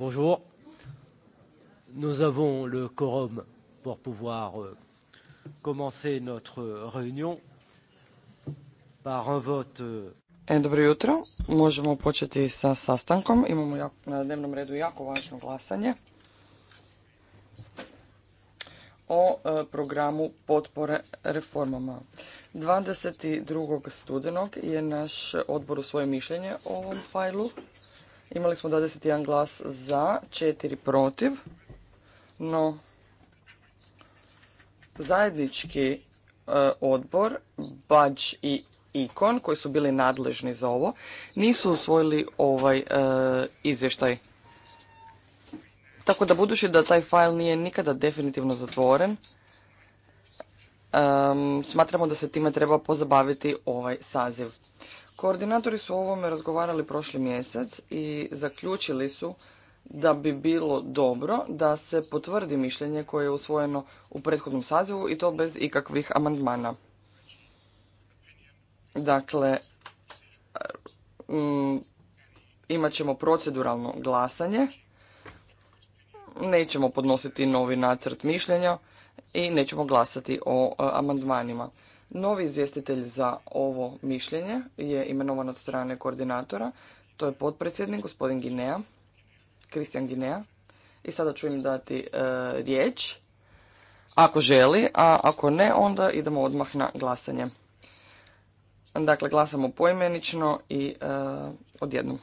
Bonjour. Nous avons le quorum pour pouvoir euh, commencer notre réunion par un vote. Euh, e, dobro jutro. Možemo početi sa sastankom. Imamo jako, na dnevnom redu jako važno glasanje o e, programu potpore reformama. 22. studenog je naš odbor svoje mišljenje o ovom fajlu. Imali smo 21 glas za, 4 protiv, no zajednički e, odbor, Bađ i Ikon, koji su bili nadležni za ovo, nisu usvojili ovaj e, izvještaj. Tako da budući da taj fajl nije nikada definitivno zatvoren, smatramo da se time treba pozabaviti ovaj saziv. Koordinatori su o ovome razgovarali prošli mjesec i zaključili su da bi bilo dobro da se potvrdi mišljenje koje je usvojeno u prethodnom sazivu i to bez ikakvih amandmana. Dakle, imat ćemo proceduralno glasanje, nećemo podnositi novi nacrt mišljenja, i nećemo glasati o e, amandmanima. Novi izvjestitelj za ovo mišljenje je imenovan od strane koordinatora. To je potpredsjednik, gospodin Ginea, Kristijan Ginea. I sada ću im dati e, riječ, ako želi, a ako ne, onda idemo odmah na glasanje. Dakle, glasamo poimenično i e, odjednom.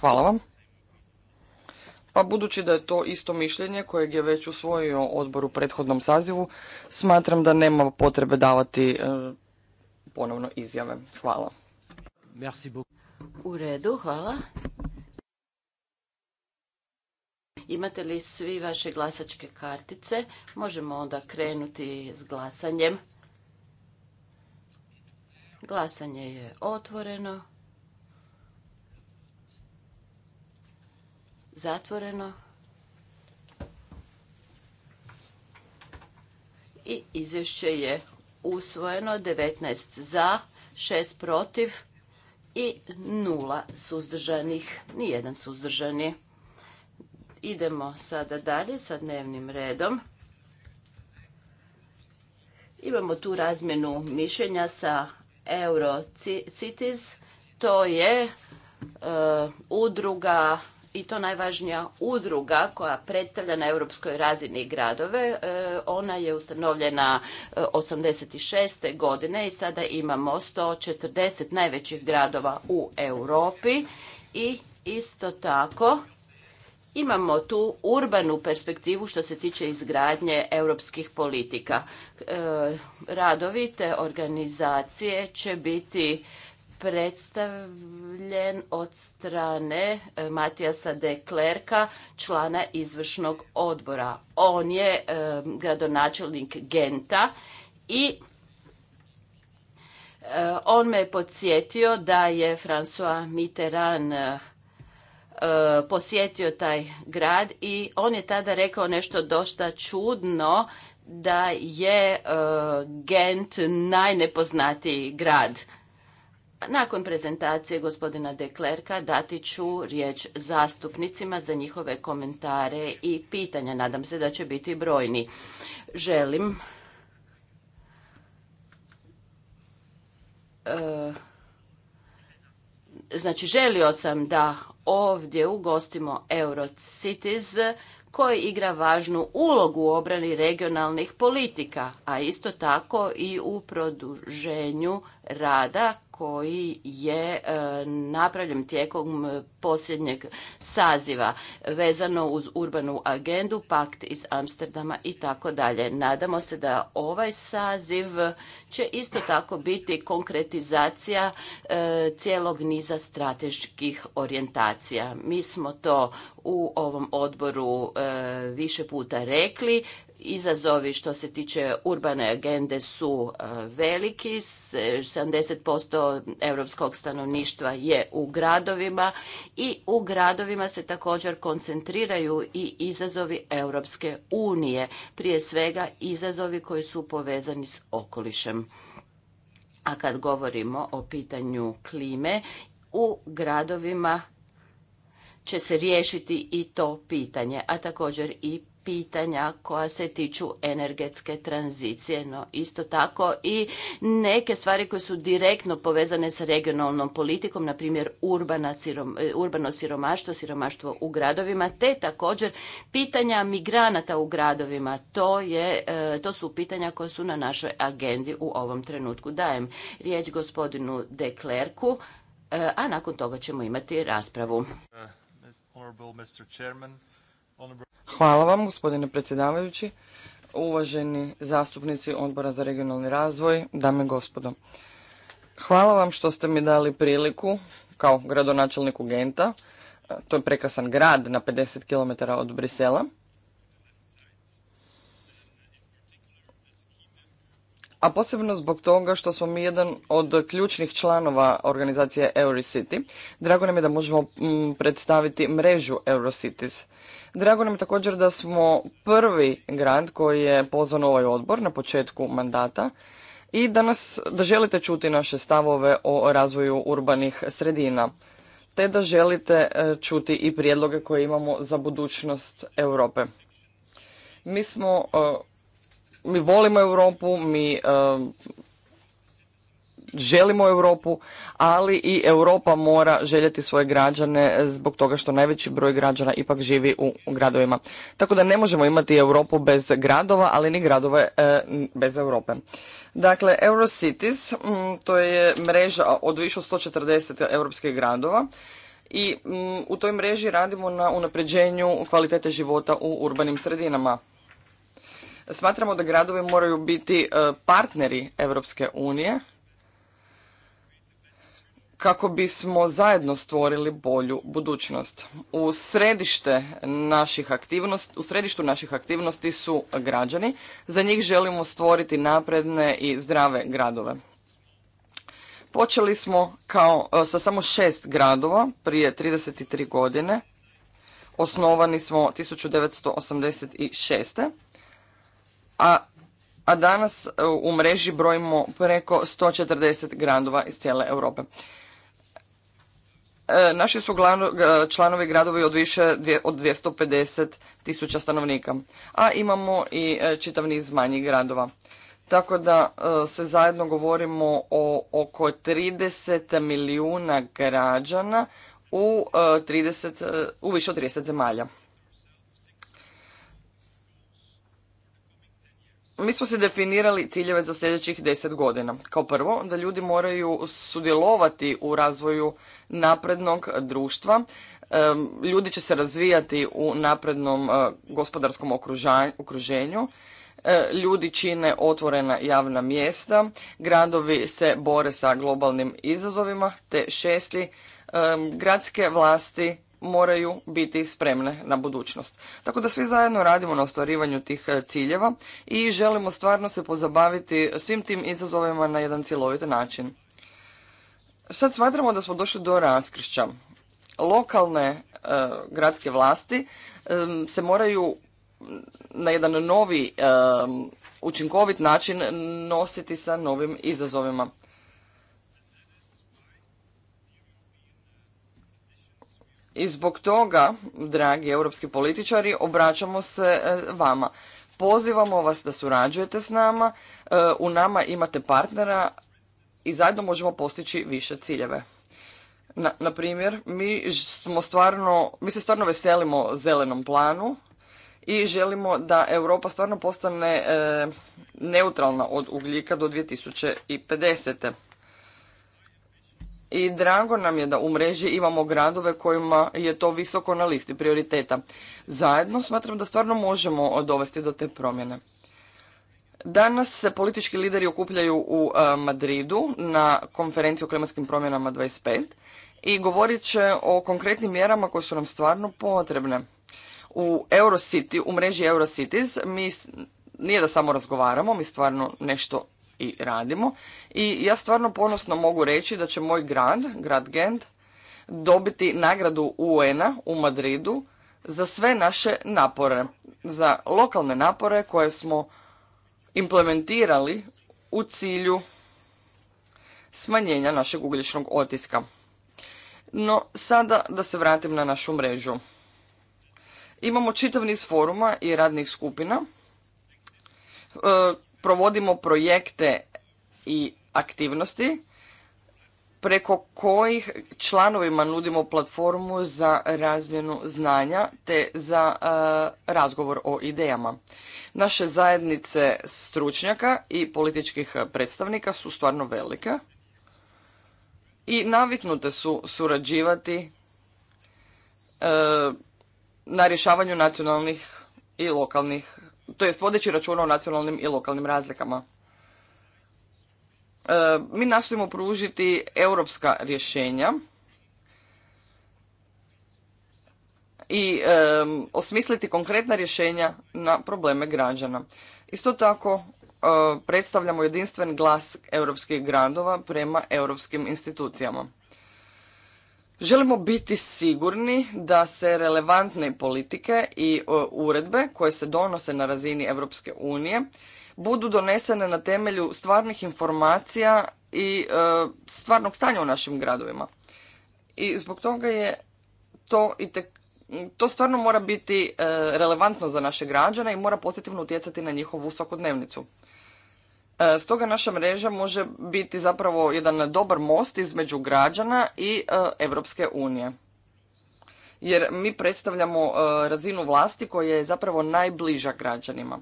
Hvala vam. Pa budući da je to isto mišljenje kojeg je već usvojio odbor u prethodnom sazivu, smatram da nema potrebe davati e, ponovno izjave. Hvala. U redu, hvala. Imate li svi vaše glasačke kartice? Možemo onda krenuti s glasanjem. Glasanje je otvoreno. zatvoreno i izvješće je usvojeno 19 za, 6 protiv i nula suzdržanih, nijedan suzdržani. Idemo sada dalje sa dnevnim redom. Imamo tu razmjenu mišljenja sa Eurocities, to je e, udruga i to najvažnija udruga koja predstavlja na europskoj razini gradove. E, ona je ustanovljena 86. E, godine i sada imamo 140 najvećih gradova u Europi i isto tako imamo tu urbanu perspektivu što se tiče izgradnje europskih politika. E, radovi te organizacije će biti predstavljen od strane e, Matijasa de Klerka, člana izvršnog odbora. On je e, gradonačelnik Genta i e, on me je podsjetio da je François Mitterrand posjetio taj grad i on je tada rekao nešto dosta čudno da je Gent najnepoznatiji grad pa nakon prezentacije gospodina Deklerka dati ću riječ zastupnicima za njihove komentare i pitanja. Nadam se da će biti brojni. Želim e, znači želio sam da ovdje ugostimo Eurocities koji igra važnu ulogu u obrani regionalnih politika, a isto tako i u produženju rada koji je e, napravljen tijekom posljednjeg saziva vezano uz urbanu agendu, pakt iz Amsterdama i tako dalje. Nadamo se da ovaj saziv će isto tako biti konkretizacija e, cijelog niza strateških orijentacija. Mi smo to u ovom odboru e, više puta rekli Izazovi što se tiče urbane agende su e, veliki, 70% europskog stanovništva je u gradovima i u gradovima se također koncentriraju i izazovi Europske unije, prije svega izazovi koji su povezani s okolišem. A kad govorimo o pitanju klime, u gradovima će se riješiti i to pitanje, a također i pitanja koja se tiču energetske tranzicije, no isto tako i neke stvari koje su direktno povezane sa regionalnom politikom, na primjer urbano siromaštvo, siromaštvo u gradovima, te također pitanja migranata u gradovima. To, je, e, to su pitanja koja su na našoj agendi u ovom trenutku. Dajem riječ gospodinu de Klerku, e, a nakon toga ćemo imati raspravu. Uh, Hvala vam, gospodine predsjedavajući, uvaženi zastupnici Odbora za regionalni razvoj, dame i gospodo. Hvala vam što ste mi dali priliku kao gradonačelniku Genta, to je prekrasan grad na 50 km od Brisela, a posebno zbog toga što smo mi jedan od ključnih članova organizacije Eurocity. Drago nam je da možemo mm, predstaviti mrežu Eurocities. Drago nam je također da smo prvi grad koji je pozvan ovaj odbor na početku mandata i da, da želite čuti naše stavove o razvoju urbanih sredina te da želite e, čuti i prijedloge koje imamo za budućnost Europe. Mi smo e, mi volimo Europu, mi želimo Europu, ali i Europa mora željeti svoje građane zbog toga što najveći broj građana ipak živi u gradovima. Tako da ne možemo imati Europu bez gradova, ali ni gradove e, bez Europe. Dakle, Eurocities, mm, to je mreža od više od 140 europskih gradova i mm, u toj mreži radimo na unapređenju kvalitete života u urbanim sredinama. Smatramo da gradovi moraju biti e, partneri Europske unije kako bismo zajedno stvorili bolju budućnost. U središte naših aktivnosti, u središtu naših aktivnosti su građani. Za njih želimo stvoriti napredne i zdrave gradove. Počeli smo kao, e, sa samo šest gradova prije 33 godine. Osnovani smo 1986 a, a danas e, u mreži brojimo preko 140 gradova iz cijele Europe. E, naši su e, članovi gradovi od više od 250 tisuća stanovnika, a imamo i čitav niz manjih gradova. Tako da se zajedno govorimo o oko 30 milijuna građana u, 30, u više od 30 zemalja. mi smo se definirali ciljeve za sljedećih deset godina. Kao prvo, da ljudi moraju sudjelovati u razvoju naprednog društva. Ljudi će se razvijati u naprednom e, gospodarskom okruženju. E, ljudi čine otvorena javna mjesta. Gradovi se bore sa globalnim izazovima. Te šesti, gradske vlasti moraju biti spremne na budućnost. Tako da svi zajedno radimo na ostvarivanju tih e, ciljeva i želimo stvarno se pozabaviti svim tim izazovima na jedan cjelovit način. Sad smatramo da smo došli do raskršća. Lokalne e, gradske vlasti e, se moraju na jedan novi učinkovit način nositi sa novim izazovima. I zbog toga, dragi europski političari, obraćamo se e, vama. Pozivamo vas da surađujete s nama, e, u nama imate partnera i zajedno možemo postići više ciljeve. Na, primjer, mi, smo stvarno, mi se stvarno veselimo zelenom planu i želimo da Europa stvarno postane e, neutralna od ugljika do 2050 i drago nam je da u mreži imamo gradove kojima je to visoko na listi prioriteta. Zajedno smatram da stvarno možemo dovesti do te promjene. Danas se politički lideri okupljaju u e, Madridu na konferenciju o klimatskim promjenama 25 i govorit će o konkretnim mjerama koje su nam stvarno potrebne. U Eurocity, u mreži Eurocities mi nije da samo razgovaramo, mi stvarno nešto i radimo. I ja stvarno ponosno mogu reći da će moj grad, grad Gent, dobiti nagradu UN-a u Madridu za sve naše napore, za lokalne napore koje smo implementirali u cilju smanjenja našeg ugljičnog otiska. No, sada da se vratim na našu mrežu. Imamo čitav niz foruma i radnih skupina e, provodimo projekte i aktivnosti preko kojih članovima nudimo platformu za razmjenu znanja te za e, razgovor o idejama. Naše zajednice stručnjaka i političkih predstavnika su stvarno velike i naviknute su surađivati e, na rješavanju nacionalnih i lokalnih to jest vodeći računa o nacionalnim i lokalnim razlikama. E, mi nastojimo pružiti europska rješenja i e, osmisliti konkretna rješenja na probleme građana. Isto tako e, predstavljamo jedinstven glas europskih gradova prema europskim institucijama. Želimo biti sigurni da se relevantne politike i e, uredbe koje se donose na razini Europske unije budu donesene na temelju stvarnih informacija i e, stvarnog stanja u našim gradovima. I zbog toga je to i to stvarno mora biti e, relevantno za naše građane i mora pozitivno utjecati na njihovu svakodnevnicu. E, stoga naša mreža može biti zapravo jedan dobar most između građana i Europske unije. Jer mi predstavljamo e, razinu vlasti koja je zapravo najbliža građanima.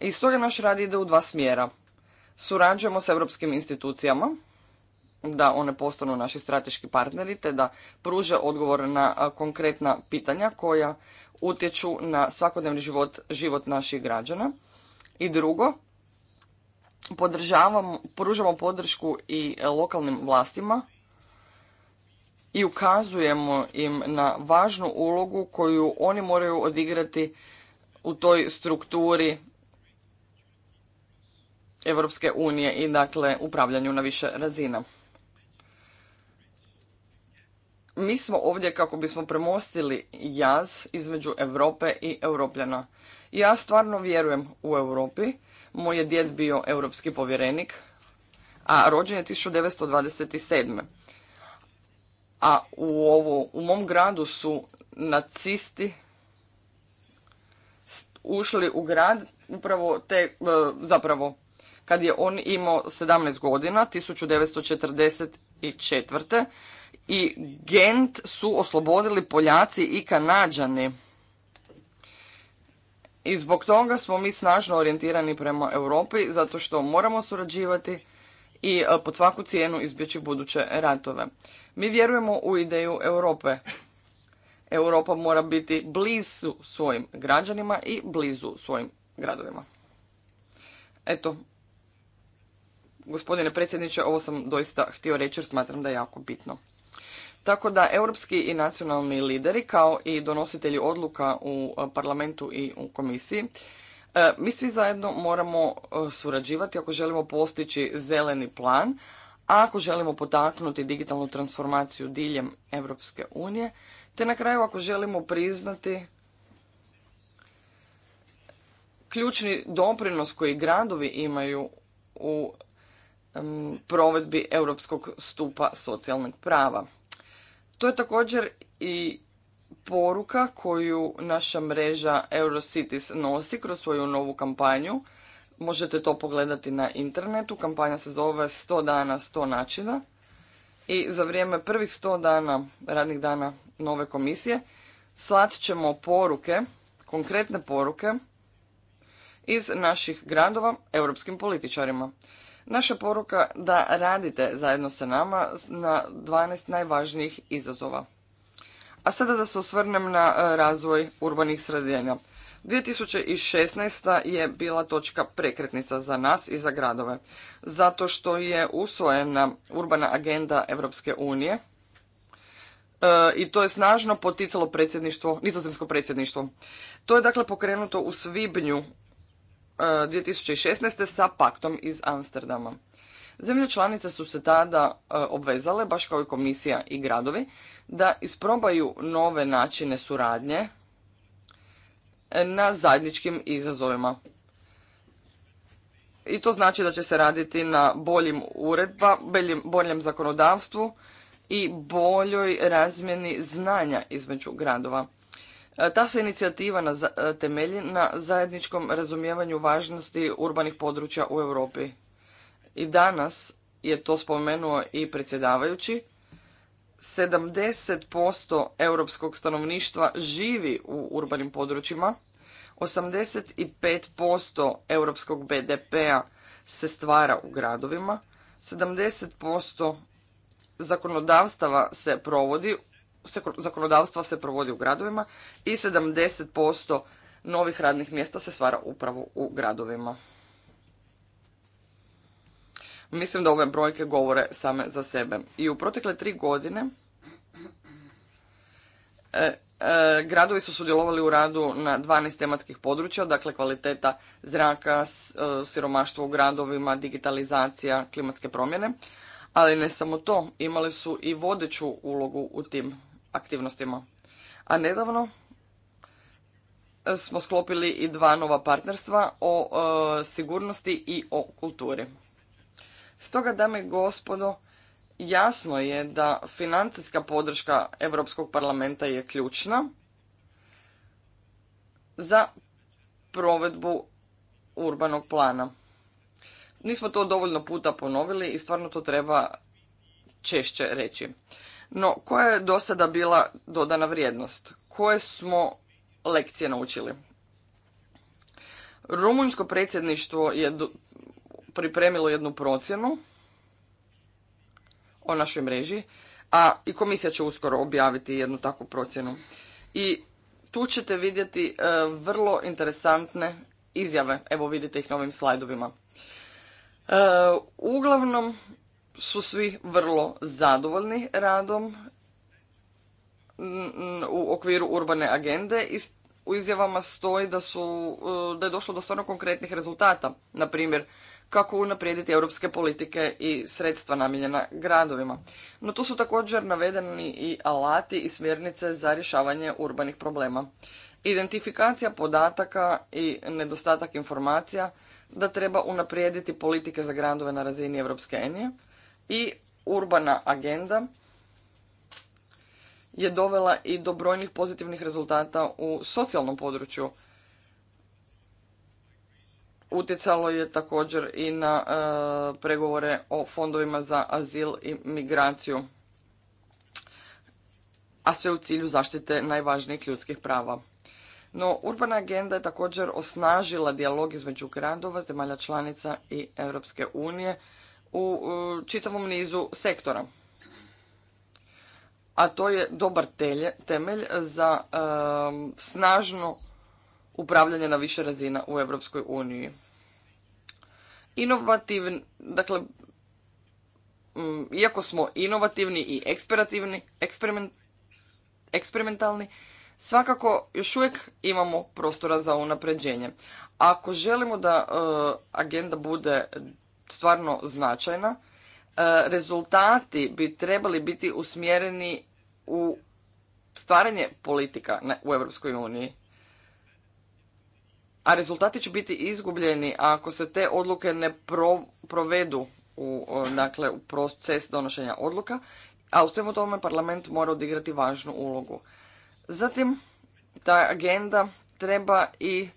I stoga naš rad ide u dva smjera. Surađujemo s europskim institucijama, da one postanu naši strateški partneri, te da pruže odgovor na e, konkretna pitanja koja utječu na svakodnevni život naših građana. I drugo, podržavam, pružamo podršku i e, lokalnim vlastima i ukazujemo im na važnu ulogu koju oni moraju odigrati u toj strukturi Europske unije i dakle upravljanju na više razina. Mi smo ovdje kako bismo premostili jaz između Europe i Europljana. Ja stvarno vjerujem u Europi moj je djed bio europski povjerenik, a rođen je 1927. A u, ovo, u mom gradu su nacisti ušli u grad upravo te, e, zapravo, kad je on imao 17 godina, 1944. I Gent su oslobodili Poljaci i Kanađani. I zbog toga smo mi snažno orijentirani prema Europi zato što moramo surađivati i e, pod svaku cijenu izbjeći buduće ratove. Mi vjerujemo u ideju Europe. Europa mora biti blizu svojim građanima i blizu svojim gradovima. Eto, gospodine predsjedniče, ovo sam doista htio reći jer smatram da je jako bitno. Tako da europski i nacionalni lideri kao i donositelji odluka u e, parlamentu i u komisiji e, mi svi zajedno moramo e, surađivati ako želimo postići zeleni plan, a ako želimo potaknuti digitalnu transformaciju diljem Europske unije, te na kraju ako želimo priznati ključni doprinos koji gradovi imaju u provedbi europskog stupa socijalnog prava. To je također i poruka koju naša mreža Eurocities nosi kroz svoju novu kampanju. Možete to pogledati na internetu. Kampanja se zove 100 dana, 100 načina. I za vrijeme prvih 100 dana, radnih dana nove komisije, slat ćemo poruke, konkretne poruke iz naših gradova europskim političarima. Naša poruka da radite zajedno sa nama na 12 najvažnijih izazova. A sada da se osvrnem na e, razvoj urbanih sredina. 2016. je bila točka prekretnica za nas i za gradove, zato što je usvojena urbana agenda Europske unije e, i to je snažno poticalo predsjedništvo, nizozemsko predsjedništvo. To je dakle pokrenuto u svibnju 2016. E, sa paktom iz Amsterdama. Zemlje članice su se tada e, obvezale, baš kao i komisija i gradovi, da isprobaju nove načine suradnje e, na zajedničkim izazovima. I to znači da će se raditi na boljim uredba, boljem zakonodavstvu i boljoj razmjeni znanja između gradova. E, ta se inicijativa e, temelji na zajedničkom razumijevanju važnosti urbanih područja u Europi. I danas je to spomenuo i predsjedavajući. 70% europskog stanovništva živi u urbanim područjima, 85% europskog BDP-a se stvara u gradovima, 70% zakonodavstava se provodi zakonodavstva se provodi u gradovima i 70% novih radnih mjesta se stvara upravo u gradovima. Mislim da ove brojke govore same za sebe. I u protekle tri godine e, e, gradovi su sudjelovali u radu na 12 tematskih područja, dakle kvaliteta zraka, e, siromaštvo u gradovima, digitalizacija, klimatske promjene. Ali ne samo to, imali su i vodeću ulogu u tim aktivnostima. A nedavno e, smo sklopili i dva nova partnerstva o e, sigurnosti i o kulturi. Stoga, dame i gospodo, jasno je da financijska podrška Europskog parlamenta je ključna za provedbu urbanog plana. Nismo to dovoljno puta ponovili i stvarno to treba češće reći. No, koja je do sada bila dodana vrijednost? Koje smo lekcije naučili? Rumunjsko predsjedništvo je pripremilo jednu procjenu o našoj mreži, a i komisija će uskoro objaviti jednu takvu procjenu. I tu ćete vidjeti e, vrlo interesantne izjave. Evo vidite ih na ovim slajdovima. E, uglavnom, su svi vrlo zadovoljni radom u okviru urbane agende i u izjavama stoji da, su, e, da je došlo do stvarno konkretnih rezultata. Na primjer, kako unaprijediti europske politike i sredstva namijenjena gradovima. No tu su također navedeni i alati i smjernice za rješavanje urbanih problema. Identifikacija podataka i nedostatak informacija da treba unaprijediti politike za gradove na razini Europske unije, i urbana agenda je dovela i do brojnih pozitivnih rezultata u socijalnom području. Utjecalo je također i na e, pregovore o fondovima za azil i migraciju, a sve u cilju zaštite najvažnijih ljudskih prava. No, urbana agenda je također osnažila dijalog između gradova, zemalja članica i Europske unije u čitavom nizu sektora. A to je dobar temelj za snažno upravljanje na više razina u Europskoj uniji. Inovativni, dakle, iako smo inovativni i eksperativni, eksperimentalni, svakako još uvijek imamo prostora za unapređenje. Ako želimo da eh, agenda bude stvarno značajna, e, rezultati bi trebali biti usmjereni u stvaranje politika u Europskoj uniji. A rezultati će biti izgubljeni ako se te odluke ne provedu u, dakle, u proces donošenja odluka, a u svemu tome parlament mora odigrati važnu ulogu. Zatim, ta agenda treba i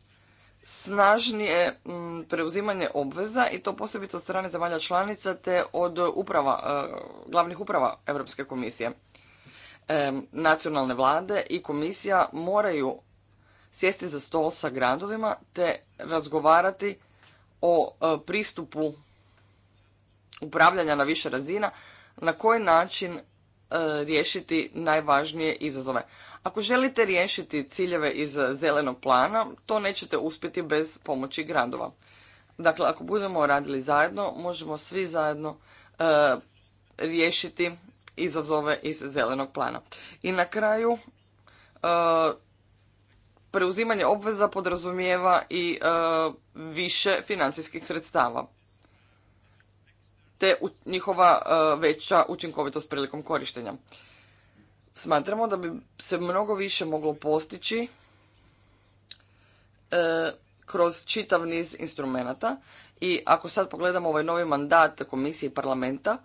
snažnije mm, preuzimanje obveza i to posebice od strane zemalja članica te od uprava, e, glavnih uprava Europske komisije. E, nacionalne vlade i komisija moraju sjesti za stol sa gradovima te razgovarati o e, pristupu upravljanja na više razina, na koji način E, riješiti najvažnije izazove. Ako želite riješiti ciljeve iz zelenog plana, to nećete uspjeti bez pomoći gradova. Dakle, ako budemo radili zajedno, možemo svi zajedno e, riješiti izazove iz zelenog plana. I na kraju, e, preuzimanje obveza podrazumijeva i više financijskih sredstava te njihova e, veća učinkovitost prilikom korištenja. Smatramo da bi se mnogo više moglo postići e, kroz čitav niz instrumenata i ako sad pogledamo ovaj novi mandat komisije i parlamenta,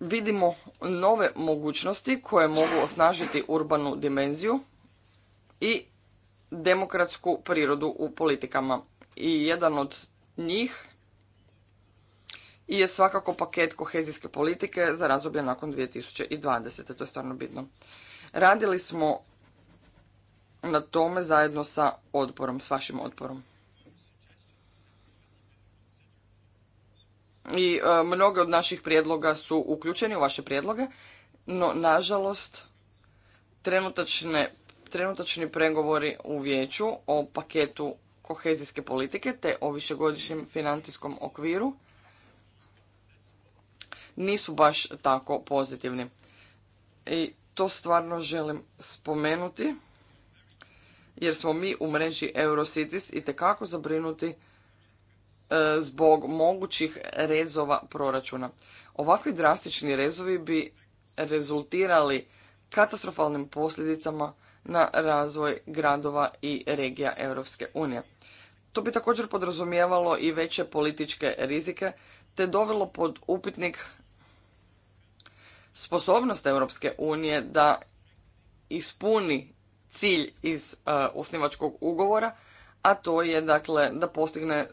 vidimo nove mogućnosti koje mogu osnažiti urbanu dimenziju i demokratsku prirodu u politikama. I jedan od njih je svakako paket kohezijske politike za razdoblje nakon 2020. To je stvarno bitno. Radili smo na tome zajedno sa odporom, s vašim odporom. I e, mnoge od naših prijedloga su uključeni u vaše prijedloge, no nažalost trenutačne, trenutačni pregovori u vijeću o paketu kohezijske politike te o višegodišnjem financijskom okviru nisu baš tako pozitivni. I to stvarno želim spomenuti jer smo mi u mreži Eurocities i tekako zabrinuti e, zbog mogućih rezova proračuna. Ovakvi drastični rezovi bi rezultirali katastrofalnim posljedicama na razvoj gradova i regija Europske unije. To bi također podrazumijevalo i veće političke rizike te dovelo pod upitnik sposobnost Europske unije da ispuni cilj iz e, osnivačkog ugovora, a to je dakle da postigne e,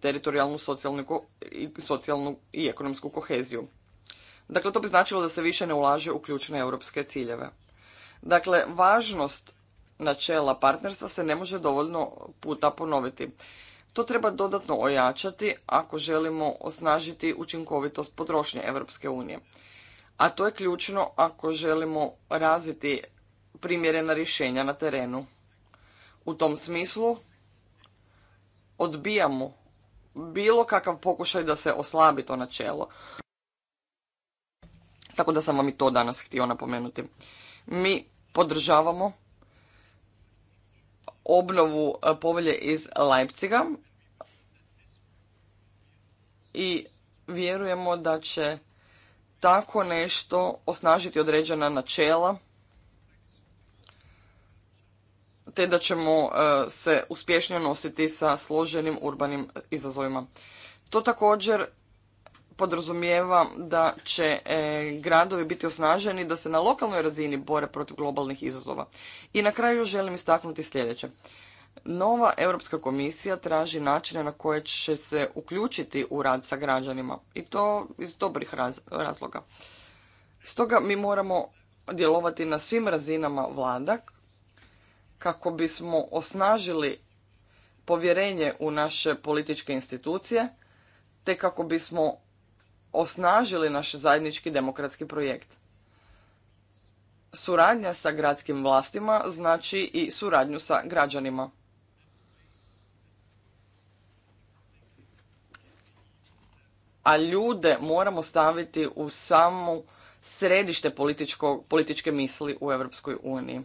teritorijalnu socijalnu, socijalnu i ekonomsku koheziju. Dakle, to bi značilo da se više ne ulaže u ključne europske ciljeve. Dakle, važnost načela partnerstva se ne može dovoljno puta ponoviti. To treba dodatno ojačati ako želimo osnažiti učinkovitost potrošnje Europske unije a to je ključno ako želimo razviti primjerena rješenja na terenu. U tom smislu odbijamo bilo kakav pokušaj da se oslabi to načelo. Tako da sam vam i to danas htio napomenuti. Mi podržavamo obnovu e, povelje iz Leipciga i vjerujemo da će tako nešto osnažiti određena načela, te da ćemo e, se uspješnije nositi sa složenim urbanim izazovima. To također podrazumijeva da će e, gradovi biti osnaženi da se na lokalnoj razini bore protiv globalnih izazova. I na kraju želim istaknuti sljedeće. Nova Europska komisija traži načine na koje će se uključiti u rad sa građanima i to iz dobrih razloga. Stoga mi moramo djelovati na svim razinama vlada kako bismo osnažili povjerenje u naše političke institucije te kako bismo osnažili naš zajednički demokratski projekt. Suradnja sa gradskim vlastima znači i suradnju sa građanima. a ljude moramo staviti u samu središte političke misli u Europskoj uniji.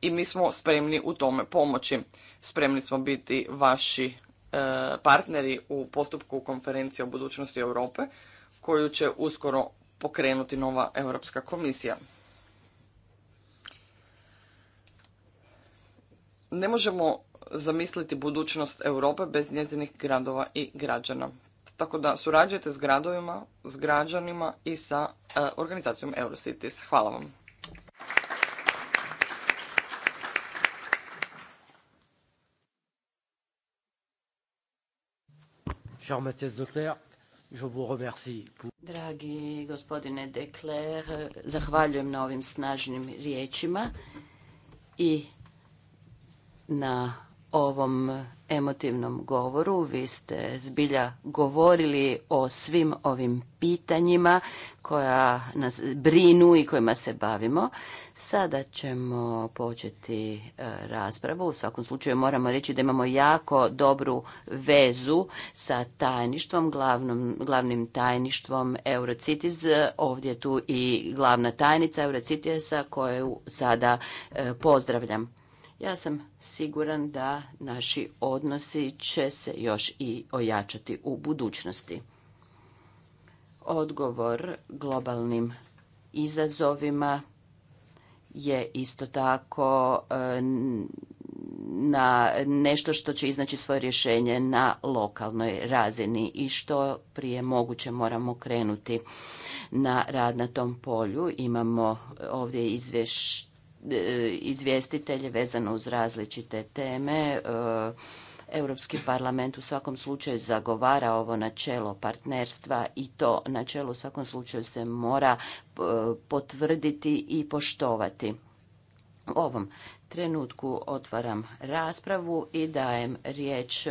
I mi smo spremni u tome pomoći. Spremni smo biti vaši e, partneri u postupku konferencije o budućnosti Europe koju će uskoro pokrenuti nova Europska komisija. Ne možemo zamisliti budućnost Europe bez njezinih gradova i građana. Tako da surađujete s gradovima, s građanima i sa e, organizacijom Eurocities. Hvala vam. Dragi gospodine Dekler, zahvaljujem na ovim snažnim riječima i na ovom emotivnom govoru. Vi ste zbilja govorili o svim ovim pitanjima koja nas brinu i kojima se bavimo. Sada ćemo početi e, raspravu. U svakom slučaju moramo reći da imamo jako dobru vezu sa tajništvom, glavnom, glavnim tajništvom Eurocities. Ovdje je tu i glavna tajnica Eurocitiesa koju sada e, pozdravljam. Ja sam siguran da naši odnosi će se još i ojačati u budućnosti. Odgovor globalnim izazovima je isto tako e, na nešto što će iznaći svoje rješenje na lokalnoj razini i što prije moguće moramo krenuti na rad na tom polju. Imamo ovdje izvješće E, izvjestitelje vezano uz različite teme. E, Europski parlament u svakom slučaju zagovara ovo načelo partnerstva i to načelo u svakom slučaju se mora e, potvrditi i poštovati. U ovom trenutku otvaram raspravu i dajem riječ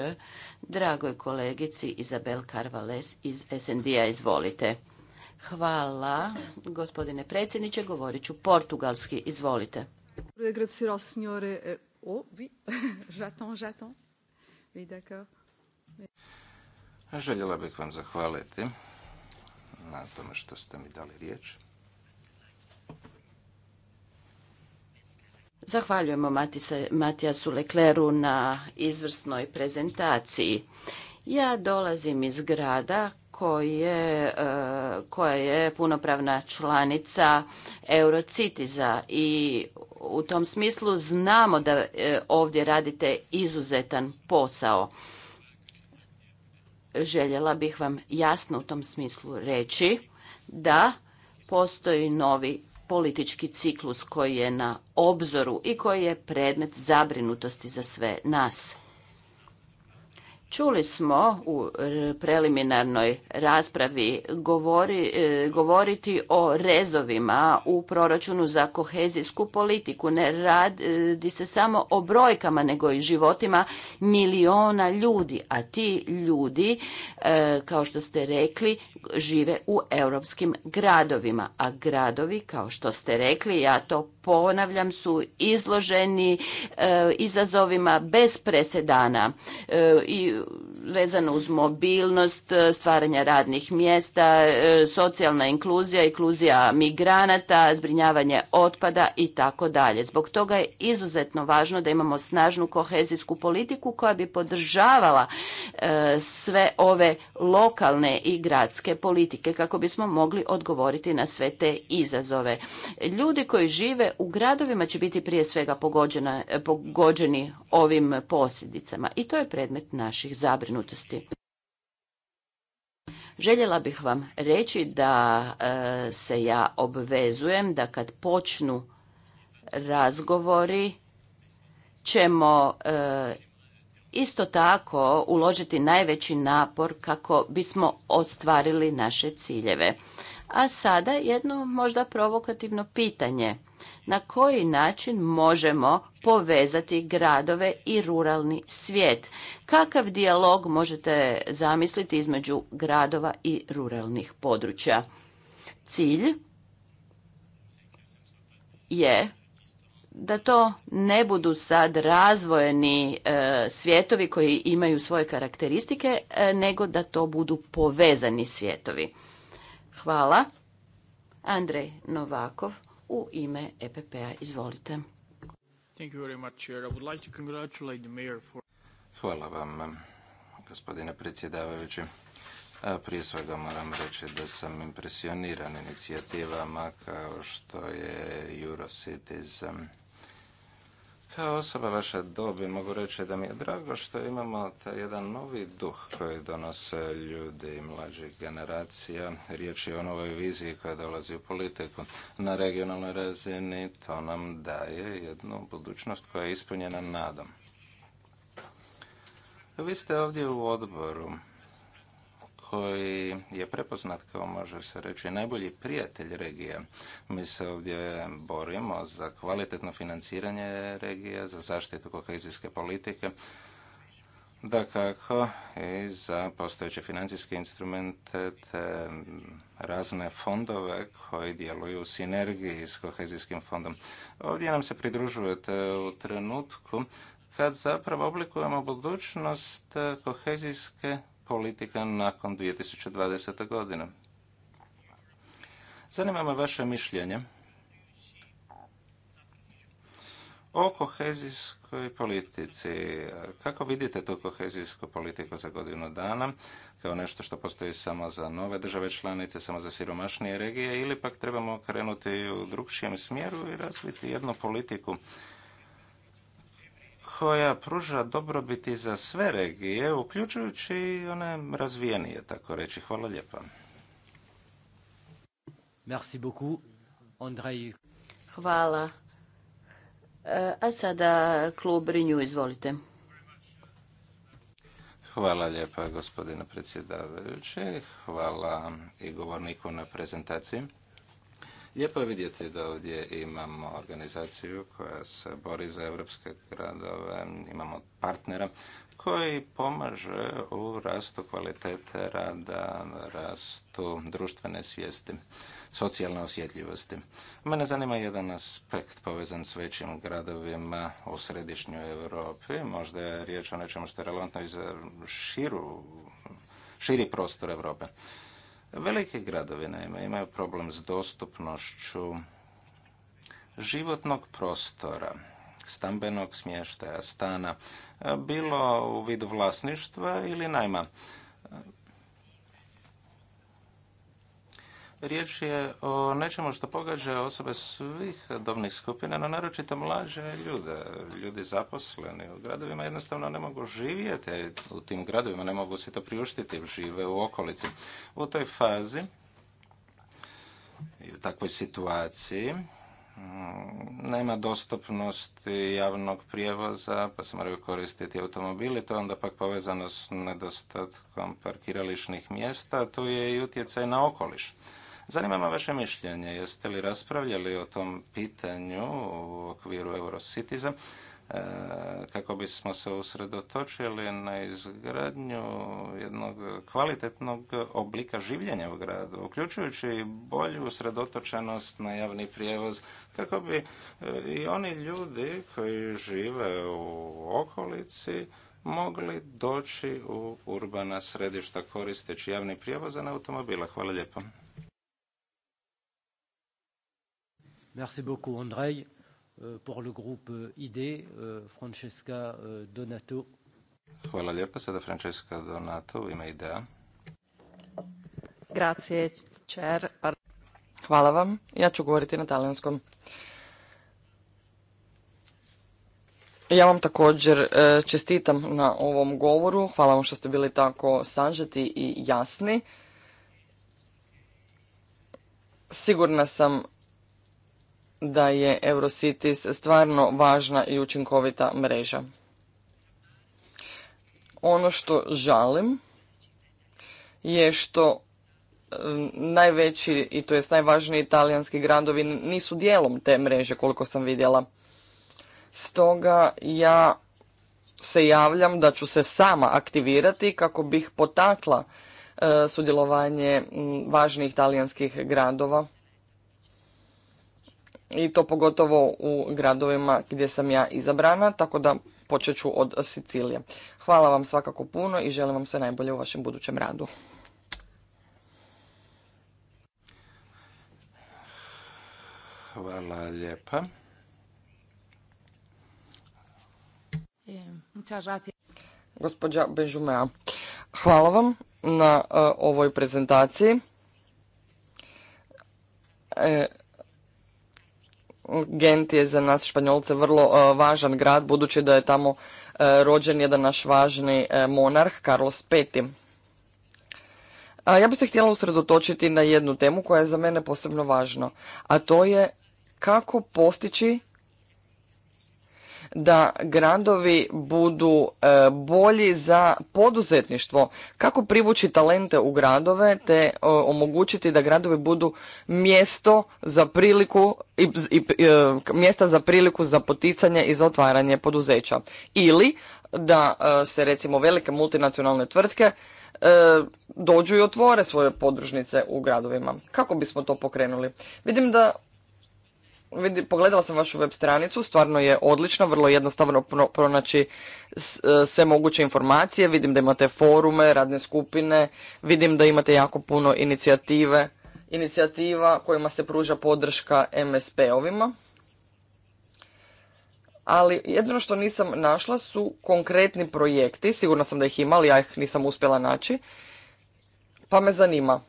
dragoj kolegici Izabel Karvales iz SND-a. Izvolite. Hvala, gospodine predsjedniče. Govorit ću portugalski. Izvolite. Željela bih vam zahvaliti na tome što ste mi dali riječ. Zahvaljujemo Matijasu Lekleru na izvrsnoj prezentaciji. Ja dolazim iz grada koje, e, koja je punopravna članica Eurocitiza i u tom smislu znamo da e, ovdje radite izuzetan posao. Željela bih vam jasno u tom smislu reći da postoji novi politički ciklus koji je na obzoru i koji je predmet zabrinutosti za sve nas. Čuli smo u preliminarnoj raspravi e, govoriti o rezovima u proračunu za kohezijsku politiku. Ne radi e, se samo o brojkama, nego i životima miliona ljudi. A ti ljudi, e, kao što ste rekli, žive u europskim gradovima. A gradovi, kao što ste rekli, ja to ponavljam, su izloženi e, izazovima bez presedana e, i vezano uz mobilnost, e, stvaranja radnih mjesta, socijalna inkluzija, inkluzija migranata, zbrinjavanje otpada i tako dalje. Zbog toga je izuzetno važno da imamo snažnu kohezijsku politiku koja bi podržavala sve ove lokalne i gradske politike kako bismo mogli odgovoriti na sve te izazove. Ljudi koji žive u gradovima će biti prije svega e, pogođeni ovim posljedicama i to je predmet naših zabrinutosti. Željela bih vam reći da e, se ja obvezujem da kad počnu razgovori ćemo e, isto tako uložiti najveći napor kako bismo ostvarili naše ciljeve. A sada jedno možda provokativno pitanje na koji način možemo povezati gradove i ruralni svijet. Kakav dijalog možete zamisliti između gradova i ruralnih područja? Cilj je da to ne budu sad razvojeni e, svijetovi koji imaju svoje karakteristike, e, nego da to budu povezani svijetovi. Hvala. Andrej Novakov u ime EPP-a. Izvolite. Thank you very much, I would like to congratulate the mayor for... Hvala vam, gospodine predsjedavajući. Prije svega moram reći da sam impresioniran inicijativama kao što je Eurocities kao osoba vaše dobi mogu reći da mi je drago što imamo taj jedan novi duh koji donose ljudi mlađih generacija. Riječ je o novoj viziji koja dolazi u politiku na regionalnoj razini. To nam daje jednu budućnost koja je ispunjena nadom. Vi ste ovdje u odboru koji je prepoznat kao može se reći najbolji prijatelj regije. Mi se ovdje borimo za kvalitetno financiranje regije, za zaštitu kohezijske politike, da kako i za postojeće financijske instrumente te razne fondove koji djeluju u sinergiji s kohezijskim fondom. Ovdje nam se pridružujete u trenutku kad zapravo oblikujemo budućnost kohezijske politika nakon 2020. godine. Zanima me vaše mišljenje o kohezijskoj politici. Kako vidite tu kohezijsku politiku za godinu dana? Kao nešto što postoji samo za nove države članice, samo za siromašnije regije ili pak trebamo krenuti u drugšijem smjeru i razviti jednu politiku koja pruža dobrobiti za sve regije, uključujući i one razvijenije, tako reći. Hvala lijepa. Merci beaucoup, Andrei. Hvala. E, a sada klub izvolite. Hvala lijepa gospodine predsjedavajući, hvala i govorniku na prezentaciji. Lijepo je vidjeti da ovdje imamo organizaciju koja se bori za evropske gradove, imamo partnera koji pomaže u rastu kvalitete rada, rastu društvene svijesti, socijalne osjetljivosti. Mene zanima jedan aspekt povezan s većim gradovima u središnjoj Europi. Možda je riječ o nečemu što je relevantno i za širu, širi prostor Europe. Velike gradovi naime imaju problem s dostupnošću životnog prostora, stambenog smještaja, stana, bilo u vidu vlasništva ili najma. Riječ je o nečemu što pogađa osobe svih dobnih skupina, no naročito mlađe ljude. Ljudi zaposleni u gradovima jednostavno ne mogu živjeti u tim gradovima, ne mogu si to priuštiti, žive u okolici. U toj fazi i u takvoj situaciji mm, nema dostupnosti javnog prijevoza, pa se moraju koristiti automobili, to je onda pak povezano s nedostatkom parkirališnih mjesta, tu je i utjecaj na okoliš. Zanima me vaše mišljenje. Jeste li raspravljali o tom pitanju u okviru Eurocitiza e, kako bismo se usredotočili na izgradnju jednog kvalitetnog oblika življenja u gradu, uključujući i bolju usredotočenost na javni prijevoz, kako bi e, i oni ljudi koji žive u okolici mogli doći u urbana središta koristeći javni prijevoz, na automobila. Hvala lijepo. Merci beaucoup, Euh, Pour le groupe euh, ID, euh, Francesca euh, Donato. Hvala lijepa. Sada Francesca Donato u ime IDEA. Grazie, čer. Hvala vam. Ja ću govoriti na talijanskom. Ja vam također e, čestitam na ovom govoru. Hvala vam što ste bili tako sanžeti i jasni. Sigurna sam da je Eurocities stvarno važna i učinkovita mreža. Ono što žalim je što najveći i to jest najvažniji italijanski gradovi nisu dijelom te mreže koliko sam vidjela. Stoga ja se javljam da ću se sama aktivirati kako bih potakla e, sudjelovanje važnijih važnih talijanskih gradova i to pogotovo u gradovima gdje sam ja izabrana, tako da počet ću od Sicilije. Hvala vam svakako puno i želim vam sve najbolje u vašem budućem radu. Hvala lijepa. Gospodja Benžumea, hvala vam na e, ovoj prezentaciji. E, Gent je za nas Španjolce vrlo e, važan grad budući da je tamo e, rođen jedan naš važni e, monarh Carlos V. Ja bih se htjela usredotočiti na jednu temu koja je za mene posebno važna, a to je kako postići da gradovi budu e, bolji za poduzetništvo, kako privući talente u gradove te e, omogućiti da gradovi budu mjesto za priliku i, i, e, mjesta za priliku za poticanje i za otvaranje poduzeća ili da se recimo velike multinacionalne tvrtke dođu i otvore svoje podružnice u gradovima. Kako bismo to pokrenuli? Vidim da Pogledala sam vašu web stranicu, stvarno je odlično. vrlo jednostavno pronaći e, sve moguće informacije. Vidim da imate forume, radne skupine, vidim da imate jako puno inicijative, inicijativa kojima se pruža podrška MSP-ovima. Ali jedino što nisam našla su konkretni projekti, sigurno sam da ih ima, ali ja ih nisam uspjela naći. Pa me zanima,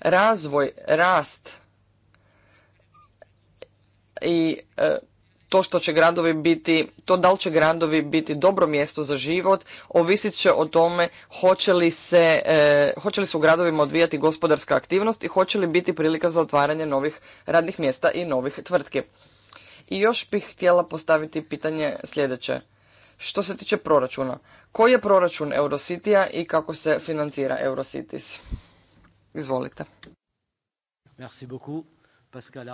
razvoj, rast i e, to što će gradovi biti, to da li će gradovi biti dobro mjesto za život, ovisit će o tome hoće li se, e, hoće li se u gradovima odvijati gospodarska aktivnost i hoće li biti prilika za otvaranje novih radnih mjesta i novih tvrtki. I još bih htjela postaviti pitanje sljedeće. Što se tiče proračuna, koji je proračun Eurocitija i kako se financira Eurocities? Izvolite. Merci beaucoup, Pascal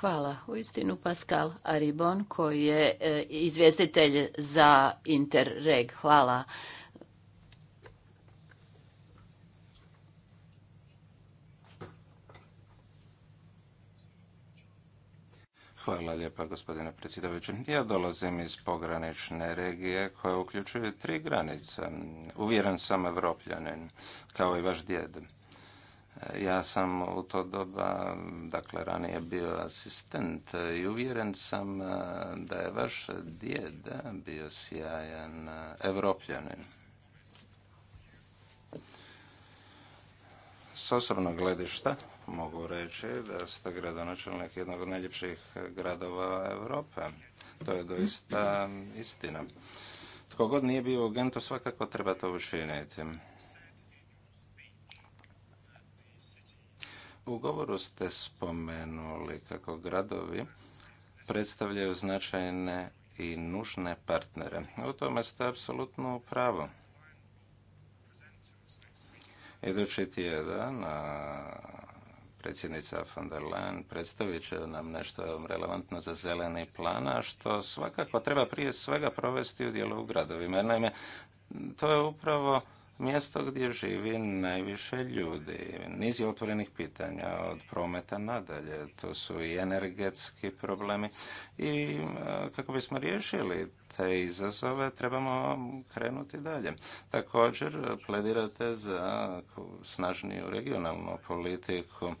Hvala. U istinu Pascal Aribon koji je e, izvjestitelj za Interreg. Hvala. Hvala lijepa gospodine predsjedavajući. Ja dolazim iz pogranične regije koja uključuje tri granice. Uvjeren sam evropljanin, kao i vaš djed. Ja sam u to doba, dakle ranije bio asistent i uvjeren sam e, da je vaš djed bio sjajan e, evropljanin. S osobnog gledišta mogu reći da ste gradonačelnik jednog od najljepših gradova Europe. To je doista istina. Tko god nije bio u Gentu svakako treba to učiniti. U govoru ste spomenuli kako gradovi predstavljaju značajne i nužne partnere. U tome ste apsolutno u pravu. Idući tjedan predsjednica von der Leyen predstavit će nam nešto relevantno za zeleni plan, a što svakako treba prije svega provesti u dijelu u gradovima. Naime, to je upravo mjesto gdje živi najviše ljudi. Niz je otvorenih pitanja od prometa nadalje. To su i energetski problemi. I e, kako bismo riješili te izazove trebamo krenuti dalje. Također pledirate za snažniju regionalnu politiku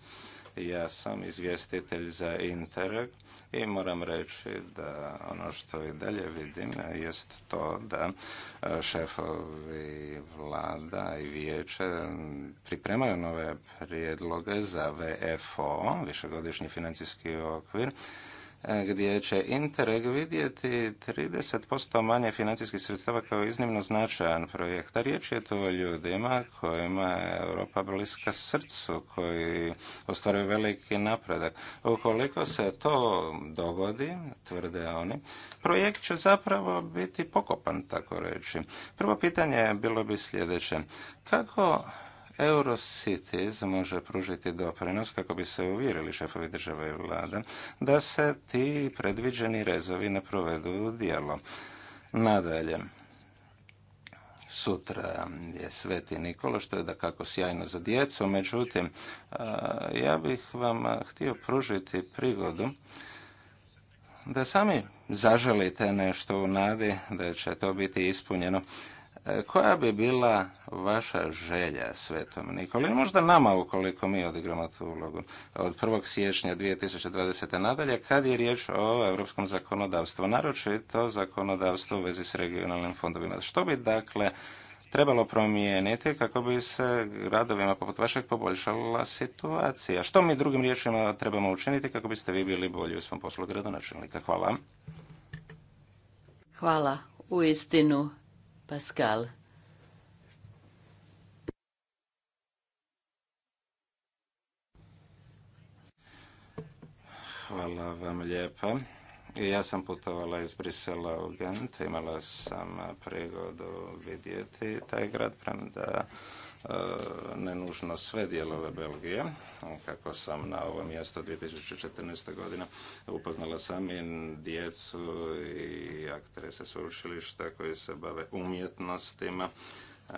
ja sam izvjestitelj za Inter i moram reći da ono što i dalje vidim jest to da e, šefovi vlada i vijeće pripremaju nove prijedloge za VFO, višegodišnji financijski okvir, gdje će Interreg vidjeti 30% manje financijskih sredstava kao iznimno značajan projekt. A riječ je to o ljudima kojima je Europa bliska srcu, koji ostvaraju veliki napredak. Ukoliko se to dogodi, tvrde oni, projekt će zapravo biti pokopan, tako reći. Prvo pitanje bilo bi sljedeće. Kako Eurocities može pružiti doprinos kako bi se uvjerili šefovi države i vlada da se ti predviđeni rezovi ne provedu u dijelo. Nadalje, sutra je Sveti Nikola, što je da kako sjajno za djecu. Međutim, ja bih vam htio pružiti prigodu da sami zaželite nešto u nadi da će to biti ispunjeno E, koja bi bila vaša želja svetom Nikoli? Možda nama ukoliko mi odigramo tu ulogu od 1. siječnja 2020. nadalje kad je riječ o europskom zakonodavstvu, naročito zakonodavstvu u vezi s regionalnim fondovima. Što bi dakle trebalo promijeniti kako bi se gradovima poput vašeg poboljšala situacija? Što mi drugim riječima trebamo učiniti kako biste vi bili bolji u svom poslu gradonačelnika? Hvala. Hvala. U istinu Pascal. Hvala vam lijepa. Ja sam putovala iz Brisela u Gent, imala sam prigodu vidjeti taj grad, premda E, ne nužno sve dijelove Belgije. Kako sam na ovo mjesto 2014. godina upoznala sam i djecu i aktere sa sveučilišta koji se bave umjetnostima. E,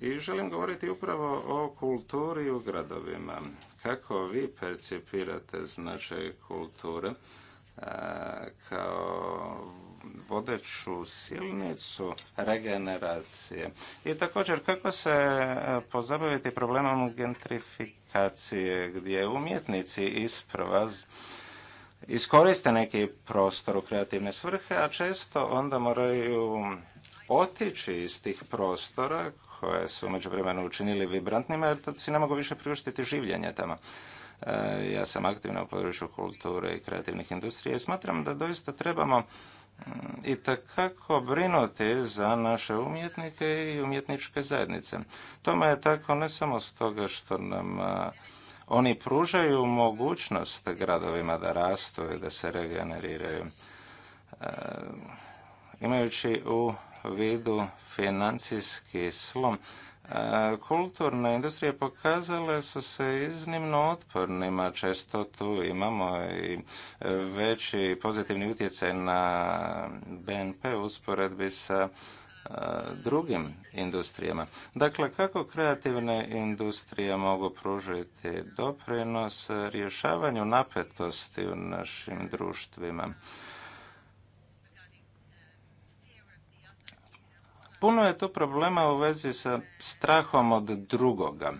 I želim govoriti upravo o kulturi u gradovima. Kako vi percipirate značaj kulture e, kao vodeću silnicu regeneracije. I također kako se e, pozabaviti problemom gentrifikacije gdje umjetnici isprva iskoriste neki prostor u kreativne svrhe, a često onda moraju otići iz tih prostora koje su međuvremeno vremenu učinili vibrantnima jer tad si ne mogu više priuštiti življenje tamo. E, ja sam aktivna u području kulture i kreativnih industrije i smatram da doista trebamo i takako brinuti za naše umjetnike i umjetničke zajednice. Tome je tako ne samo stoga što nam oni pružaju mogućnost gradovima da rastu i da se regeneriraju. Imajući u vidu financijski slom, kulturne industrije pokazale su se iznimno otpornima. Često tu imamo i veći pozitivni utjecaj na BNP usporedbi sa drugim industrijama. Dakle, kako kreativne industrije mogu pružiti doprinos rješavanju napetosti u našim društvima? Puno je tu problema u vezi sa strahom od drugoga. E,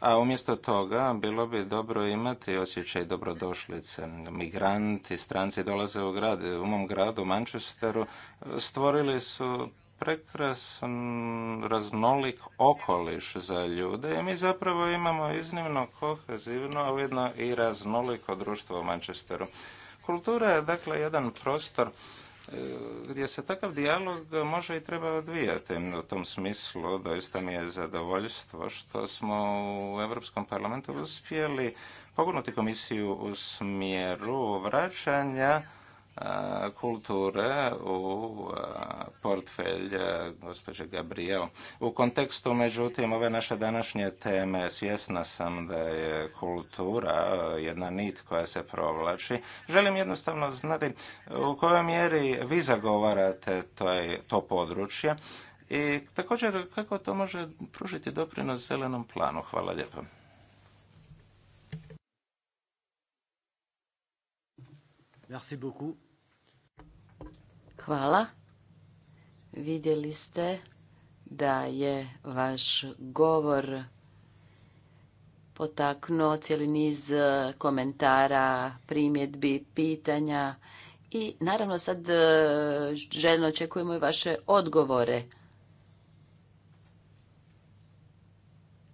a umjesto toga bilo bi dobro imati osjećaj dobrodošlice. Migranti, stranci dolaze u grad. U mom gradu, Manchesteru, stvorili su prekrasan raznolik okoliš za ljude i mi zapravo imamo iznimno kohezivno, a ujedno i raznoliko društvo u Manchesteru. Kultura je dakle jedan prostor gdje se takav dijalog može i treba odvijati. U tom smislu doista mi je zadovoljstvo što smo u Europskom parlamentu uspjeli pogurnuti komisiju u smjeru vraćanja Eh, kulture u eh, portfelj eh, gospođe Gabriel. U kontekstu, međutim, ove naše današnje teme svjesna sam da je kultura jedna nit koja se provlači. Želim jednostavno znati u kojoj mjeri vi zagovarate taj, to područje i također kako to može pružiti doprinos zelenom planu. Hvala lijepo. Merci beaucoup. Hvala. Vidjeli ste da je vaš govor potaknuo cijeli niz e, komentara, primjedbi, pitanja i naravno sad e, željno očekujemo i vaše odgovore.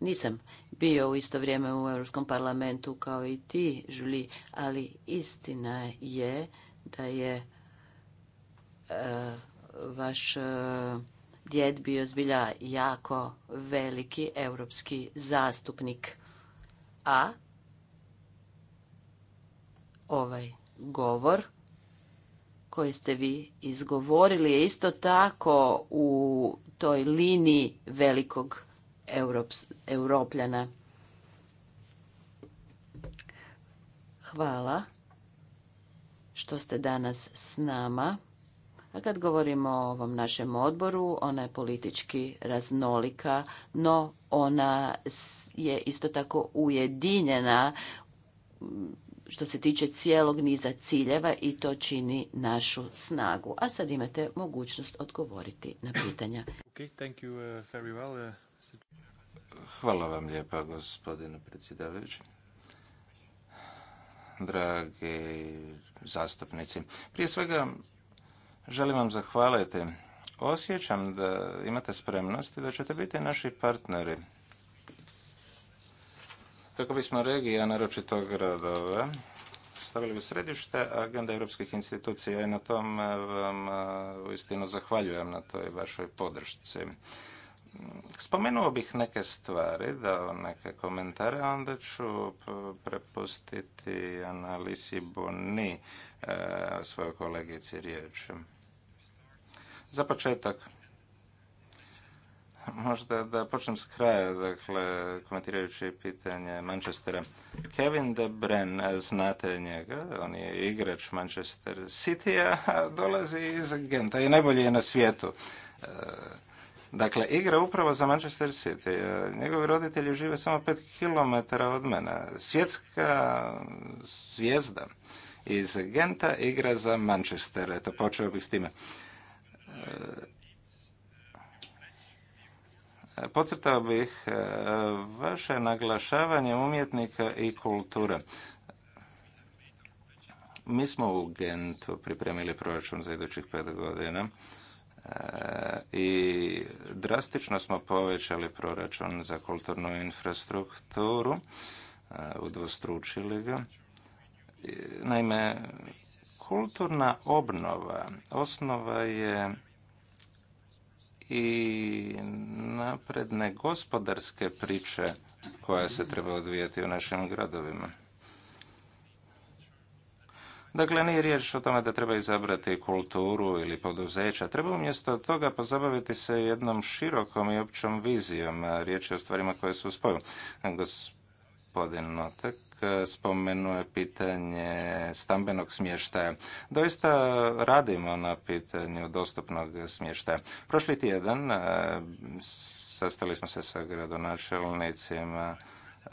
Nisam bio u isto vrijeme u Europskom parlamentu kao i ti, Žuli, ali istina je da je e, vaš e, djed bio zbilja jako veliki europski zastupnik. A ovaj govor koji ste vi izgovorili je isto tako u toj liniji velikog europljana. Hvala što ste danas s nama. A kad govorimo o ovom našem odboru, ona je politički raznolika, no ona je isto tako ujedinjena mm, što se tiče cijelog niza ciljeva i to čini našu snagu. A sad imate mogućnost odgovoriti na pitanja. Uh, uh, Hvala vam lijepa, gospodine predsjedavajući. Dragi zastupnici, prije svega želim vam zahvaliti. Osjećam da imate spremnost i da ćete biti naši partneri. Kako bismo regija, naročito gradova, stavili u središte agenda europskih institucija i na tom vam uistinu zahvaljujem na toj vašoj podršci. Spomenuo bih neke stvari, dao neke komentare, a onda ću prepustiti Analisi Boni e, svojoj kolegici riječ. Za početak, možda da počnem s kraja, dakle, komentirajući pitanje Manchestera. Kevin De Bren, znate njega, on je igrač Manchester City, a dolazi iz Genta i najbolji je na svijetu. E, Dakle, igra upravo za Manchester City. E, njegovi roditelji žive samo pet kilometara od mene. Svjetska zvijezda iz Genta igra za Manchester. Eto, počeo bih s time. E, Podcrtao bih e, vaše naglašavanje umjetnika i kulture. Mi smo u Gentu pripremili proračun za idućih pet godina i drastično smo povećali proračun za kulturnu infrastrukturu, e, udvostručili ga. Naime, kulturna obnova osnova je i napredne gospodarske priče koja se treba odvijati u našim gradovima. Dakle, nije riječ o tome da treba izabrati kulturu ili poduzeća. Treba umjesto toga pozabaviti se jednom širokom i općom vizijom. Riječ je o stvarima koje su spoju. Gospodin Notek spomenuo pitanje stambenog smještaja. Doista radimo na pitanju dostupnog smještaja. Prošli tjedan e, sastali smo se sa gradonačelnicima e,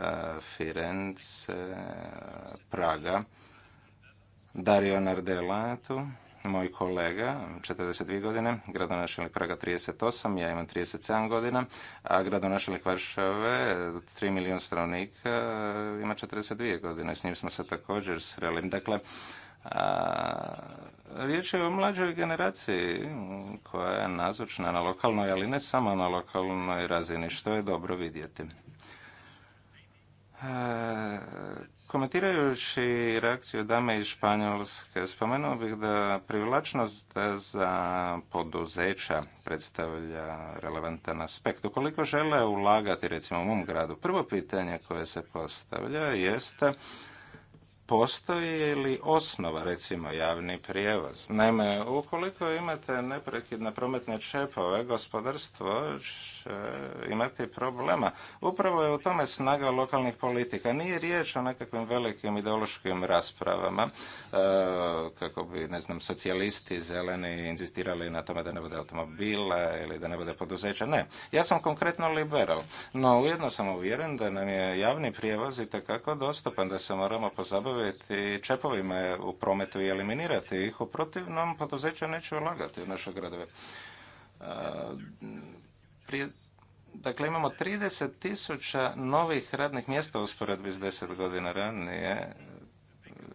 Firenze Praga, Dario Nardelato, moj kolega, 42 godine, gradonačelnik Praga 38, ja imam 37 godina, a gradonačelnik Varšave, 3 milijun stanovnika, ima 42 godine, s njim smo se također sreli. Dakle, a, riječ je o mlađoj generaciji koja je nazočna na lokalnoj, ali ne samo na lokalnoj razini, što je dobro vidjeti. E, komentirajući reakciju dame iz Španjolske, spomenuo bih da privlačnost za poduzeća predstavlja relevantan aspekt. Ukoliko žele ulagati, recimo u mom gradu, prvo pitanje koje se postavlja jeste postoji li osnova, recimo javni prijevoz? Naime, ukoliko imate neprekidne prometne čepove, gospodarstvo će imati problema. Upravo je u tome snaga lokalnih politika. Nije riječ o nekakvim velikim ideološkim raspravama, e, kako bi, ne znam, socijalisti, zeleni inzistirali na tome da ne bude automobila ili da ne bude poduzeća. Ne, ja sam konkretno liberal, no ujedno sam uvjeren da nam je javni prijevoz i dostupan, da se moramo pozabaviti pozabaviti čepovima u prometu i eliminirati ih, u protivnom poduzeća neće ulagati u naše gradove. E, prije, dakle, imamo 30 tisuća novih radnih mjesta usporedbi s 10 godina ranije.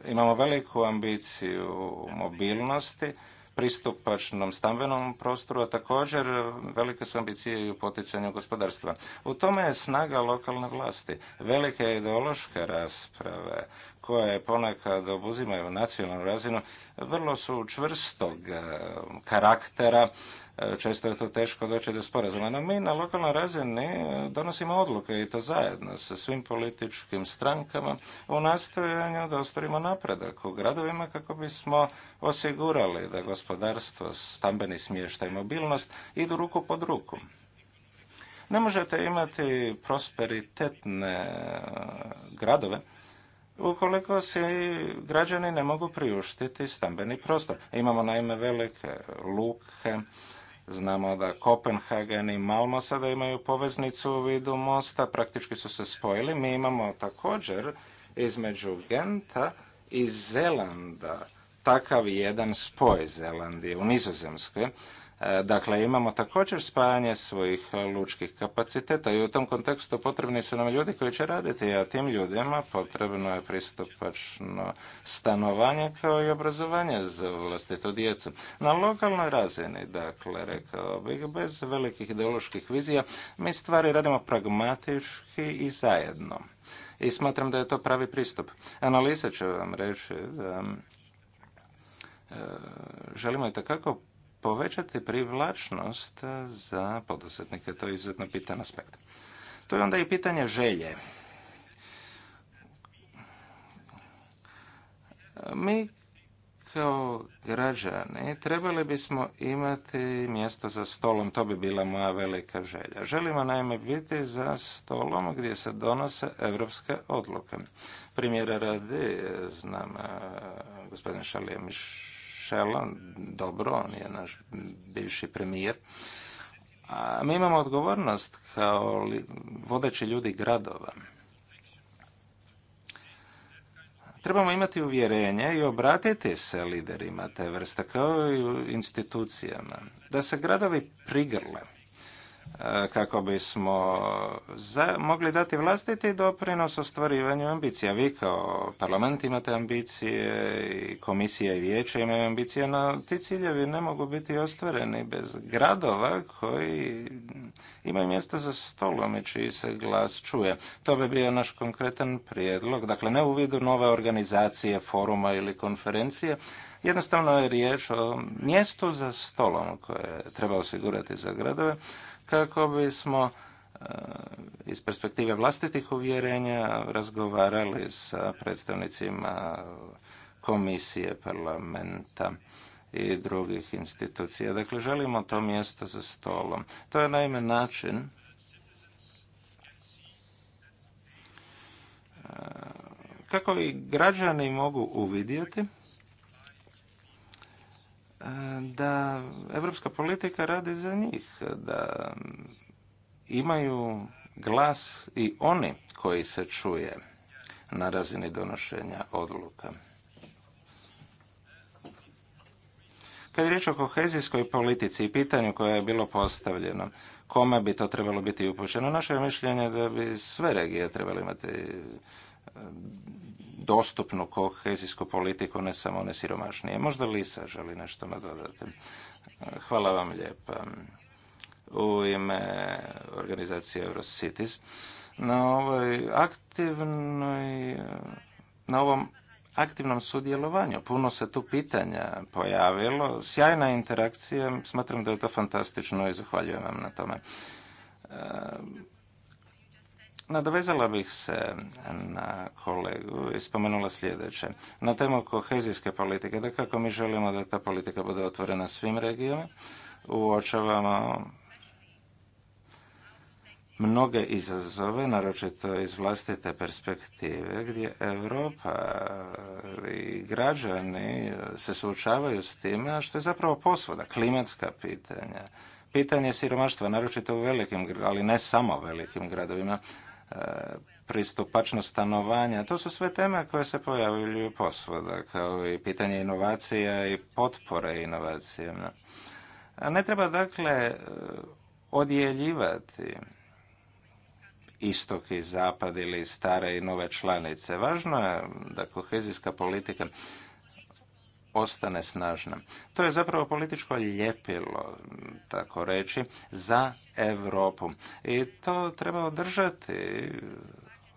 Imamo veliku ambiciju mobilnosti, pristupačnom stambenom prostoru, a također velike su ambicije i u poticanju gospodarstva. U tome je snaga lokalne vlasti. Velike ideološke rasprave koje ponekad obuzimaju nacionalnu razinu vrlo su čvrstog eh, karaktera Često je to teško doći do sporazuma. No mi na lokalnoj razini eh, donosimo odluke i to zajedno sa svim političkim strankama u nastojanju da ostvarimo napredak u gradovima kako bismo osigurali da gospodarstvo, stambeni smještaj, mobilnost idu ruku pod ruku. Ne možete imati prosperitetne eh, gradove ukoliko se građani ne mogu priuštiti stambeni prostor. Imamo naime velike luke, Znamo da Kopenhagen i Malmo sada imaju poveznicu u vidu mosta, praktički su se spojili. Mi imamo također između Genta i Zelanda takav jedan spoj Zelandije u Nizozemskoj E, dakle, imamo također spajanje svojih lučkih kapaciteta i u tom kontekstu potrebni su nam ljudi koji će raditi, a tim ljudima potrebno je pristupačno stanovanje kao i obrazovanje za vlastitu djecu. Na lokalnoj razini, dakle, rekao bih, bez velikih ideoloških vizija, mi stvari radimo pragmatički i zajedno. I smatram da je to pravi pristup. Analiza će vam reći da e, želimo i takako povećati privlačnost e, za poduzetnike. To je izuzetno pitan aspekt. To je onda i pitanje želje. Mi kao građani trebali bismo imati mjesto za stolom, to bi bila moja velika želja. Želimo naime biti za stolom gdje se donose evropske odluke. Primjera radi, znam, e, gospodin Šalije dobro, on je naš bivši premijer. A mi imamo odgovornost kao vodeći ljudi gradova. Trebamo imati uvjerenje i obratiti se liderima te vrste kao i institucijama, da se gradovi prigrle kako bismo mogli dati vlastiti doprinos ostvarivanju ambicija. Vi kao parlament imate ambicije, i komisija i vijeće imaju ambicije, no ti ciljevi ne mogu biti ostvareni bez gradova koji imaju mjesto za stolom i čiji se glas čuje. To bi bio naš konkretan prijedlog. Dakle, ne u vidu nove organizacije, foruma ili konferencije, Jednostavno je riječ o mjestu za stolom koje treba osigurati za gradove kako bismo e, iz perspektive vlastitih uvjerenja razgovarali sa predstavnicima komisije, parlamenta i drugih institucija. Dakle, želimo to mjesto za stolom. To je naime način e, kako i građani mogu uvidjeti da evropska politika radi za njih, da imaju glas i oni koji se čuje na razini donošenja odluka. Kad je riječ o kohezijskoj politici i pitanju koje je bilo postavljeno, kome bi to trebalo biti upućeno, naše mišljenje da bi sve regije trebale imati dostupnu kohezijsku politiku, ne samo one siromašnije. Možda Lisa želi nešto nadodati. Hvala vam lijepa. U ime organizacije Eurocities na ovoj aktivnoj na ovom aktivnom sudjelovanju. Puno se tu pitanja pojavilo. Sjajna interakcija. Smatram da je to fantastično i zahvaljujem vam na tome. Nadovezala bih se na kolegu i spomenula sljedeće. Na temu kohezijske politike, da kako mi želimo da ta politika bude otvorena svim regijama, uočavamo mnoge izazove, naročito iz vlastite perspektive, gdje Europa i građani se suočavaju s time, što je zapravo posvoda, klimatska pitanja, pitanje siromaštva, naročito u velikim, ali ne samo velikim gradovima, pristupačnost stanovanja. To su sve teme koje se pojavljuju posvoda, kao i pitanje inovacija i potpore inovacijama. A ne treba dakle odjeljivati istok i zapad ili stare i nove članice. Važno je da kohezijska politika ostane snažna. To je zapravo političko ljepilo, tako reći, za Europu. I to treba održati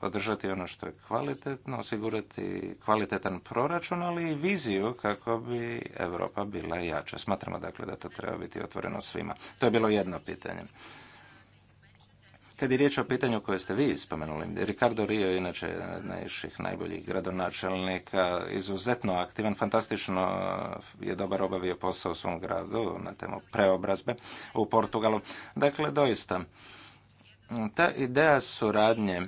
održati ono što je kvalitetno, osigurati kvalitetan proračun, ali i viziju kako bi Europa bila jača. Smatramo dakle da to treba biti otvoreno svima. To je bilo jedno pitanje. Kad je riječ o pitanju koje ste vi spomenuli, Ricardo Rio je inače jedan od najboljih gradonačelnika, izuzetno aktivan, fantastično je dobar obavio posao u svom gradu na temu preobrazbe u Portugalu. Dakle, doista, ta ideja suradnje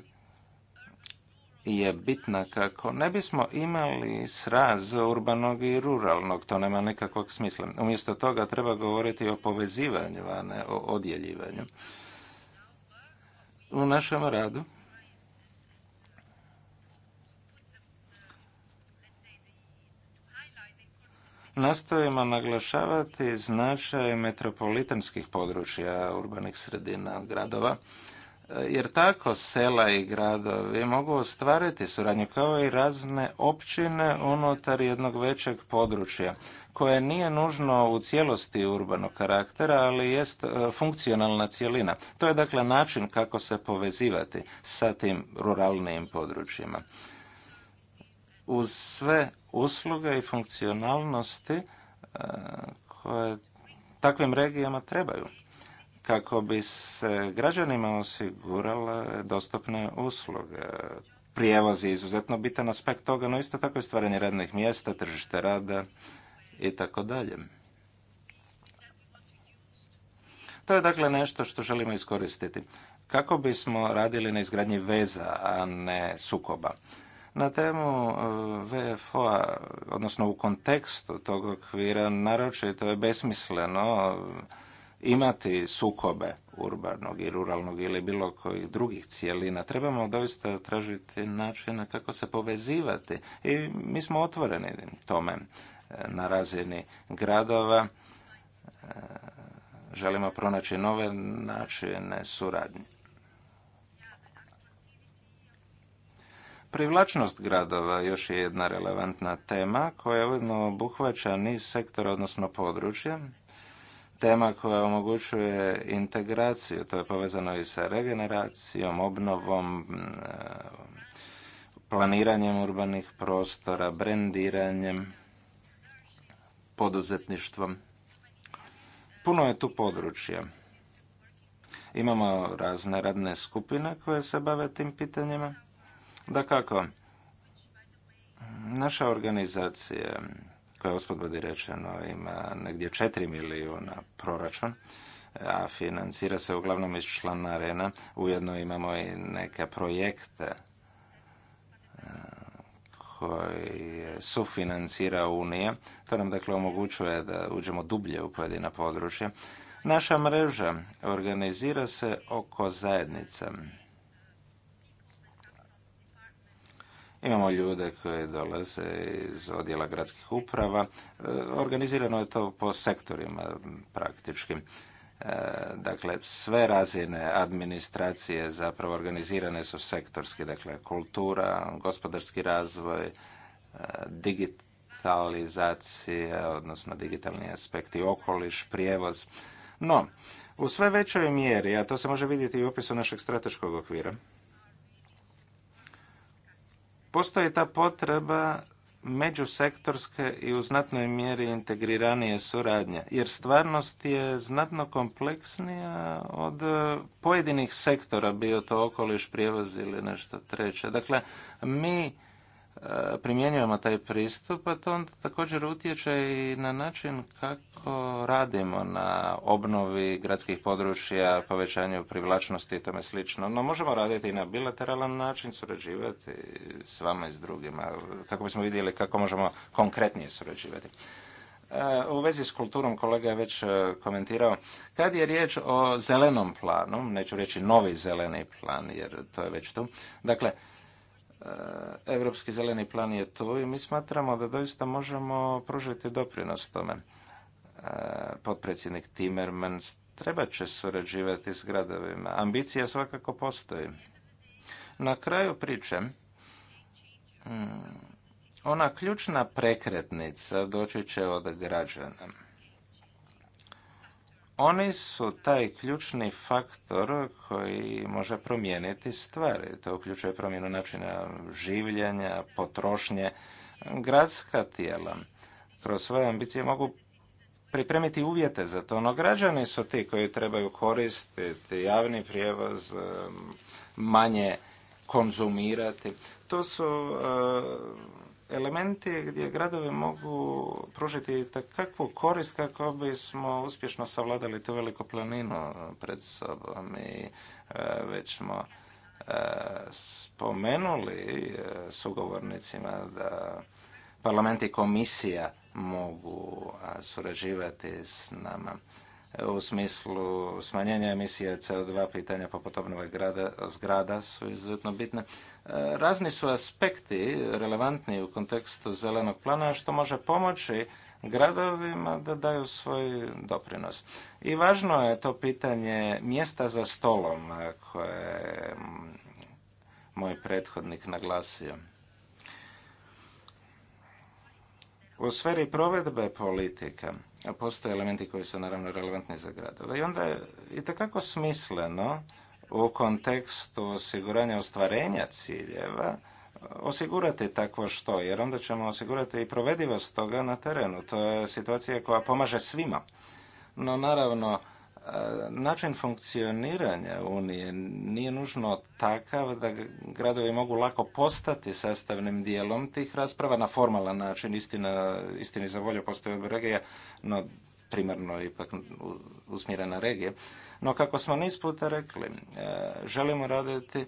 je bitna kako ne bismo imali sraz urbanog i ruralnog, to nema nikakvog smisla. Umjesto toga treba govoriti o povezivanju, a ne o odjeljivanju u našem radu. Nastojimo naglašavati značaj metropolitanskih područja urbanih sredina gradova jer tako sela i gradovi mogu ostvariti suradnju kao i razne općine unutar jednog većeg područja koje nije nužno u cijelosti urbanog karaktera, ali jest e, funkcionalna cjelina. To je dakle način kako se povezivati sa tim ruralnim područjima. Uz sve usluge i funkcionalnosti e, koje takvim regijama trebaju kako bi se građanima osigurala dostupne usluge. Prijevoz je izuzetno bitan aspekt toga, no isto tako i stvaranje radnih mjesta, tržište rada i tako dalje. To je dakle nešto što želimo iskoristiti. Kako bismo radili na izgradnji veza, a ne sukoba. Na temu e, VFO-a, odnosno u kontekstu tog okvira, naročito je besmisleno imati sukobe urbanog i ruralnog ili bilo kojih drugih cijelina. Trebamo doista tražiti načine kako se povezivati i mi smo otvoreni tome e, na razini gradova. E, želimo pronaći nove načine suradnje. Privlačnost gradova još je jedna relevantna tema koja ujedno obuhvaća niz sektora, odnosno područja tema koja omogućuje integraciju, to je povezano i sa regeneracijom, obnovom, eh, planiranjem urbanih prostora, brendiranjem, poduzetništvom. Puno je tu područja. Imamo razne radne skupine koje se bave tim pitanjima. Da kako, naša organizacija koja uspod budi rečeno ima negdje 4 milijuna proračun, a financira se uglavnom iz arena. Ujedno imamo i neke projekte e, koji sufinancira Unija. To nam dakle omogućuje da uđemo dublje u pojedina područja. Naša mreža organizira se oko zajednice Imamo ljude koji dolaze iz odjela gradskih uprava. E, organizirano je to po sektorima praktički. E, dakle, sve razine administracije zapravo organizirane su sektorski, dakle kultura, gospodarski razvoj, e, digitalizacija, odnosno digitalni aspekti, okoliš, prijevoz. No, u sve većoj mjeri, a to se može vidjeti i u opisu našeg strateškog okvira, Postoji ta potreba međusektorske i u znatnoj mjeri integriranije suradnje, jer stvarnost je znatno kompleksnija od e, pojedinih sektora, bio to okoliš, prijevoz ili nešto treće. Dakle, mi primjenjujemo taj pristup, a to onda također utječe i na način kako radimo na obnovi gradskih područja, povećanju privlačnosti i tome slično. No možemo raditi i na bilateralan način, surađivati s vama i s drugima, kako bismo vidjeli kako možemo konkretnije surađivati. E, u vezi s kulturom kolega je već e, komentirao. Kad je riječ o zelenom planu, neću reći novi zeleni plan jer to je već tu, dakle Europski zeleni plan je tu i mi smatramo da doista možemo pružiti doprinos tome. E, potpredsjednik Timmermans treba će surađivati s gradovima. Ambicija svakako postoji. Na kraju priče, mm, ona ključna prekretnica doći će od građana oni su taj ključni faktor koji može promijeniti stvari. To uključuje promjenu načina življenja, potrošnje. Gradska tijela kroz svoje ambicije mogu pripremiti uvjete za to, no građani su ti koji trebaju koristiti javni prijevoz, manje konzumirati. To su elementi gdje gradovi mogu pružiti takvu korist kako bismo uspješno savladali tu veliku planinu pred sobom i e, već smo e, spomenuli e, sugovornicima da parlament i komisija mogu surađivati s nama u smislu smanjenja emisije CO2 pitanja poput obnove grada, zgrada su izuzetno bitne. E, razni su aspekti relevantni u kontekstu zelenog plana što može pomoći gradovima da daju svoj doprinos. I važno je to pitanje mjesta za stolom koje je moj prethodnik naglasio. U sferi provedbe politika postoje elementi koji su naravno relevantni za gradove i onda je takako smisleno u kontekstu osiguranja ostvarenja ciljeva uh, osigurati takvo što, jer onda ćemo osigurati i provedivost toga na terenu. To je situacija koja pomaže svima. No naravno, način funkcioniranja Unije nije nužno takav da gradovi mogu lako postati sastavnim dijelom tih rasprava na formalan način. Istina, istini za volju postoje od regija, no primarno ipak usmjerena regije No kako smo niz puta rekli, e, želimo raditi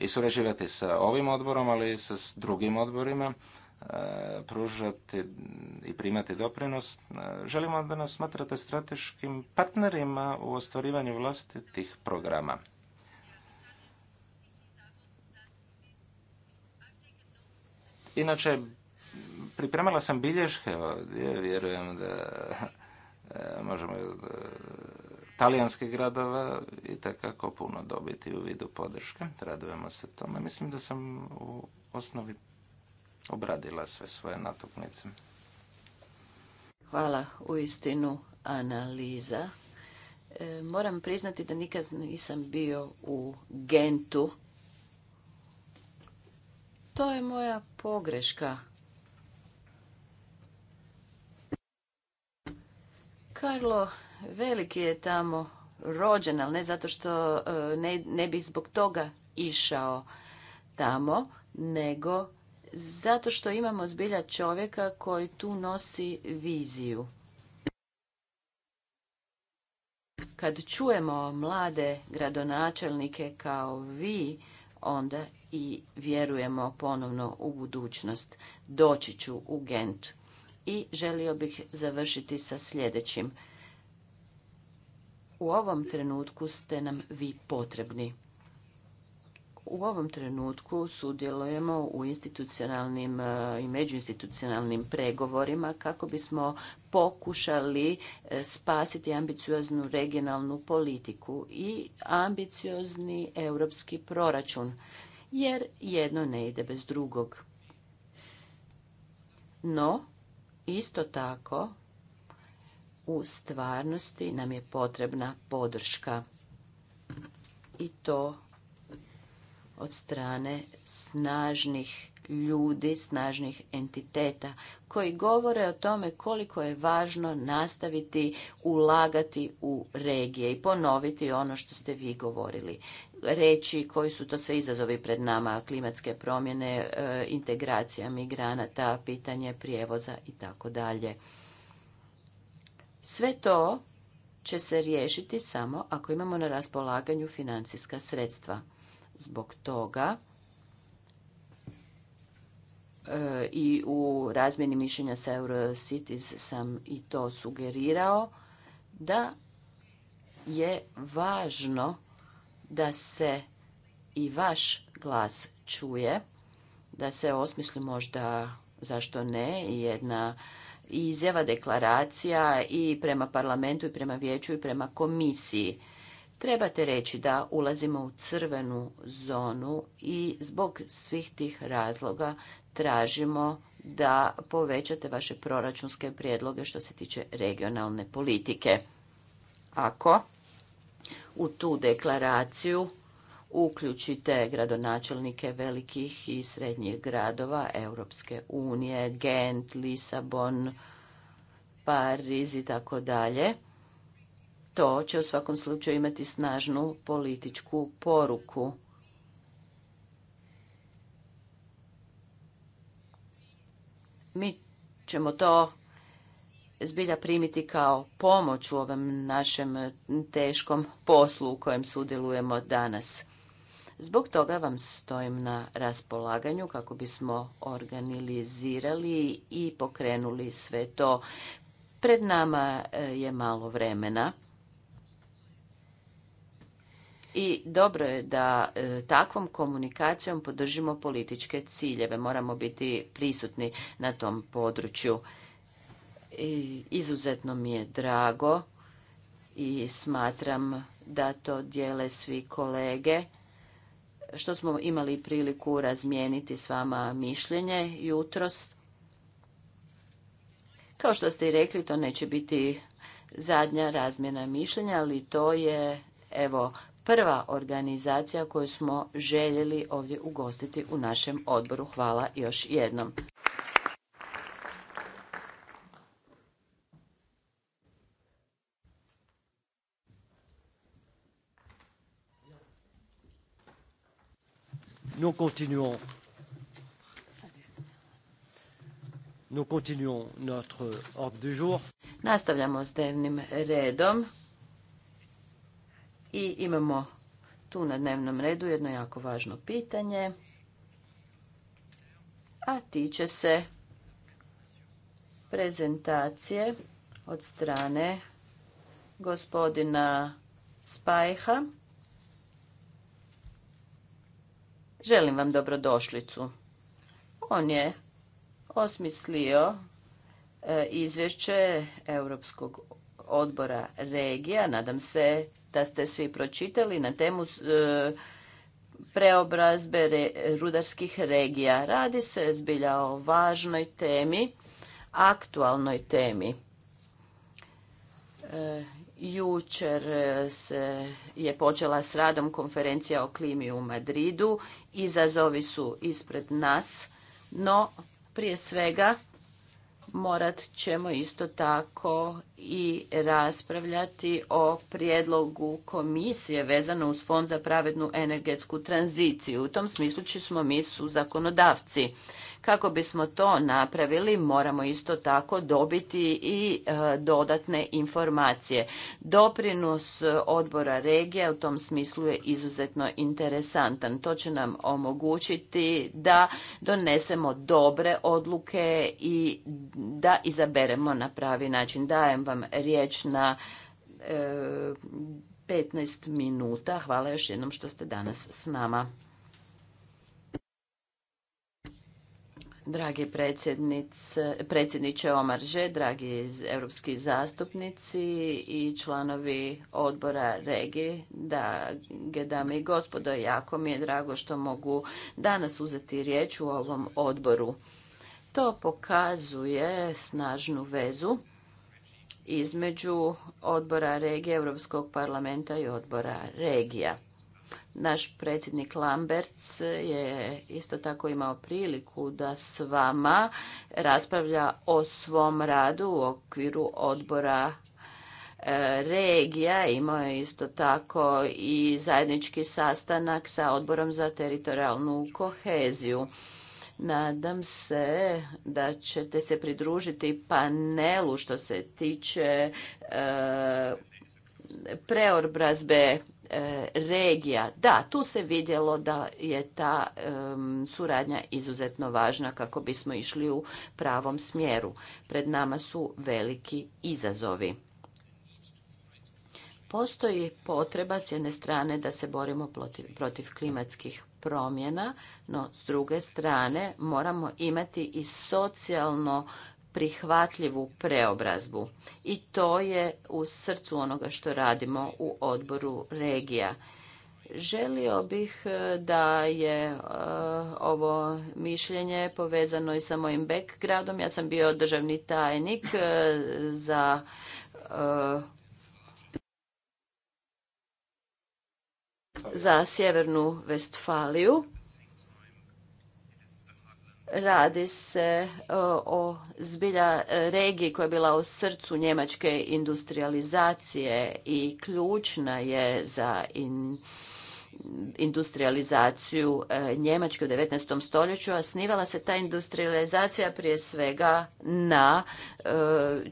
i surađivati sa ovim odborom, ali i sa drugim odborima E, pružati i primati doprinos. E, želimo da nas smatrate strateškim partnerima u ostvarivanju vlastitih programa. Inače, pripremala sam bilješke ovdje, vjerujem da e, možemo talijanskih gradova i takako puno dobiti u vidu podrške. Radujemo se tome. Mislim da sam u osnovi obradila sve svoje natuknice. Hvala u istinu analiza. E, moram priznati da nikad nisam bio u Gentu. To je moja pogreška. Karlo Veliki je tamo rođen, ali ne zato što e, ne bi zbog toga išao tamo, nego zato što imamo zbilja čovjeka koji tu nosi viziju. Kad čujemo mlade gradonačelnike kao vi, onda i vjerujemo ponovno u budućnost. Doći ću u Gent. I želio bih završiti sa sljedećim. U ovom trenutku ste nam vi potrebni. U ovom trenutku sudjelujemo u institucionalnim e, i međuinstitucionalnim pregovorima kako bismo pokušali e, spasiti ambicioznu regionalnu politiku i ambiciozni europski proračun, jer jedno ne ide bez drugog. No, isto tako, u stvarnosti nam je potrebna podrška i to od strane snažnih ljudi, snažnih entiteta koji govore o tome koliko je važno nastaviti ulagati u regije i ponoviti ono što ste vi govorili. Reći koji su to sve izazovi pred nama, klimatske promjene, e, integracija migranata, pitanje prijevoza i tako dalje. Sve to će se riješiti samo ako imamo na raspolaganju financijska sredstva zbog toga e, i u razmjeni mišljenja sa Eurocities sam i to sugerirao da je važno da se i vaš glas čuje, da se osmisli možda zašto ne jedna izjava, deklaracija i prema parlamentu i prema vijeću i prema komisiji trebate reći da ulazimo u crvenu zonu i zbog svih tih razloga tražimo da povećate vaše proračunske prijedloge što se tiče regionalne politike. Ako u tu deklaraciju uključite gradonačelnike velikih i srednjih gradova Europske unije, Gent, Lisabon, Pariz i tako dalje, to će u svakom slučaju imati snažnu političku poruku. Mi ćemo to zbilja primiti kao pomoć u ovom našem teškom poslu u kojem sudjelujemo danas. Zbog toga vam stojim na raspolaganju kako bismo organizirali i pokrenuli sve to. Pred nama eh, je malo vremena i dobro je da e, takvom komunikacijom podržimo političke ciljeve. Moramo biti prisutni na tom području. I izuzetno mi je drago i smatram da to dijele svi kolege što smo imali priliku razmijeniti s vama mišljenje jutros. Kao što ste i rekli, to neće biti zadnja razmjena mišljenja, ali to je evo prva organizacija koju smo željeli ovdje ugostiti u našem odboru. Hvala još jednom. Nous continuons. Nous continuons notre ordre du jour. Nastavljamo s dnevnim redom. I imamo tu na dnevnom redu jedno jako važno pitanje, a tiče se prezentacije od strane gospodina Spajha. Želim vam dobrodošlicu. On je osmislio e, izvješće Europskog odbora regija. Nadam se da ste svi pročitali na temu e, preobrazbe rudarskih regija. Radi se zbilja o važnoj temi, aktualnoj temi. E, jučer e, se je počela s radom konferencija o klimi u Madridu. Izazovi su ispred nas, no prije svega morat ćemo isto tako i raspravljati o prijedlogu komisije vezano uz fond za pravednu energetsku tranziciju. U tom smislu či smo mi su zakonodavci. Kako bismo to napravili, moramo isto tako dobiti i e, dodatne informacije. Doprinos odbora regija u tom smislu je izuzetno interesantan. To će nam omogućiti da donesemo dobre odluke i da izaberemo na pravi način. Dajem vam riječ na 15 e, minuta. Hvala još jednom što ste danas s nama. Dragi predsjedniče Omarže, dragi europski zastupnici i članovi odbora Regi, da, dame i gospodo, jako mi je drago što mogu danas uzeti riječ u ovom odboru. To pokazuje snažnu vezu između odbora regije Europskog parlamenta i odbora regija. Naš predsjednik Lamberts je isto tako imao priliku da s vama raspravlja o svom radu u okviru odbora e, regija. Imao je isto tako i zajednički sastanak sa odborom za teritorijalnu koheziju. Nadam se da ćete se pridružiti panelu što se tiče e, preobrazbe e, regija. Da, tu se vidjelo da je ta e, suradnja izuzetno važna kako bismo išli u pravom smjeru. Pred nama su veliki izazovi. Postoji potreba s jedne strane da se borimo protiv klimatskih promjena, no s druge strane moramo imati i socijalno prihvatljivu preobrazbu. I to je u srcu onoga što radimo u odboru regija. Želio bih e, da je e, ovo mišljenje povezano i sa mojim backgroundom. Ja sam bio državni tajnik e, za za Sjevernu Vestfaliju. Radi se e, o zbilja e, regiji koja je bila u srcu njemačke industrializacije i ključna je za industrializaciju e, Njemačke u 19. stoljeću, a snivala se ta industrializacija prije svega na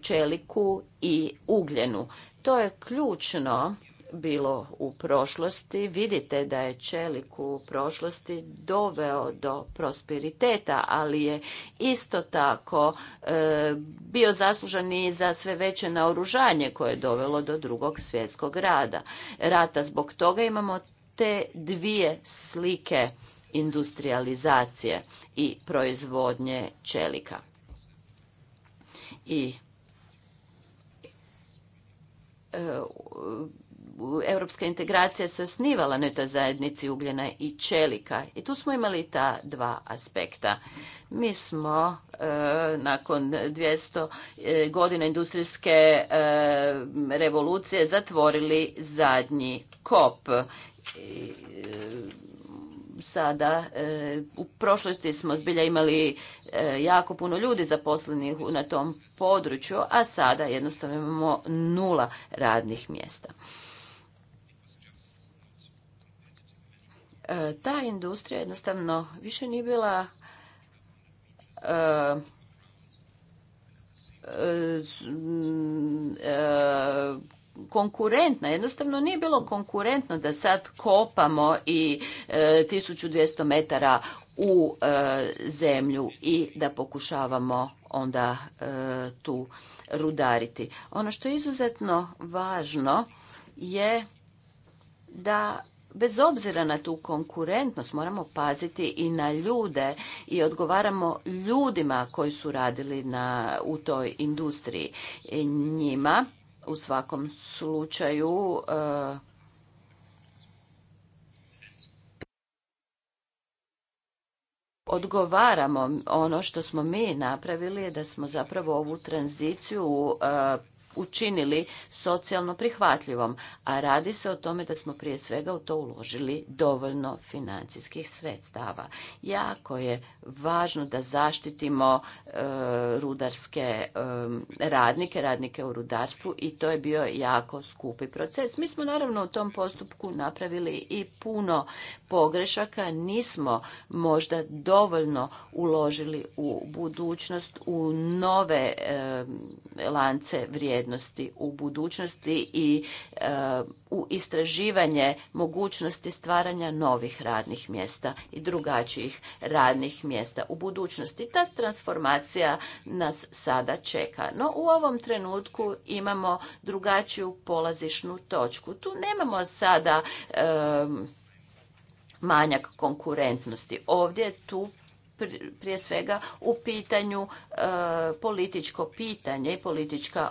čeliku i ugljenu. To je ključno bilo u prošlosti. Vidite da je čelik u prošlosti doveo do prosperiteta, ali je isto tako e, bio zaslužan i za sve veće naoružanje koje je dovelo do drugog svjetskog rada. Rata zbog toga imamo te dvije slike industrializacije i proizvodnje čelika. I e, europska integracija se osnivala na toj zajednici ugljena i čelika. I tu smo imali ta dva aspekta. Mi smo e, nakon 200 e, godina industrijske e, revolucije zatvorili zadnji kop. sada u prošlosti smo zbilja imali jako puno ljudi zaposlenih na tom području, a sada jednostavno imamo nula radnih mjesta. ta industrija jednostavno više nije bila e, e, konkurentna. Jednostavno nije bilo konkurentno da sad kopamo i 1200 e, metara u zemlju i da pokušavamo onda tu rudariti. Ono što je izuzetno važno je da bez obzira na tu konkurentnost moramo paziti i na ljude i odgovaramo ljudima koji su radili na, u toj industriji. I e, njima u svakom slučaju e, odgovaramo ono što smo mi napravili je da smo zapravo ovu tranziciju e, učinili socijalno prihvatljivom, a radi se o tome da smo prije svega u to uložili dovoljno financijskih sredstava. Jako je važno da zaštitimo e, rudarske e, radnike, radnike u rudarstvu i to je bio jako skupi proces. Mi smo naravno u tom postupku napravili i puno pogrešaka, nismo možda dovoljno uložili u budućnost u nove e, lance vrijednosti vrijednosti u budućnosti i e, u istraživanje mogućnosti stvaranja novih radnih mjesta i drugačijih radnih mjesta u budućnosti. Ta transformacija nas sada čeka. No u ovom trenutku imamo drugačiju polazišnu točku. Tu nemamo sada e, manjak konkurentnosti. Ovdje tu prije svega u pitanju e, političko pitanje i politička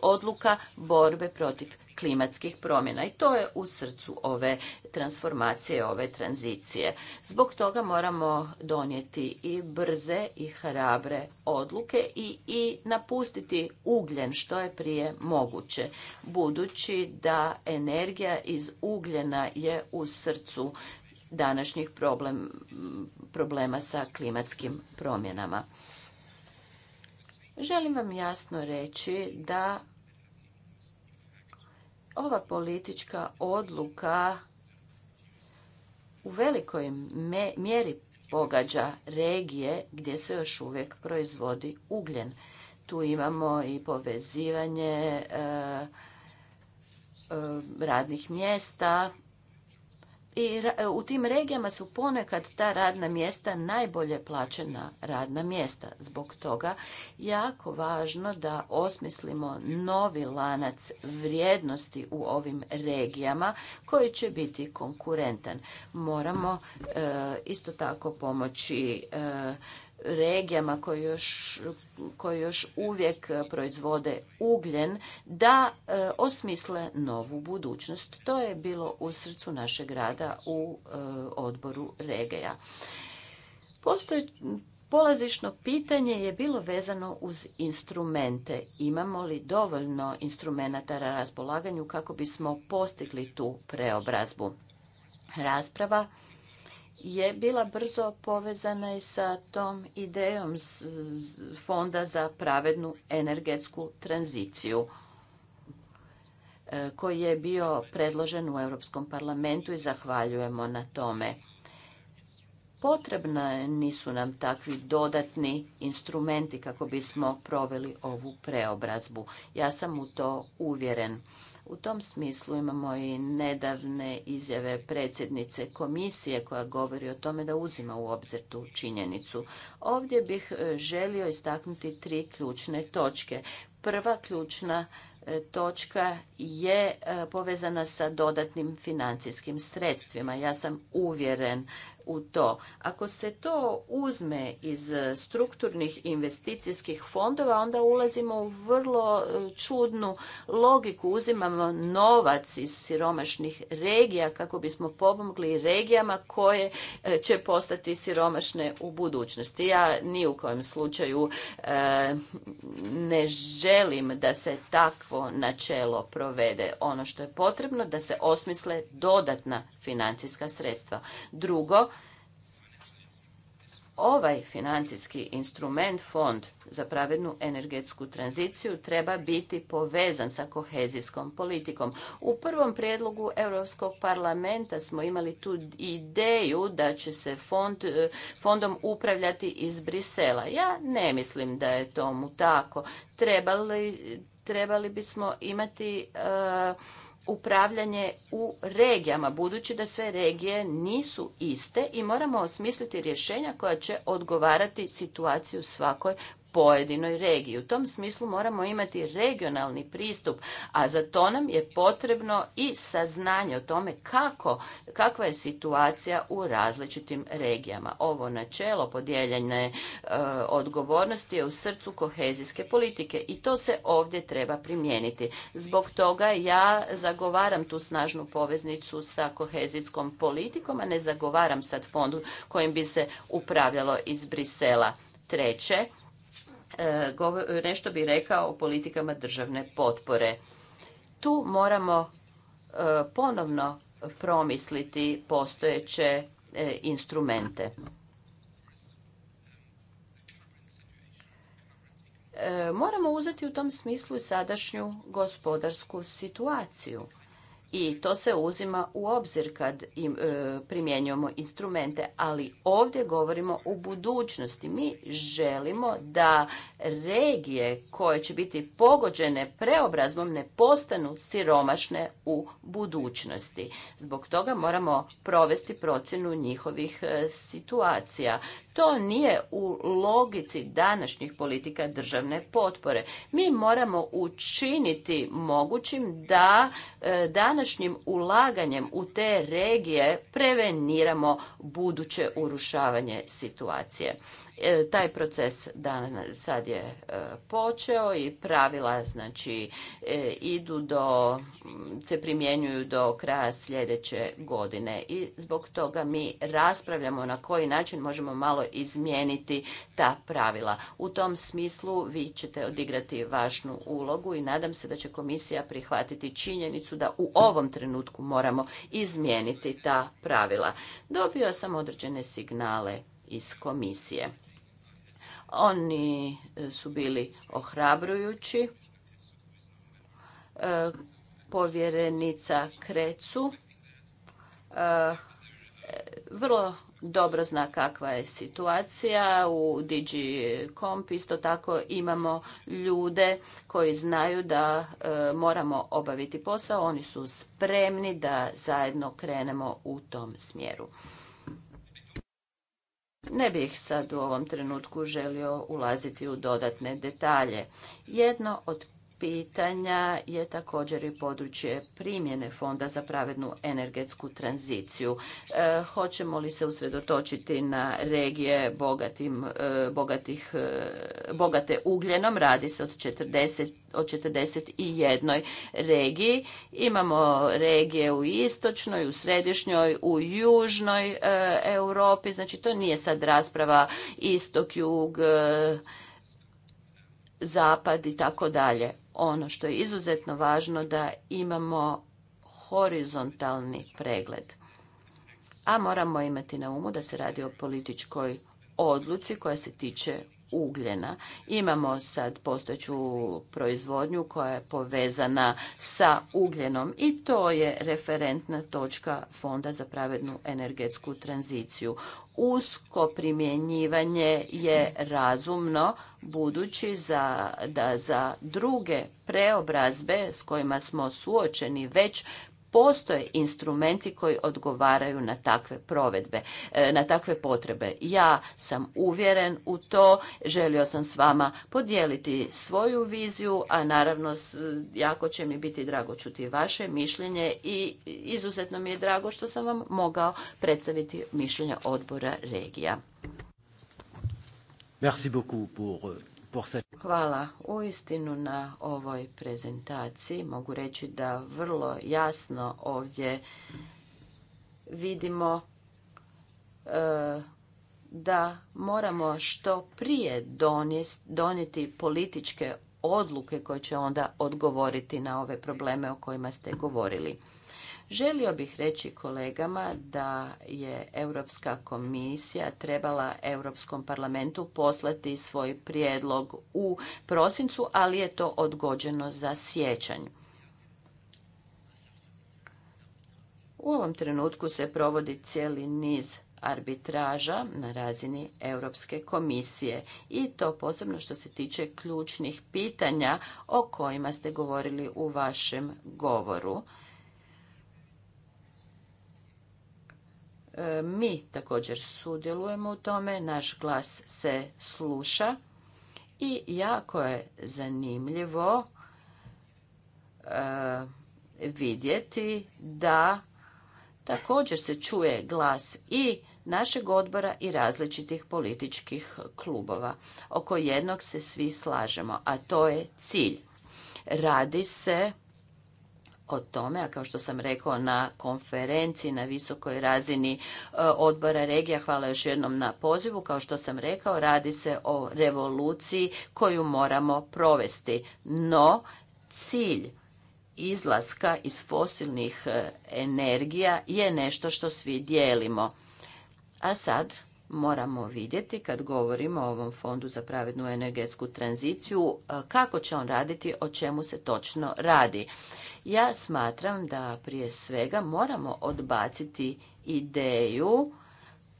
odluka borbe protiv klimatskih promjena i to je u srcu ove transformacije, ove tranzicije. Zbog toga moramo donijeti i brze i hrabre odluke i, i napustiti ugljen što je prije moguće, budući da energija iz ugljena je u srcu današnjih problem, problema sa klimatskim promjenama. Želim vam jasno reći da ova politička odluka u velikoj mjeri pogađa regije gdje se još uvijek proizvodi ugljen. Tu imamo i povezivanje e, e, radnih mjesta i e, u tim regijama su ponekad ta radna mjesta najbolje plaćena radna mjesta. Zbog toga jako važno da osmislimo novi lanac vrijednosti u ovim regijama koji će biti konkurentan. Moramo e, isto tako pomoći e, regijama koje još, još uvijek proizvode ugljen da e, osmisle novu budućnost. To je bilo u srcu našeg rada u e, odboru regeja. Postoje Polazišno pitanje je bilo vezano uz instrumente. Imamo li dovoljno instrumenata na raspolaganju kako bismo postigli tu preobrazbu? Rasprava je bila brzo povezana i sa tom idejom Fonda za pravednu energetsku tranziciju e, koji je bio predložen u Europskom parlamentu i zahvaljujemo na tome. Potrebna nisu nam takvi dodatni instrumenti kako bismo proveli ovu preobrazbu. Ja sam u to uvjeren. U tom smislu imamo i nedavne izjave predsjednice komisije koja govori o tome da uzima u obzir tu činjenicu. Ovdje bih e, želio istaknuti tri ključne točke. Prva ključna točka je e, povezana sa dodatnim financijskim sredstvima. Ja sam uvjeren u to. Ako se to uzme iz strukturnih investicijskih fondova, onda ulazimo u vrlo e, čudnu logiku. Uzimamo novac iz siromašnih regija kako bismo pomogli regijama koje e, će postati siromašne u budućnosti. Ja ni u kojem slučaju ne želim da se takvo na načelo provede. Ono što je potrebno da se osmisle dodatna financijska sredstva. Drugo, ovaj financijski instrument, fond za pravednu energetsku tranziciju, treba biti povezan sa kohezijskom politikom. U prvom prijedlogu Europskog parlamenta smo imali tu ideju da će se fond, e, fondom upravljati iz Brisela. Ja ne mislim da je tomu tako. Trebali, trebali bismo imati e, upravljanje u regijama, budući da sve regije nisu iste i moramo osmisliti rješenja koja će odgovarati situaciju svakoj pojedinoj regiji. U tom smislu moramo imati regionalni pristup, a za to nam je potrebno i saznanje o tome kako, kakva je situacija u različitim regijama. Ovo načelo podijeljene e, odgovornosti je u srcu kohezijske politike i to se ovdje treba primijeniti. Zbog toga ja zagovaram tu snažnu poveznicu sa kohezijskom politikom, a ne zagovaram sad fondu kojim bi se upravljalo iz Brisela. Treće, E, nešto bi rekao o politikama državne potpore. Tu moramo e, ponovno promisliti postojeće e, instrumente. Moramo uzeti u tom smislu i sadašnju gospodarsku situaciju i to se uzima u obzir kad im, e, primjenjujemo instrumente, ali ovdje govorimo o budućnosti. Mi želimo da regije koje će biti pogođene preobrazbom ne postanu siromašne u budućnosti. Zbog toga moramo provesti procjenu njihovih e, situacija. To nije u logici današnjih politika državne potpore. Mi moramo učiniti mogućim da e, današnjim ulaganjem u te regije preveniramo buduće urušavanje situacije. E, taj proces dan, sad je e, počeo i pravila znači e, idu do, se primjenjuju do kraja sljedeće godine i zbog toga mi raspravljamo na koji način možemo malo izmijeniti ta pravila. U tom smislu vi ćete odigrati važnu ulogu i nadam se da će komisija prihvatiti činjenicu da u ovom trenutku moramo izmijeniti ta pravila. Dobio sam određene signale iz komisije. Oni e, su bili ohrabrujući. E, povjerenica Krecu e, vrlo dobro zna kakva je situacija. U komp isto tako imamo ljude koji znaju da moramo obaviti posao. Oni su spremni da zajedno krenemo u tom smjeru. Ne bih sad u ovom trenutku želio ulaziti u dodatne detalje. Jedno od pitanja je također i područje primjene Fonda za pravednu energetsku tranziciju. E, hoćemo li se usredotočiti na regije e, bogatih, e, bogate ugljenom? Radi se od 40 o 41 regiji. Imamo regije u istočnoj, u središnjoj, u južnoj Europi. Znači to nije sad rasprava istok, jug, zapad i tako dalje ono što je izuzetno važno da imamo horizontalni pregled. A moramo imati na umu da se radi o političkoj odluci koja se tiče ugljena. Imamo sad postojeću proizvodnju koja je povezana sa ugljenom i to je referentna točka Fonda za pravednu energetsku tranziciju. Usko primjenjivanje je razumno budući za, da za druge preobrazbe s kojima smo suočeni već postoje instrumenti koji odgovaraju na takve provedbe, e, na takve potrebe. Ja sam uvjeren u to, želio sam s vama podijeliti svoju viziju, a naravno jako će mi biti drago čuti vaše mišljenje i izuzetno mi je drago što sam vam mogao predstaviti mišljenje odbora regija. Merci beaucoup pour euh, Hvala uistinu na ovoj prezentaciji. Mogu reći da vrlo jasno ovdje vidimo e, da moramo što prije donijeti političke odluke koje će onda odgovoriti na ove probleme o kojima ste govorili. Želio bih reći kolegama da je Europska komisija trebala Europskom parlamentu poslati svoj prijedlog u prosincu, ali je to odgođeno za sjećanj. U ovom trenutku se provodi cijeli niz arbitraža na razini Europske komisije i to posebno što se tiče ključnih pitanja o kojima ste govorili u vašem govoru. E, mi također sudjelujemo u tome, naš glas se sluša i jako je zanimljivo e, vidjeti da također se čuje glas i našeg odbora i različitih političkih klubova. Oko jednog se svi slažemo, a to je cilj. Radi se o tome, a kao što sam rekao na konferenciji na visokoj razini e, odbora regija, hvala još jednom na pozivu, kao što sam rekao, radi se o revoluciji koju moramo provesti. No, cilj izlaska iz fosilnih e, energija je nešto što svi dijelimo. A sad moramo vidjeti kad govorimo o ovom fondu za pravednu energetsku tranziciju e, kako će on raditi, o čemu se točno radi. Ja smatram da prije svega moramo odbaciti ideju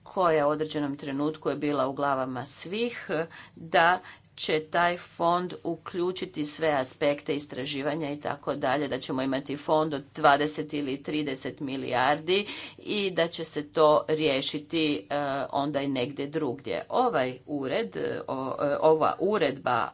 koja u određenom trenutku je bila u glavama svih da će taj fond uključiti sve aspekte istraživanja i tako dalje, da ćemo imati fond od 20 ili 30 milijardi i da će se to riješiti e, onda i negdje drugdje. Ovaj ured, e, e, ova uredba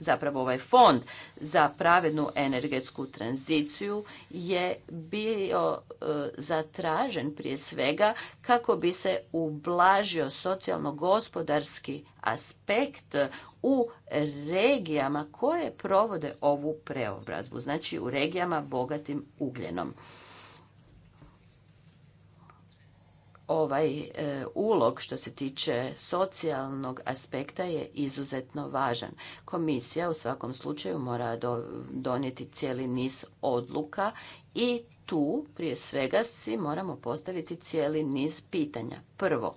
zapravo ovaj fond za pravednu energetsku tranziciju je bio e, zatražen prije svega kako bi se ublažio socijalno-gospodarski aspekt u regijama koje provode ovu preobrazbu, znači u regijama bogatim ugljenom. ovaj e, ulog što se tiče socijalnog aspekta je izuzetno važan. Komisija u svakom slučaju mora donijeti cijeli niz odluka i tu prije svega si moramo postaviti cijeli niz pitanja. Prvo,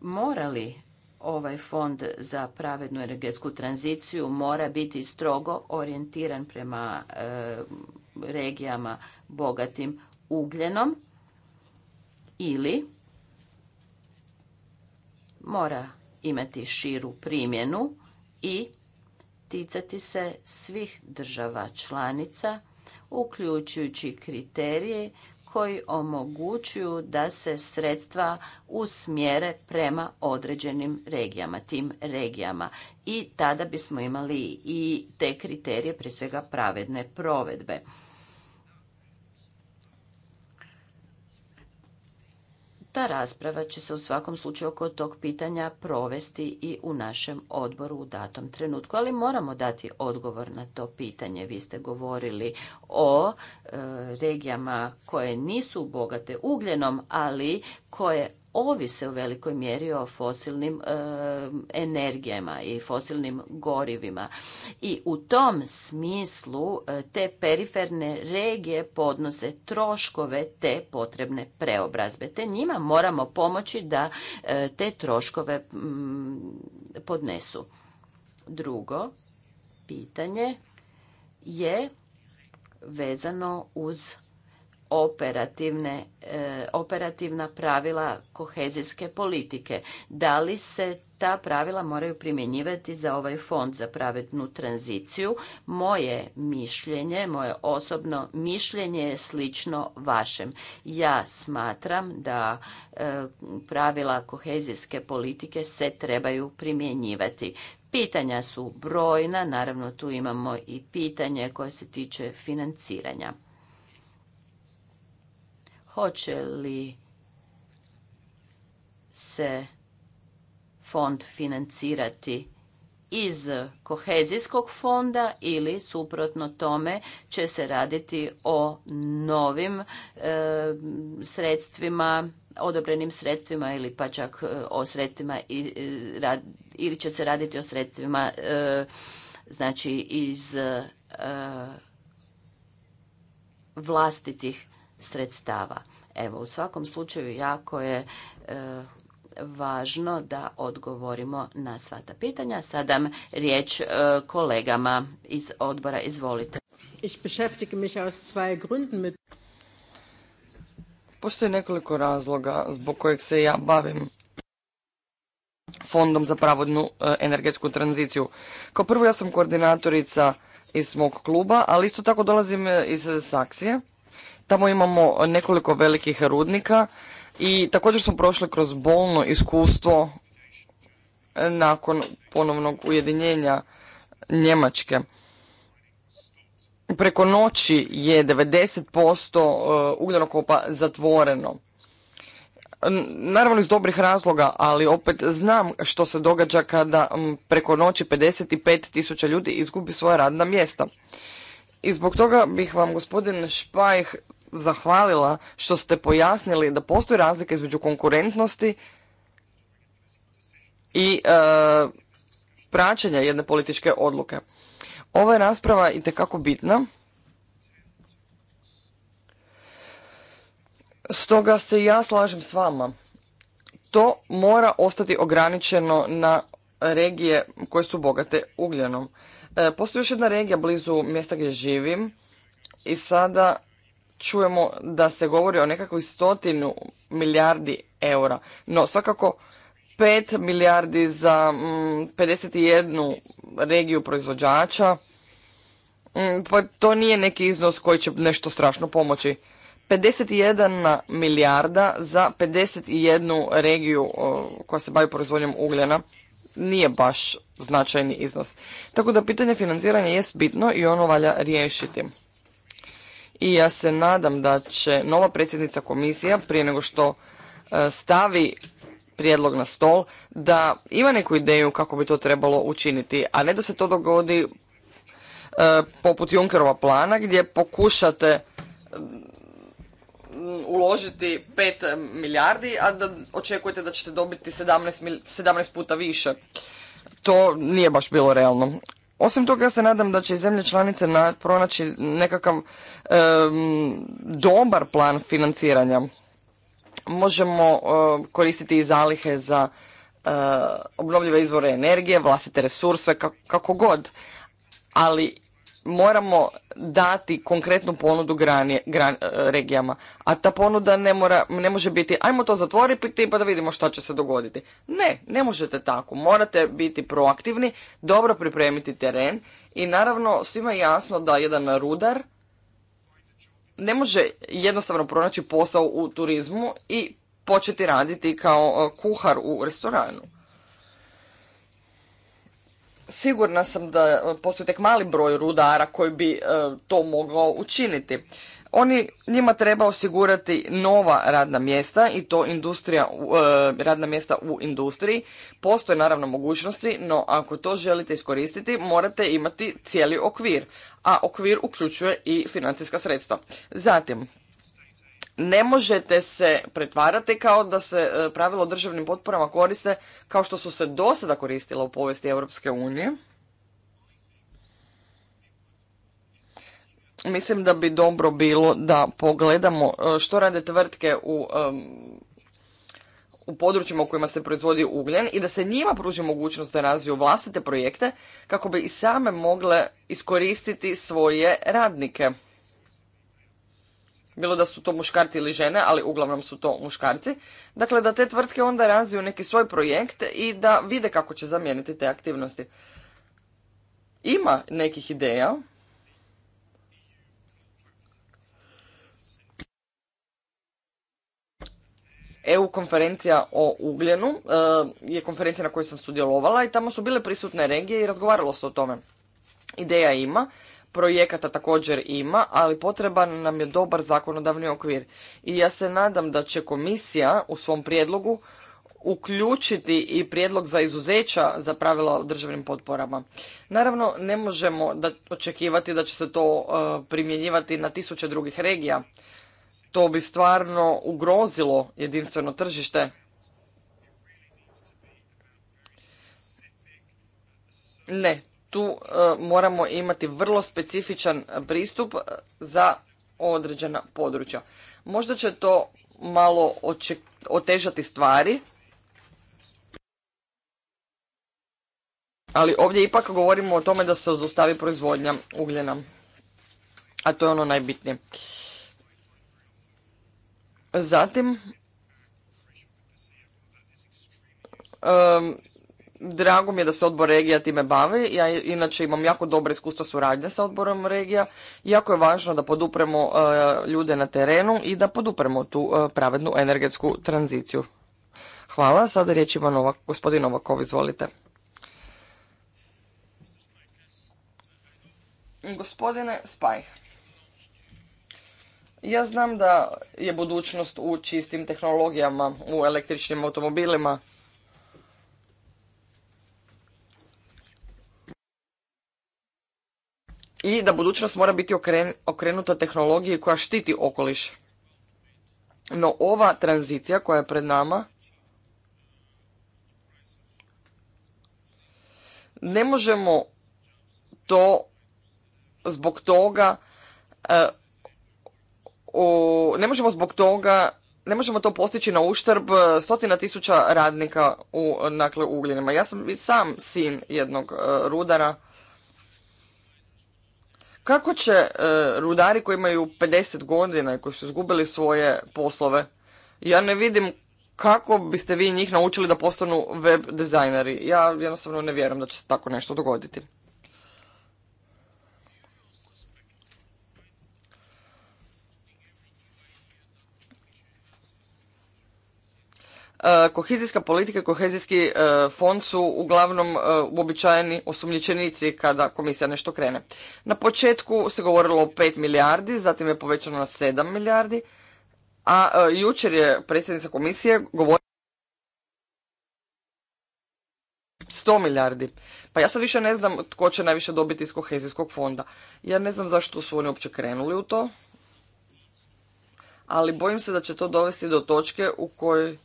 mora li ovaj fond za pravednu energetsku tranziciju mora biti strogo orijentiran prema e, regijama bogatim ugljenom ili mora imati širu primjenu i ticati se svih država članica, uključujući kriterije koji omogućuju da se sredstva usmjere prema određenim regijama, tim regijama. I tada bismo imali i te kriterije, prije svega pravedne provedbe. Ta rasprava će se u svakom slučaju oko tog pitanja provesti i u našem odboru u datom trenutku, ali moramo dati odgovor na to pitanje. Vi ste govorili o e, regijama koje nisu bogate ugljenom, ali koje ovise u velikoj mjeri o fosilnim e, energijama i fosilnim gorivima. I u tom smislu e, te periferne regije podnose troškove te potrebne preobrazbe. Te njima moramo pomoći da e, te troškove mm, podnesu. Drugo pitanje je vezano uz operativne, e, operativna pravila kohezijske politike. Da li se ta pravila moraju primjenjivati za ovaj fond za pravednu tranziciju? Moje mišljenje, moje osobno mišljenje je slično vašem. Ja smatram da e, pravila kohezijske politike se trebaju primjenjivati. Pitanja su brojna, naravno tu imamo i pitanje koje se tiče financiranja hoće li se fond financirati iz kohezijskog fonda ili suprotno tome će se raditi o novim e, sredstvima, odobrenim sredstvima ili pa čak e, o sredstvima e, ili će se raditi o sredstvima znači iz vlastitih sredstava. Evo, u svakom slučaju jako je e, važno da odgovorimo na sva ta pitanja. Sada riječ e, kolegama iz odbora. Izvolite. Ich beschäftige mich aus zwei Gründen mit Postoji nekoliko razloga zbog kojeg se ja bavim fondom za pravodnu e, energetsku tranziciju. Kao prvo ja sam koordinatorica iz smog kluba, ali isto tako dolazim iz Saksije Tamo imamo nekoliko velikih rudnika i također smo prošli kroz bolno iskustvo eh, nakon ponovnog ujedinjenja Njemačke. Preko noći je 90% eh, ugljenokopa zatvoreno. Naravno iz dobrih razloga, ali opet znam što se događa kada preko noći 55 tisuća ljudi izgubi svoja radna mjesta. I zbog toga bih vam, gospodin Špajh, zahvalila što ste pojasnili da postoji razlika između konkurentnosti i e, praćenja jedne političke odluke. Ova je rasprava itekako bitna. Stoga se ja slažem s vama. To mora ostati ograničeno na regije koje su bogate ugljenom. E, postoji još jedna regija blizu mjesta gdje živim i sada čujemo da se govori o nekakvih stotinu milijardi eura. No, svakako 5 milijardi za 51 mm, regiju proizvođača, mm, pa to nije neki iznos koji će nešto strašno pomoći. 51 milijarda za 51 regiju koja se bavi proizvodnjom ugljena nije baš značajni iznos. Tako da pitanje financiranja jest bitno i ono valja riješiti i ja se nadam da će nova predsjednica komisija prije nego što e, stavi prijedlog na stol da ima neku ideju kako bi to trebalo učiniti, a ne da se to dogodi e, poput Junkerova plana gdje pokušate mm, uložiti 5 milijardi, a da očekujete da ćete dobiti 17, puta više. To nije baš bilo realno. Osim toga, ja se nadam da će i zemlje članice pronaći nekakav dobar plan financiranja. Možemo eh, koristiti i zalihe za eh, obnovljive izvore energije, vlastite resurse, kako, kako god. Ali moramo dati konkretnu ponudu granje, gran, e, regijama. A ta ponuda ne, mora, ne može biti ajmo to zatvoriti pa da vidimo šta će se dogoditi. Ne, ne možete tako. Morate biti proaktivni, dobro pripremiti teren i naravno svima je jasno da jedan rudar ne može jednostavno pronaći posao u turizmu i početi raditi kao e, kuhar u restoranu. Sigurna sam da e, postoji tek mali broj rudara koji bi e, to mogao učiniti. Oni njima treba osigurati nova radna mjesta i to industrija, e, radna mjesta u industriji. Postoje naravno mogućnosti, no ako to želite iskoristiti morate imati cijeli okvir, a okvir uključuje i financijska sredstva. Zatim, ne možete se pretvarati kao da se e, pravilo o državnim potporama koriste kao što su se do sada koristila u povijesti Europske unije. Mislim da bi dobro bilo da pogledamo e, što rade tvrtke u, u područjima u kojima se proizvodi ugljen i da se njima pruži mogućnost da razviju vlastite projekte kako bi i same mogle iskoristiti svoje radnike bilo da su to muškarci ili žene, ali uglavnom su to muškarci, dakle da te tvrtke onda razviju neki svoj projekt i da vide kako će zamijeniti te aktivnosti. Ima nekih ideja, EU konferencija o ugljenu e, je konferencija na kojoj sam sudjelovala i tamo su bile prisutne regije i razgovaralo se o tome. Ideja ima, projekata također ima, ali potreban nam je dobar zakonodavni okvir. I ja se nadam da će komisija u svom prijedlogu uključiti i prijedlog za izuzeća za pravila o državnim potporama. Naravno, ne možemo da očekivati da će se to e, primjenjivati na tisuće drugih regija. To bi stvarno ugrozilo jedinstveno tržište. Ne, tu e, moramo imati vrlo specifičan pristup e, za određena područja. Možda će to malo otežati stvari, ali ovdje ipak govorimo o tome da se zaustavi proizvodnja ugljena, a to je ono najbitnije. Zatim, e, Drago mi je da se odbor regija time bavi. Ja inače imam jako dobro iskustvo suradnje sa odborom regija. Jako je važno da podupremo e, ljude na terenu i da podupremo tu e, pravednu energetsku tranziciju. Hvala. Sada riječ ima Novak, gospodin Novakov, izvolite. Gospodine Spaj, ja znam da je budućnost u čistim tehnologijama, u električnim automobilima, i da budućnost mora biti okrenuta tehnologiji koja štiti okoliš. No ova tranzicija koja je pred nama ne možemo to zbog toga e, ne možemo zbog toga ne možemo to postići na uštrb stotina tisuća radnika u dakle, ugljenima. Ja sam sam sin jednog e, rudara kako će e, rudari koji imaju 50 godina i koji su izgubili svoje poslove, ja ne vidim kako biste vi njih naučili da postanu web dizajneri. Ja jednostavno ne vjerujem da će se tako nešto dogoditi. E, kohezijska politika i kohezijski e, fond su uglavnom e, uobičajeni osumnjičenici kada komisija nešto krene. Na početku se govorilo o 5 milijardi, zatim je povećano na 7 milijardi, a jučer je predsjednica komisije govorila 100 milijardi. Pa ja sad više ne znam tko će najviše dobiti iz kohezijskog fonda. Ja ne znam zašto su oni uopće krenuli u to, ali bojim se da će to dovesti do točke u kojoj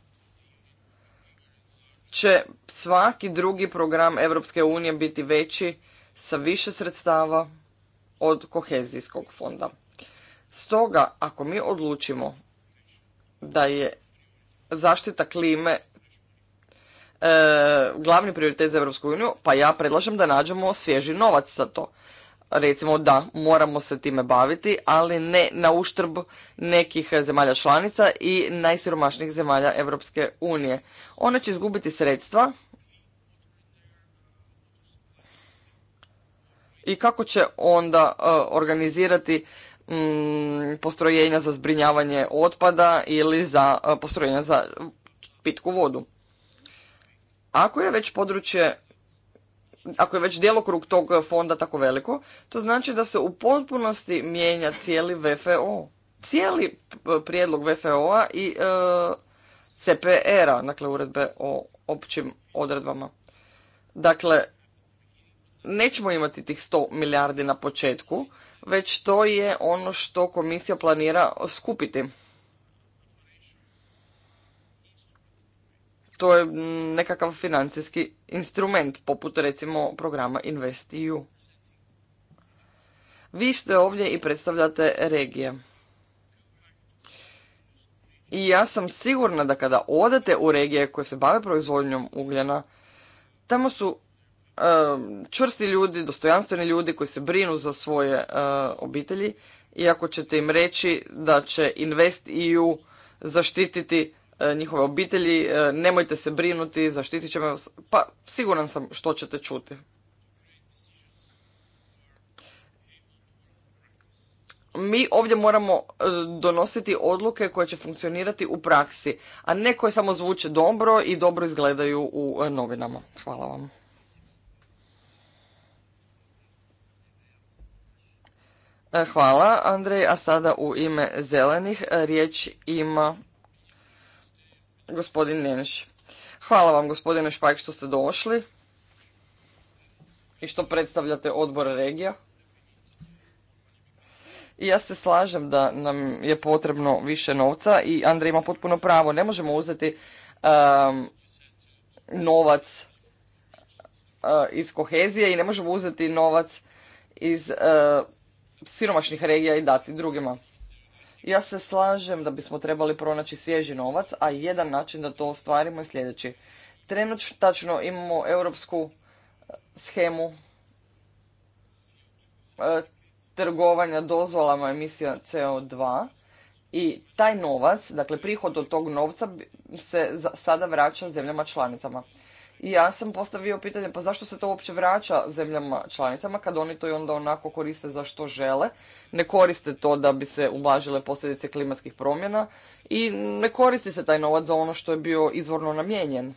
će svaki drugi program Europske unije biti veći sa više sredstava od kohezijskog fonda. Stoga, ako mi odlučimo da je zaštita klime e, glavni prioritet za Europsku uniju, pa ja predlažem da nađemo svježi novac za to recimo da moramo se time baviti, ali ne na uštrb nekih zemalja članica i najsiromašnijih zemalja Europske unije. One će izgubiti sredstva i kako će onda e, organizirati mm, postrojenja za zbrinjavanje otpada ili za e, postrojenja za pitku vodu. Ako je već područje ako je već djelokrug tog fonda tako veliko, to znači da se u potpunosti mijenja cijeli VFO. Cijeli prijedlog VFO-a i e, CPR-a, dakle uredbe o općim odredbama. Dakle, nećemo imati tih 100 milijardi na početku, već to je ono što komisija planira skupiti. to je nekakav financijski instrument, poput recimo programa InvestEU. Vi ste ovdje i predstavljate regije. I ja sam sigurna da kada odete u regije koje se bave proizvodnjom ugljena, tamo su čvrsti ljudi, dostojanstveni ljudi koji se brinu za svoje eh, obitelji. obitelji. ako ćete im reći da će InvestEU zaštititi E, njihove obitelji, e, nemojte se brinuti, zaštitit ćemo vas, pa siguran sam što ćete čuti. Mi ovdje moramo e, donositi odluke koje će funkcionirati u praksi, a ne koje samo zvuče dobro i dobro izgledaju u novinama. Hvala vam. Hvala Andrej, a sada u ime zelenih riječ ima gospodin Neneš, Hvala vam gospodine Špajk što ste došli i što predstavljate odbor regija. I ja se slažem da nam je potrebno više novca i Andrej ima potpuno pravo. Ne možemo uzeti um, novac uh, iz kohezije i ne možemo uzeti novac iz uh, siromašnih regija i dati drugima. Ja se slažem da bismo trebali pronaći svježi novac, a jedan način da to ostvarimo je sljedeći. Trenutačno imamo europsku e, schemu e, trgovanja dozvolama emisija CO2 i taj novac, dakle prihod od tog novca se sada vraća zemljama članicama. I ja sam postavio pitanje pa zašto se to uopće vraća zemljama članicama kad oni to i onda onako koriste za što žele, ne koriste to da bi se ublažile posljedice klimatskih promjena i ne koristi se taj novac za ono što je bio izvorno namijenjen.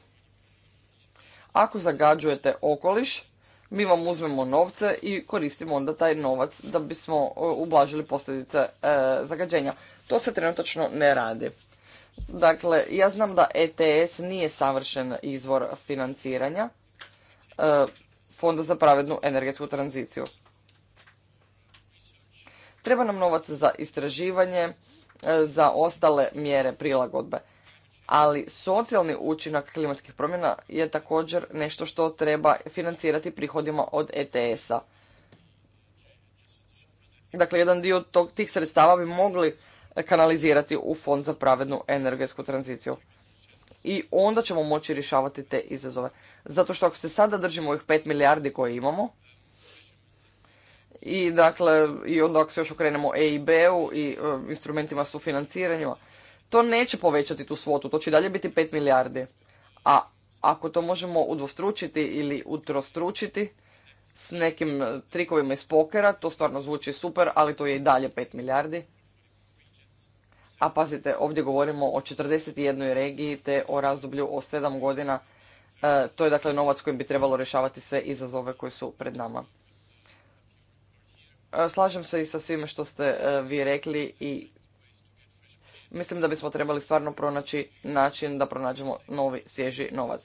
Ako zagađujete okoliš, mi vam uzmemo novce i koristimo onda taj novac da bismo e, ublažili posljedice e, zagađenja. To se trenutačno ne radi. Dakle, ja znam da ETS nije savršen izvor financiranja e, Fonda za pravednu energetsku tranziciju. Treba nam novac za istraživanje, e, za ostale mjere prilagodbe. Ali socijalni učinak klimatskih promjena je također nešto što treba financirati prihodima od ETS-a. Dakle, jedan dio tih sredstava bi mogli kanalizirati u fond za pravednu energetsku tranziciju. I onda ćemo moći rješavati te izazove. Zato što ako se sada držimo ovih 5 milijardi koje imamo, i dakle, i onda ako se još okrenemo EIB-u i instrumentima instrumentima sufinanciranja, to neće povećati tu svotu, to će dalje biti 5 milijardi. A ako to možemo udvostručiti ili utrostručiti s nekim trikovima iz pokera, to stvarno zvuči super, ali to je i dalje 5 milijardi a pazite, ovdje govorimo o 41 regiji te o razdoblju o 7 godina. E, to je dakle novac kojim bi trebalo rješavati sve izazove koji su pred nama. E, slažem se i sa svime što ste e, vi rekli i mislim da bismo trebali stvarno pronaći način da pronađemo novi svježi novac.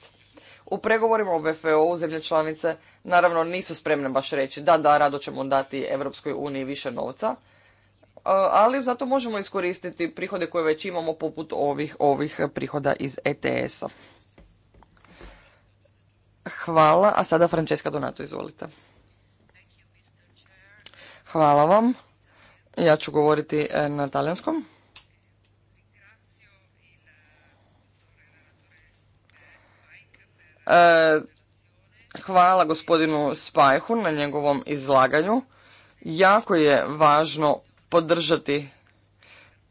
U pregovorima o BFO zemlje članice naravno nisu spremne baš reći da, da, rado ćemo dati Europskoj uniji više novca, ali zato možemo iskoristiti prihode koje već imamo poput ovih, ovih prihoda iz ETS-a. Hvala, a sada Francesca Donato, izvolite. Hvala vam. Ja ću govoriti e, na talijanskom. E, hvala gospodinu Spajhu na njegovom izlaganju. Jako je važno podržati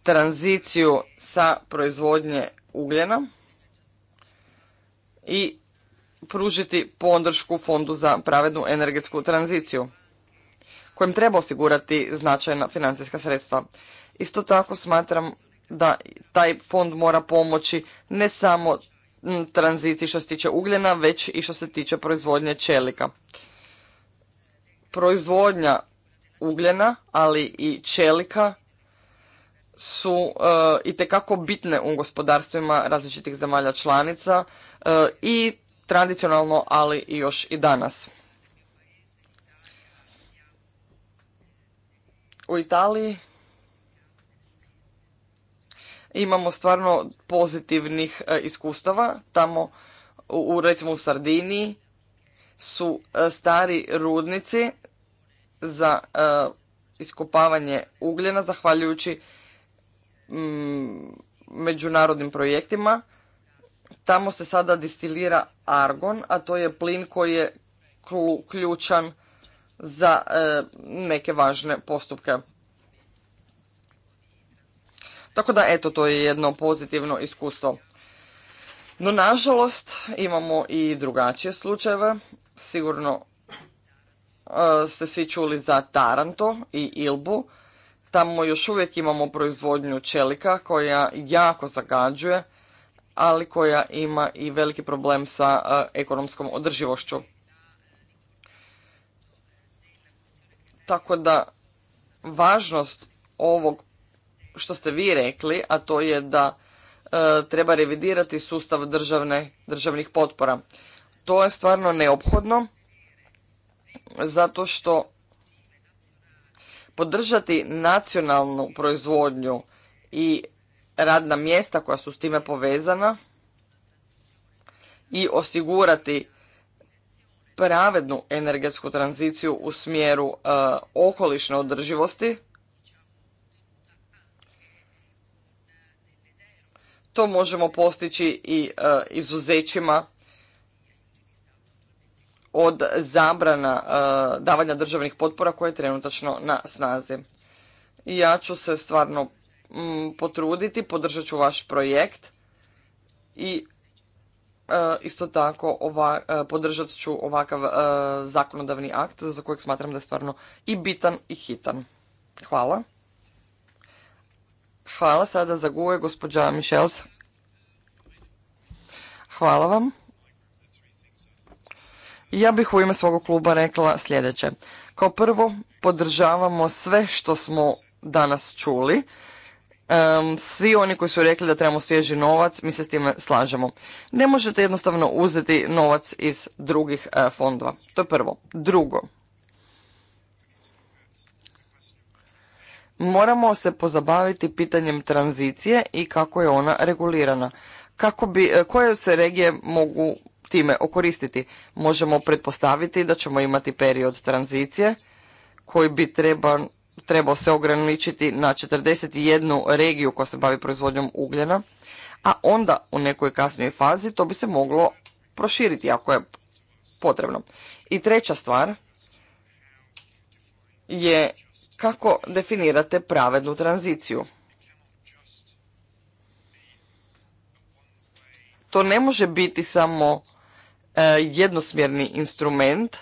tranziciju sa proizvodnje ugljena i pružiti podršku Fondu za pravednu energetsku tranziciju kojem treba osigurati značajna financijska sredstva. Isto tako smatram da taj fond mora pomoći ne samo tranziciji što se tiče ugljena, već i što se tiče proizvodnje čelika. Proizvodnja ugljena, ali i čelika su uh, itekako bitne u gospodarstvima različitih zemalja članica e, i tradicionalno, ali još i danas. U Italiji imamo stvarno pozitivnih e, iskustava. Tamo, u, recimo u Sardiniji, su stari rudnici za e, iskopavanje ugljena zahvaljujući mm, međunarodnim projektima. Tamo se sada distilira argon, a to je plin koji je ključan za e, neke važne postupke. Tako da, eto, to je jedno pozitivno iskustvo. No, nažalost, imamo i drugačije slučajeve. Sigurno E, ste svi čuli za Taranto i Ilbu. Tamo još uvijek imamo proizvodnju čelika koja jako zagađuje, ali koja ima i veliki problem sa e, ekonomskom održivošću. Tako da važnost ovog što ste vi rekli, a to je da e, treba revidirati sustav državnih potpora. To je stvarno neophodno zato što podržati nacionalnu proizvodnju i radna mjesta koja su s time povezana i osigurati pravednu energetsku tranziciju u smjeru e, okolišne održivosti to možemo postići i e, izuzećima od zabrana e, davanja državnih potpora koje je trenutačno na snazi. ja ću se stvarno mm, potruditi, podržat ću vaš projekt i e, isto tako e, podržat ću ovakav zakonodavni akt za kojeg smatram da je stvarno i bitan i hitan. Hvala. Hvala sada za guje, gospođa Mišels. Hvala vam ja bih u ime svog kluba rekla sljedeće. Kao prvo, podržavamo sve što smo danas čuli. Svi oni koji su rekli da trebamo svježi novac, mi se s time slažemo. Ne možete jednostavno uzeti novac iz drugih e, fondova. To je prvo. Drugo, moramo se pozabaviti pitanjem tranzicije i kako je ona regulirana. Kako bi, e, koje se regije mogu time okoristiti. Možemo pretpostaviti da ćemo imati period tranzicije koji bi treba, trebao se ograničiti na 41 regiju koja se bavi proizvodnjom ugljena, a onda u nekoj kasnijoj fazi to bi se moglo proširiti ako je potrebno. I treća stvar je kako definirate pravednu tranziciju. To ne može biti samo E, jednosmjerni instrument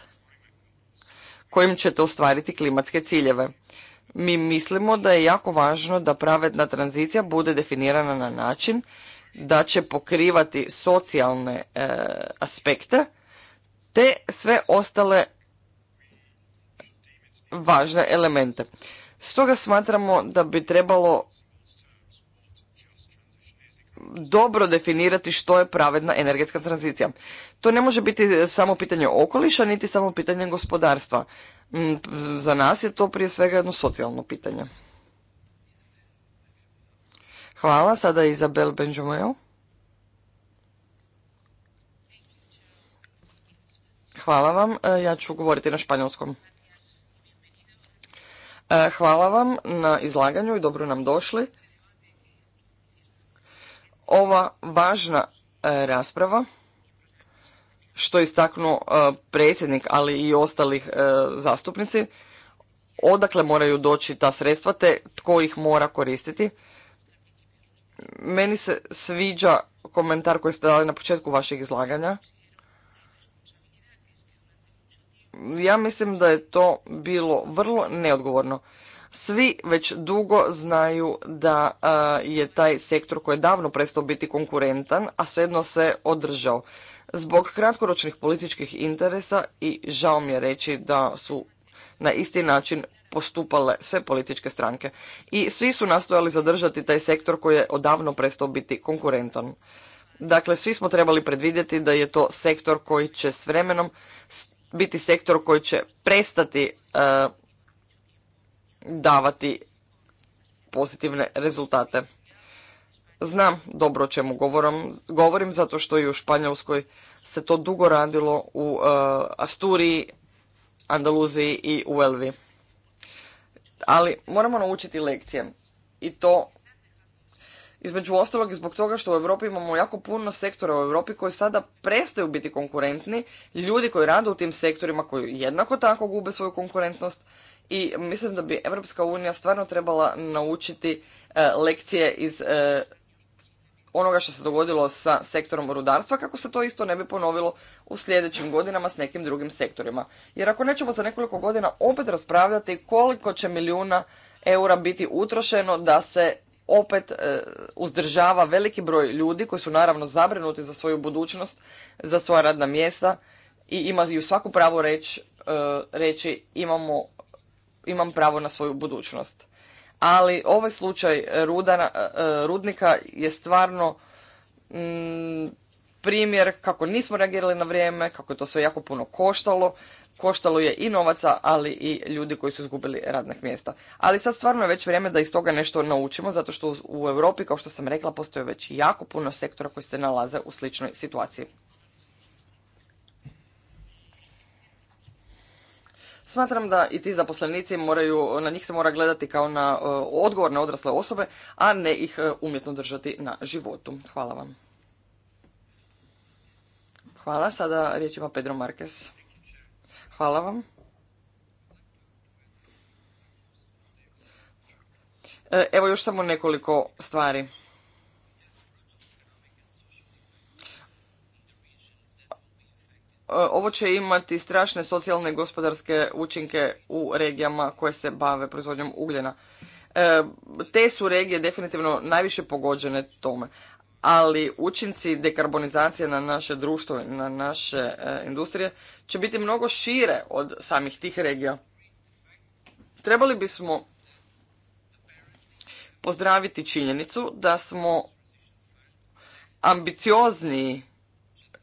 kojim ćete ostvariti klimatske ciljeve. Mi mislimo da je jako važno da pravedna tranzicija bude definirana na način da će pokrivati socijalne e, aspekte te sve ostale važne elemente. Stoga smatramo da bi trebalo dobro definirati što je pravedna energetska tranzicija. To ne može biti samo pitanje okoliša, niti samo pitanje gospodarstva. Mm, za nas je to prije svega jedno socijalno pitanje. Hvala. Sada je Izabel Benjumeo. Hvala vam. E, ja ću govoriti na španjolskom. E, hvala vam na izlaganju i dobro nam došli ova važna e, rasprava što je istaknuo e, predsjednik, ali i ostalih e, zastupnici, odakle moraju doći ta sredstva te tko ih mora koristiti. Meni se sviđa komentar koji ste dali na početku vašeg izlaganja. Ja mislim da je to bilo vrlo neodgovorno. Svi već dugo znaju da e, je taj sektor koji je davno prestao biti konkurentan, a svejedno se održao. Zbog kratkoročnih političkih interesa i žao mi je reći da su na isti način postupale sve političke stranke. I svi su nastojali zadržati taj sektor koji je odavno prestao biti konkurentan. Dakle, svi smo trebali predvidjeti da je to sektor koji će s vremenom biti sektor koji će prestati e, davati pozitivne rezultate. Znam dobro o čemu govorim, govorim zato što i u Španjolskoj se to dugo radilo u uh, Asturiji, Andaluziji i u Elvi. Ali moramo naučiti lekcije i to između ostalog i zbog toga što u Europi imamo jako puno sektora u Europi koji sada prestaju biti konkurentni, ljudi koji rade u tim sektorima koji jednako tako gube svoju konkurentnost, i mislim da bi Europska unija stvarno trebala naučiti e, lekcije iz e, onoga što se dogodilo sa sektorom rudarstva, kako se to isto ne bi ponovilo u sljedećim godinama s nekim drugim sektorima. Jer ako nećemo za nekoliko godina opet raspravljati koliko će milijuna eura biti utrošeno da se opet e, uzdržava veliki broj ljudi koji su naravno zabrinuti za svoju budućnost, za svoja radna mjesta i ima u svaku pravo reći imamo imam pravo na svoju budućnost. Ali ovaj slučaj e, e, rudnika je stvarno mm, primjer kako nismo reagirali na vrijeme, kako je to sve jako puno koštalo. Koštalo je i novaca, ali i ljudi koji su izgubili radnih mjesta. Ali sad stvarno je već vrijeme da iz toga nešto naučimo, zato što u Europi, kao što sam rekla, postoje već jako puno sektora koji se nalaze u sličnoj situaciji. Smatram da i ti zaposlenici moraju, na njih se mora gledati kao na e, odgovorne odrasle osobe, a ne ih e, umjetno držati na životu. Hvala vam. Hvala. Sada riječ ima Pedro Marquez. Hvala vam. E, evo još samo nekoliko stvari. E, ovo će imati strašne socijalne i gospodarske učinke u regijama koje se bave proizvodnjom ugljena. E, te su regije definitivno najviše pogođene tome, ali učinci dekarbonizacije na naše društvo i na naše e, industrije će biti mnogo šire od samih tih regija. Trebali bismo pozdraviti činjenicu da smo ambiciozniji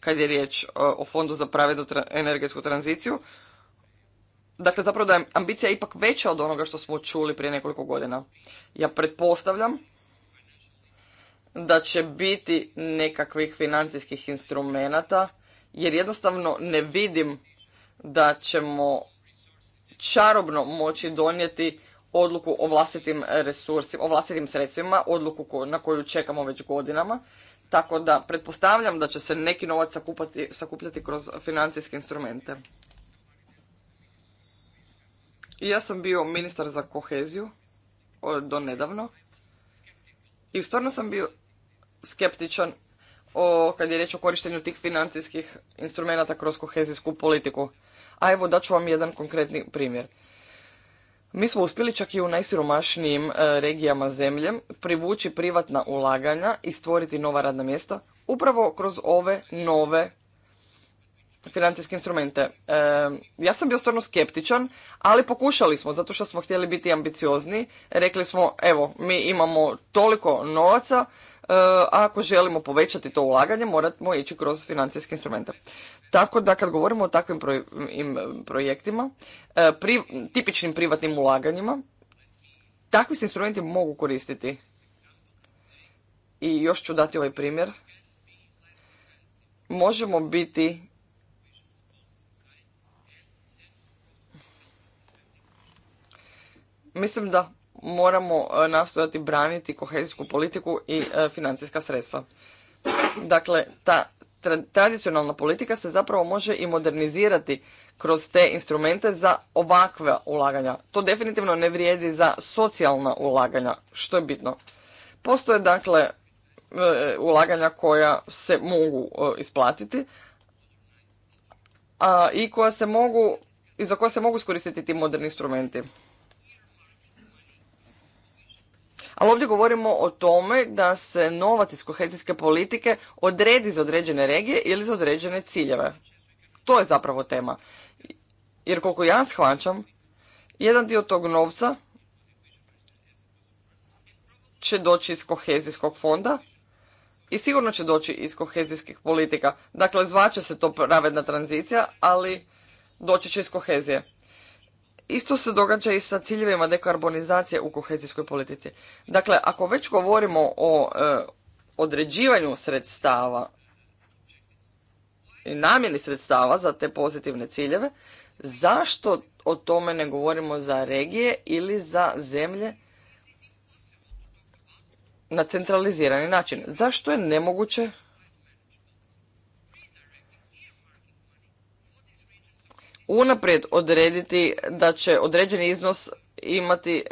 kad je riječ o Fondu za pravednu energetsku tranziciju. Dakle, zapravo da je ambicija ipak veća od onoga što smo čuli prije nekoliko godina. Ja pretpostavljam da će biti nekakvih financijskih instrumenata, jer jednostavno ne vidim da ćemo čarobno moći donijeti odluku o vlastitim resursima, o vlastitim sredstvima, odluku na koju čekamo već godinama tako da pretpostavljam da će se neki novac sakupljati kroz financijske instrumente. I ja sam bio ministar za koheziju do nedavno i stvarno sam bio skeptičan o, kad je riječ o korištenju tih financijskih instrumenata kroz kohezijsku politiku. A evo ću vam jedan konkretni primjer. Mi smo uspjeli čak i u najsiromašnijim e, regijama zemlje privući privatna ulaganja i stvoriti nova radna mjesta upravo kroz ove nove financijske instrumente. E, ja sam bio stvarno skeptičan, ali pokušali smo zato što smo htjeli biti ambiciozni. Rekli smo, evo, mi imamo toliko novaca, e, a ako želimo povećati to ulaganje, moramo ići kroz financijske instrumente. Tako da kad govorimo o takvim projektima, e, tipičnim privatnim ulaganjima, takvi se instrumenti mogu koristiti. I još ću dati ovaj primjer. Možemo biti Mislim da moramo e, nastojati braniti kohezijsku politiku i e, financijska sredstva. Dakle, ta tradicionalna politika se zapravo može i modernizirati kroz te instrumente za ovakva ulaganja. To definitivno ne vrijedi za socijalna ulaganja, što je bitno. Postoje dakle e, ulaganja koja se mogu e, isplatiti a, i koja se mogu i za koje se mogu iskoristiti ti moderni instrumenti. Ali ovdje govorimo o tome da se novac iz kohezijske politike odredi za određene regije ili za određene ciljeve. To je zapravo tema. Jer koliko ja shvaćam, jedan dio tog novca će doći iz kohezijskog fonda i sigurno će doći iz kohezijskih politika. Dakle, zvaće se to pravedna tranzicija, ali doći će iz kohezije. Isto se događa i sa ciljevima dekarbonizacije u kohezijskoj politici. Dakle, ako već govorimo o e, određivanju sredstava i namjeni sredstava za te pozitivne ciljeve, zašto o tome ne govorimo za regije ili za zemlje na centralizirani način? Zašto je nemoguće unaprijed odrediti da će određeni iznos imati e,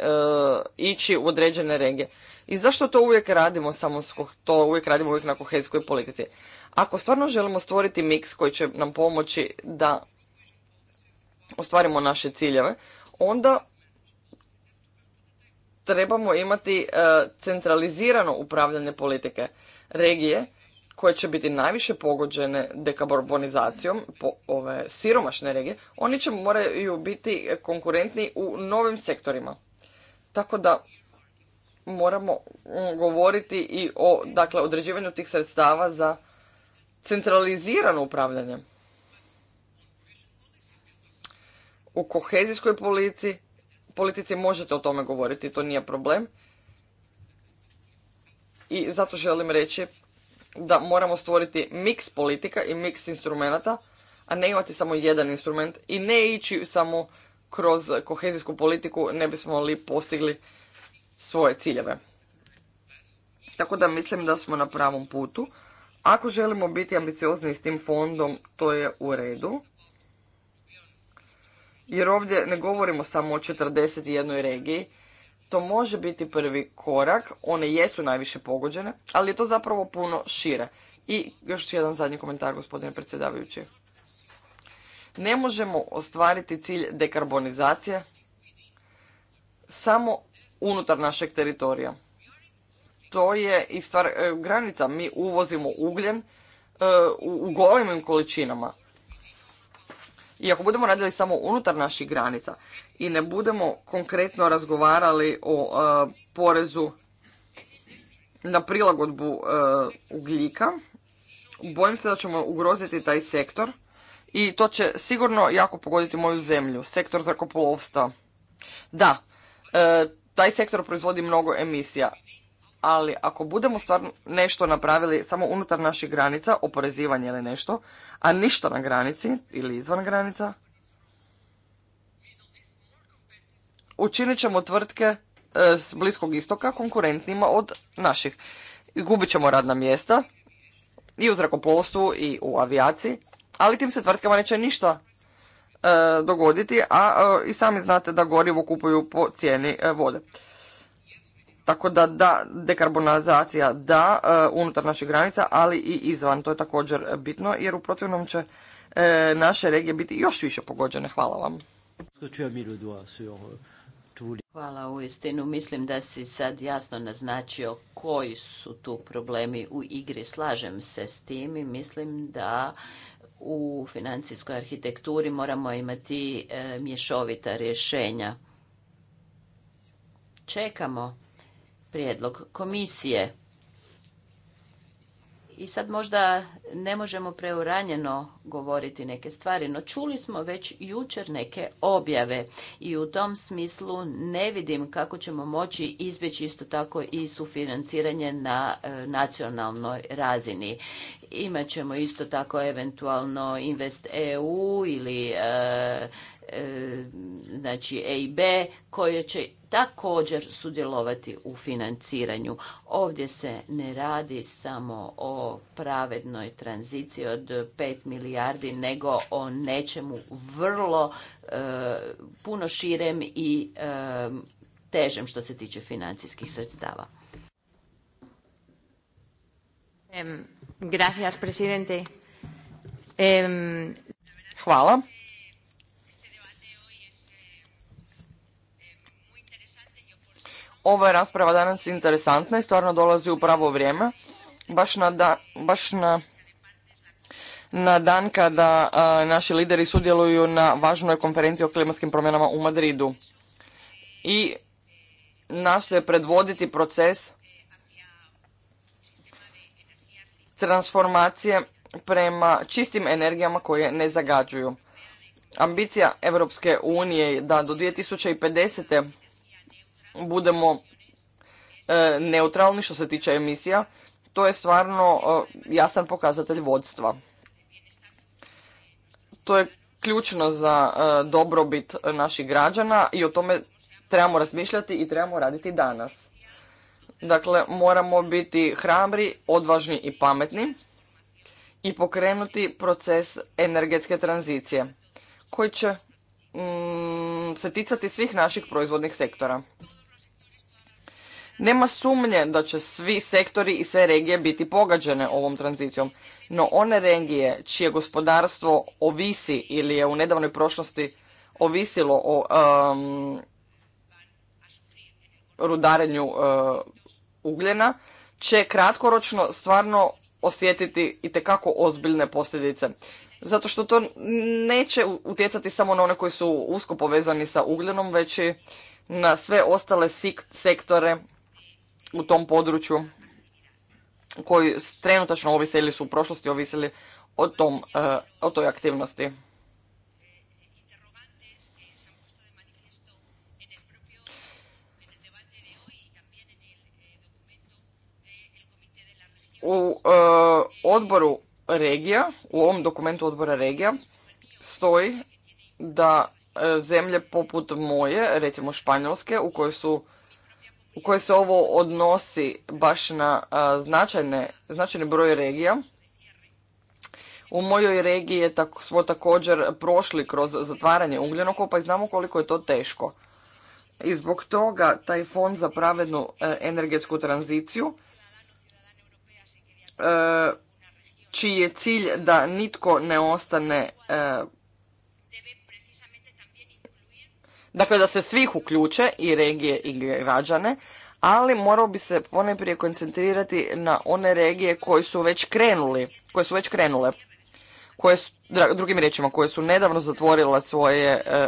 ići u određene regije. I zašto to uvijek radimo samo to uvijek radimo uvijek na kohezijskoj politici? Ako stvarno želimo stvoriti miks koji će nam pomoći da ostvarimo naše ciljeve, onda trebamo imati e, centralizirano upravljanje politike regije koje će biti najviše pogođene dekarbonizacijom po ove siromašne regije, oni će moraju biti konkurentni u novim sektorima. Tako da moramo mm, govoriti i o dakle, određivanju tih sredstava za centralizirano upravljanje. U kohezijskoj politici, politici možete o tome govoriti, to nije problem. I zato želim reći da moramo stvoriti miks politika i miks instrumenata, a ne imati samo jedan instrument i ne ići samo kroz kohezijsku politiku ne bismo li postigli svoje ciljeve. Tako da mislim da smo na pravom putu. Ako želimo biti ambiciozni s tim fondom, to je u redu. Jer ovdje ne govorimo samo o 41 regiji, to može biti prvi korak, one jesu najviše pogođene, ali je to zapravo puno šire. I još jedan zadnji komentar, gospodine predsjedavajući. Ne možemo ostvariti cilj dekarbonizacije samo unutar našeg teritorija. To je i stvar e, granica. Mi uvozimo ugljen e, u golemim količinama. I ako budemo radili samo unutar naših granica i ne budemo konkretno razgovarali o e, porezu na prilagodbu e, ugljika, bojim se da ćemo ugroziti taj sektor i to će sigurno jako pogoditi moju zemlju, sektor zrakoplovstva. Da, e, taj sektor proizvodi mnogo emisija ali ako budemo stvarno nešto napravili samo unutar naših granica, oporezivanje ili nešto, a ništa na granici ili izvan granica, učinit ćemo tvrtke e, s Bliskog istoka konkurentnima od naših. Gubit ćemo radna mjesta i u zrakoplovstvu i u avijaciji, ali tim se tvrtkama neće ništa e, dogoditi, a e, i sami znate da gorivo kupuju po cijeni vode. Tako da da, dekarbonizacija da, e, unutar naših granica, ali i izvan. To je također bitno jer u protivnom će e, naše regije biti još više pogođene. Hvala vam. Hvala u istinu. Mislim da si sad jasno naznačio koji su tu problemi u igri. Slažem se s tim i mislim da u financijskoj arhitekturi moramo imati e, mješovita rješenja. Čekamo prijedlog komisije. I sad možda ne možemo preuranjeno govoriti neke stvari, no čuli smo već jučer neke objave i u tom smislu ne vidim kako ćemo moći izbjeći isto tako i sufinanciranje na e, nacionalnoj razini. Imaćemo isto tako eventualno Invest EU ili EIB e, znači e koje će također sudjelovati u financiranju. Ovdje se ne radi samo o pravednoj tranziciji od 5 milijardi, nego o nečemu vrlo e, puno širem i e, težem što se tiče financijskih sredstava. Gracias, Hvala. Ova je rasprava danas interesantna i stvarno dolazi u pravo vrijeme, baš na, da, baš na, na dan kada naši lideri sudjeluju na važnoj konferenciji o klimatskim promjenama u Madridu i nastoje predvoditi proces transformacije prema čistim energijama koje ne zagađuju. Ambicija Europske unije da do 2050 budemo e, neutralni što se tiče emisija, to je stvarno e, jasan pokazatelj vodstva. To je ključno za e, dobrobit naših građana i o tome trebamo razmišljati i trebamo raditi danas. Dakle, moramo biti hrabri, odvažni i pametni i pokrenuti proces energetske tranzicije koji će mm, se ticati svih naših proizvodnih sektora. Nema sumnje da će svi sektori i sve regije biti pogađene ovom tranzicijom, no one regije čije gospodarstvo ovisi ili je u nedavnoj prošlosti ovisilo o rudarenju e, ugljena, će kratkoročno stvarno osjetiti i tekako ozbiljne posljedice. Zato što to neće utjecati samo na one koji su usko povezani sa ugljenom, već i na sve ostale sektore u tom području koji trenutačno ovise ili su u prošlosti ovisili o, tom, e, o toj aktivnosti. U e, odboru regija, u ovom dokumentu odbora regija, stoji da e, zemlje poput moje, recimo Španjolske, u kojoj su u kojoj se ovo odnosi baš na značajne, značajni broj regija. U mojoj regiji smo također prošli kroz zatvaranje ugljenokopa i znamo koliko je to teško. I zbog toga taj fond za pravednu e, energetsku tranziciju e, čiji je cilj da nitko ne ostane e, Dakle, da se svih uključe i regije i građane, ali morao bi se ponajprije koncentrirati na one regije koje su već krenuli, koje su već krenule, koje su, drugim riječima, koje su nedavno zatvorile svoje e, e,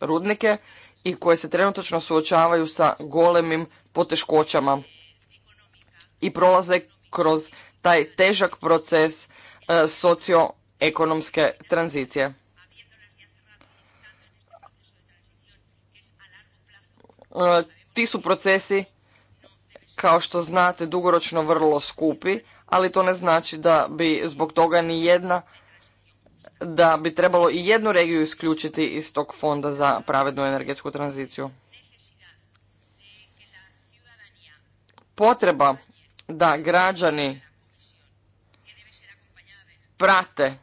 rudnike i koje se trenutačno suočavaju sa golemim poteškoćama i prolaze kroz taj težak proces e, socioekonomske tranzicije. E, ti su procesi, kao što znate, dugoročno vrlo skupi, ali to ne znači da bi zbog toga ni jedna da bi trebalo i jednu regiju isključiti iz tog fonda za pravednu energetsku tranziciju. Potreba da građani prate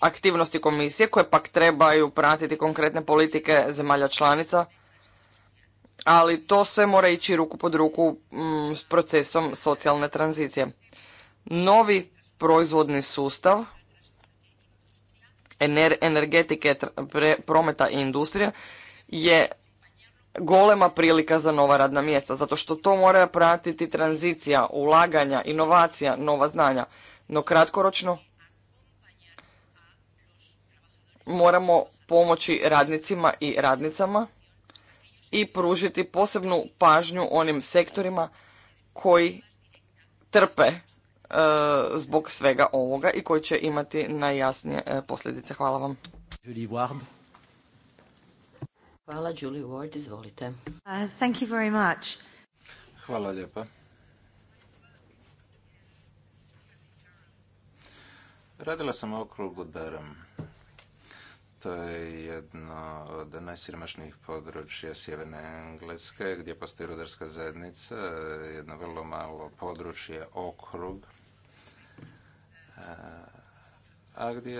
aktivnosti komisije koje pak trebaju pratiti konkretne politike zemalja članica ali to sve mora ići ruku pod ruku mm, s procesom socijalne tranzicije. Novi proizvodni sustav energetike, prometa i industrije je golema prilika za nova radna mjesta, zato što to mora pratiti tranzicija, ulaganja, inovacija, nova znanja. No kratkoročno moramo pomoći radnicima i radnicama i pružiti posebnu pažnju onim sektorima koji trpe e, zbog svega ovoga i koji će imati najjasnije e, posljedice. Hvala vam. Julie Ward. Hvala, Julie Ward, izvolite. Uh, Hvala lijepa. Radila sam okrugu Durham jedno od najsiromašnijih područja Sjeverne Engleske, gdje postoji rudarska zajednica, jedno vrlo malo područje, okrug, a gdje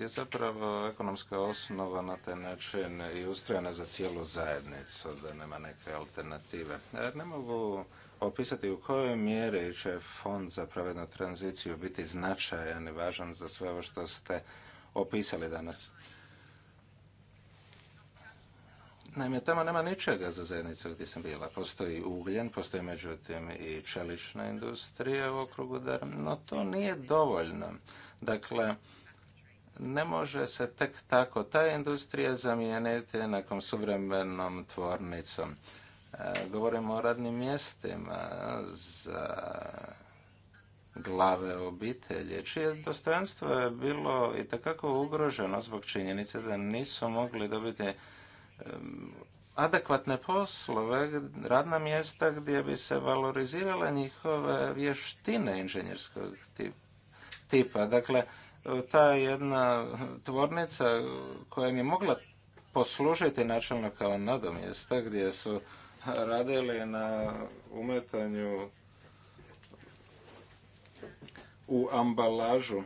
je zapravo ekonomska osnova na taj način i ustrojena za cijelu zajednicu, da nema neke alternative. Ne mogu opisati u kojoj mjeri će fond za pravednu tranziciju biti značajan i važan za sve ovo što ste opisali danas. Naime, tamo nema ničega za zajednicu gdje sam bila. Postoji ugljen, postoji međutim i čelična industrija u okrugu Dar, no to nije dovoljno. Dakle, ne može se tek tako ta industrija zamijeniti nekom suvremenom tvornicom. E, govorimo o radnim mjestima za glave obitelje, čije dostojanstvo je bilo i takako ugroženo zbog činjenice da nisu mogli dobiti adekvatne poslove, radna mjesta gdje bi se valorizirale njihove vještine inženjerskog tipa. Dakle, ta jedna tvornica koja mi je mogla poslužiti načelno kao nadomjesta gdje su radili na umetanju u ambalažu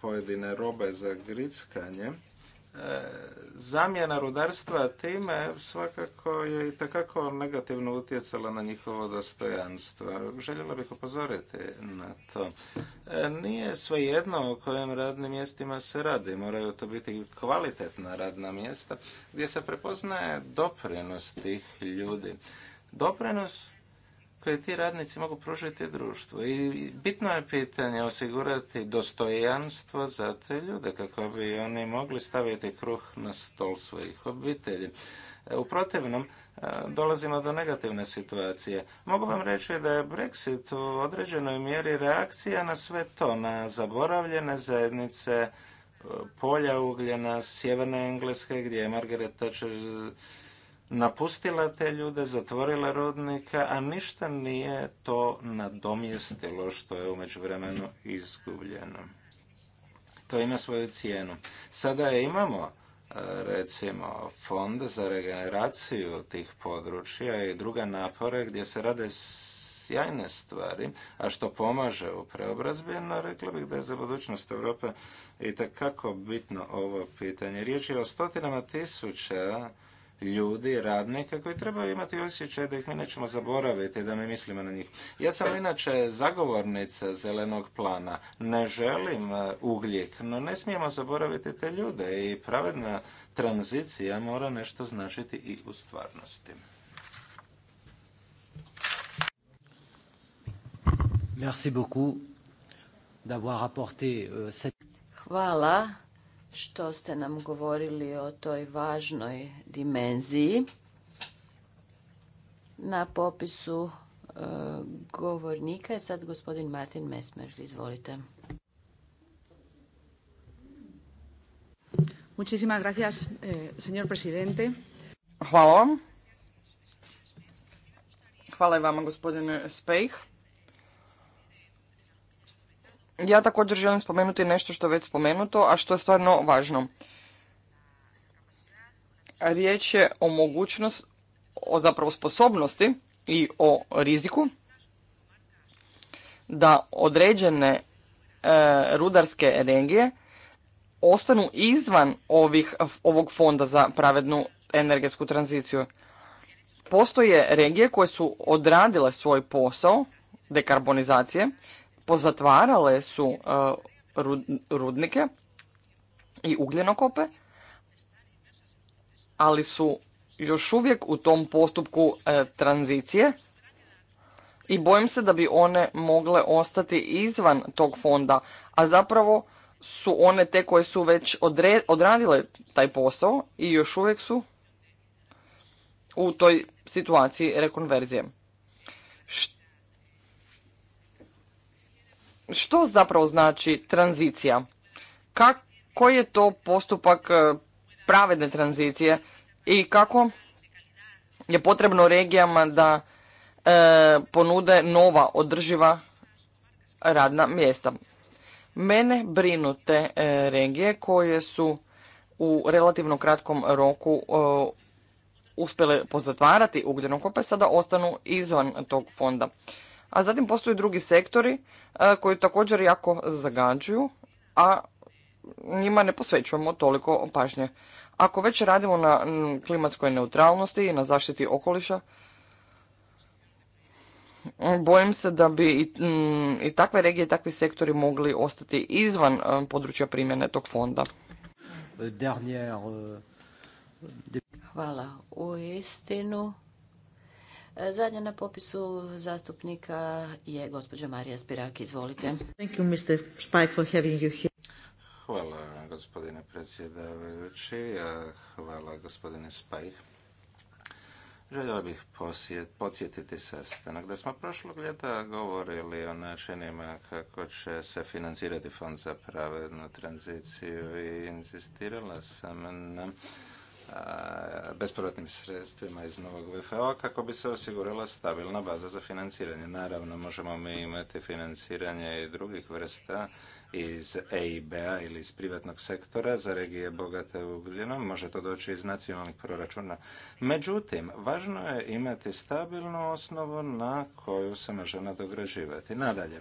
pojedine robe za grickanje zamjena rudarstva time svakako je i takako negativno utjecala na njihovo dostojanstvo. Željela bih upozoriti na to. E, nije svejedno o kojim radnim mjestima se radi. Moraju to biti kvalitetna radna mjesta gdje se prepoznaje doprinos tih ljudi. Doprinos koje ti radnici mogu pružiti društvu. I bitno je pitanje osigurati dostojanstvo za te ljude kako bi oni mogli staviti kruh na stol svojih obitelji. U protivnom, e, dolazimo do negativne situacije. Mogu vam reći da je Brexit u određenoj mjeri reakcija na sve to, na zaboravljene zajednice e, polja ugljena sjeverne Engleske gdje je Margaret Thatcher napustila te ljude, zatvorila rodnika, a ništa nije to nadomjestilo što je umeđu vremenu izgubljeno. To ima svoju cijenu. Sada imamo e, recimo fond za regeneraciju tih područja i druga napore gdje se rade sjajne stvari, a što pomaže u preobrazbi, no rekla bih da je za budućnost Europe i takako bitno ovo pitanje. Riječ je o stotinama tisuća ljudi, radnika koji trebaju imati osjećaj da ih mi nećemo zaboraviti, da mi mislimo na njih. Ja sam inače zagovornica zelenog plana. Ne želim e, ugljik, no ne smijemo zaboraviti te ljude i pravedna tranzicija mora nešto značiti i u stvarnosti. Euh, Hvala što ste nam govorili o toj važnoj dimenziji. Na popisu e, govornika sad gospodin Martin Mesmer. Izvolite. Muchísimas gracias, eh, señor presidente. Hvala vam. Hvala i vama, gospodine Spejh. Ja također želim spomenuti nešto što je već spomenuto, a što je stvarno važno. Riječ je o mogućnost, o zapravo sposobnosti i o riziku da određene e, rudarske regije ostanu izvan ovih, ovog fonda za pravednu energetsku tranziciju. Postoje regije koje su odradile svoj posao dekarbonizacije pozatvarale su e, rudnike i ugljenokope, ali su još uvijek u tom postupku e, tranzicije i bojim se da bi one mogle ostati izvan tog fonda, a zapravo su one te koje su već odradile taj posao i još uvijek su u toj situaciji rekonverzije. Što što zapravo znači tranzicija? Kako koji je to postupak e, pravedne tranzicije i kako je potrebno regijama da e, ponude nova održiva radna mjesta. Mene brinu te e, regije koje su u relativno kratkom roku uspjele pozatvarati ugljenokope, sada ostanu izvan tog fonda. A zatim postoje drugi sektori e, koji također jako zagađuju, a njima ne posvećujemo toliko pažnje. Ako već radimo na klimatskoj neutralnosti i na zaštiti okoliša, bojim se da bi i takve regije i takvi sektori mogli ostati izvan e, područja primjene tog fonda. Euh, Hvala. U istinu Zadnja na popisu zastupnika je gospođa Marija Spirak. Izvolite. Thank you, Hvala gospodine predsjedavajući, hvala gospodine Spajh. Želio bih podsjetiti sastanak da smo prošlog ljeta govorili o načinima kako će se financirati fond za pravednu tranziciju i insistirala sam na bespovratnim sredstvima iz novog VFO kako bi se osigurala stabilna baza za financiranje. Naravno, možemo mi imati financiranje i drugih vrsta iz EIB-a ili iz privatnog sektora za regije bogate ugljenom, može to doći iz nacionalnih proračuna. Međutim, važno je imati stabilnu osnovu na koju se može nadograživati. Nadalje,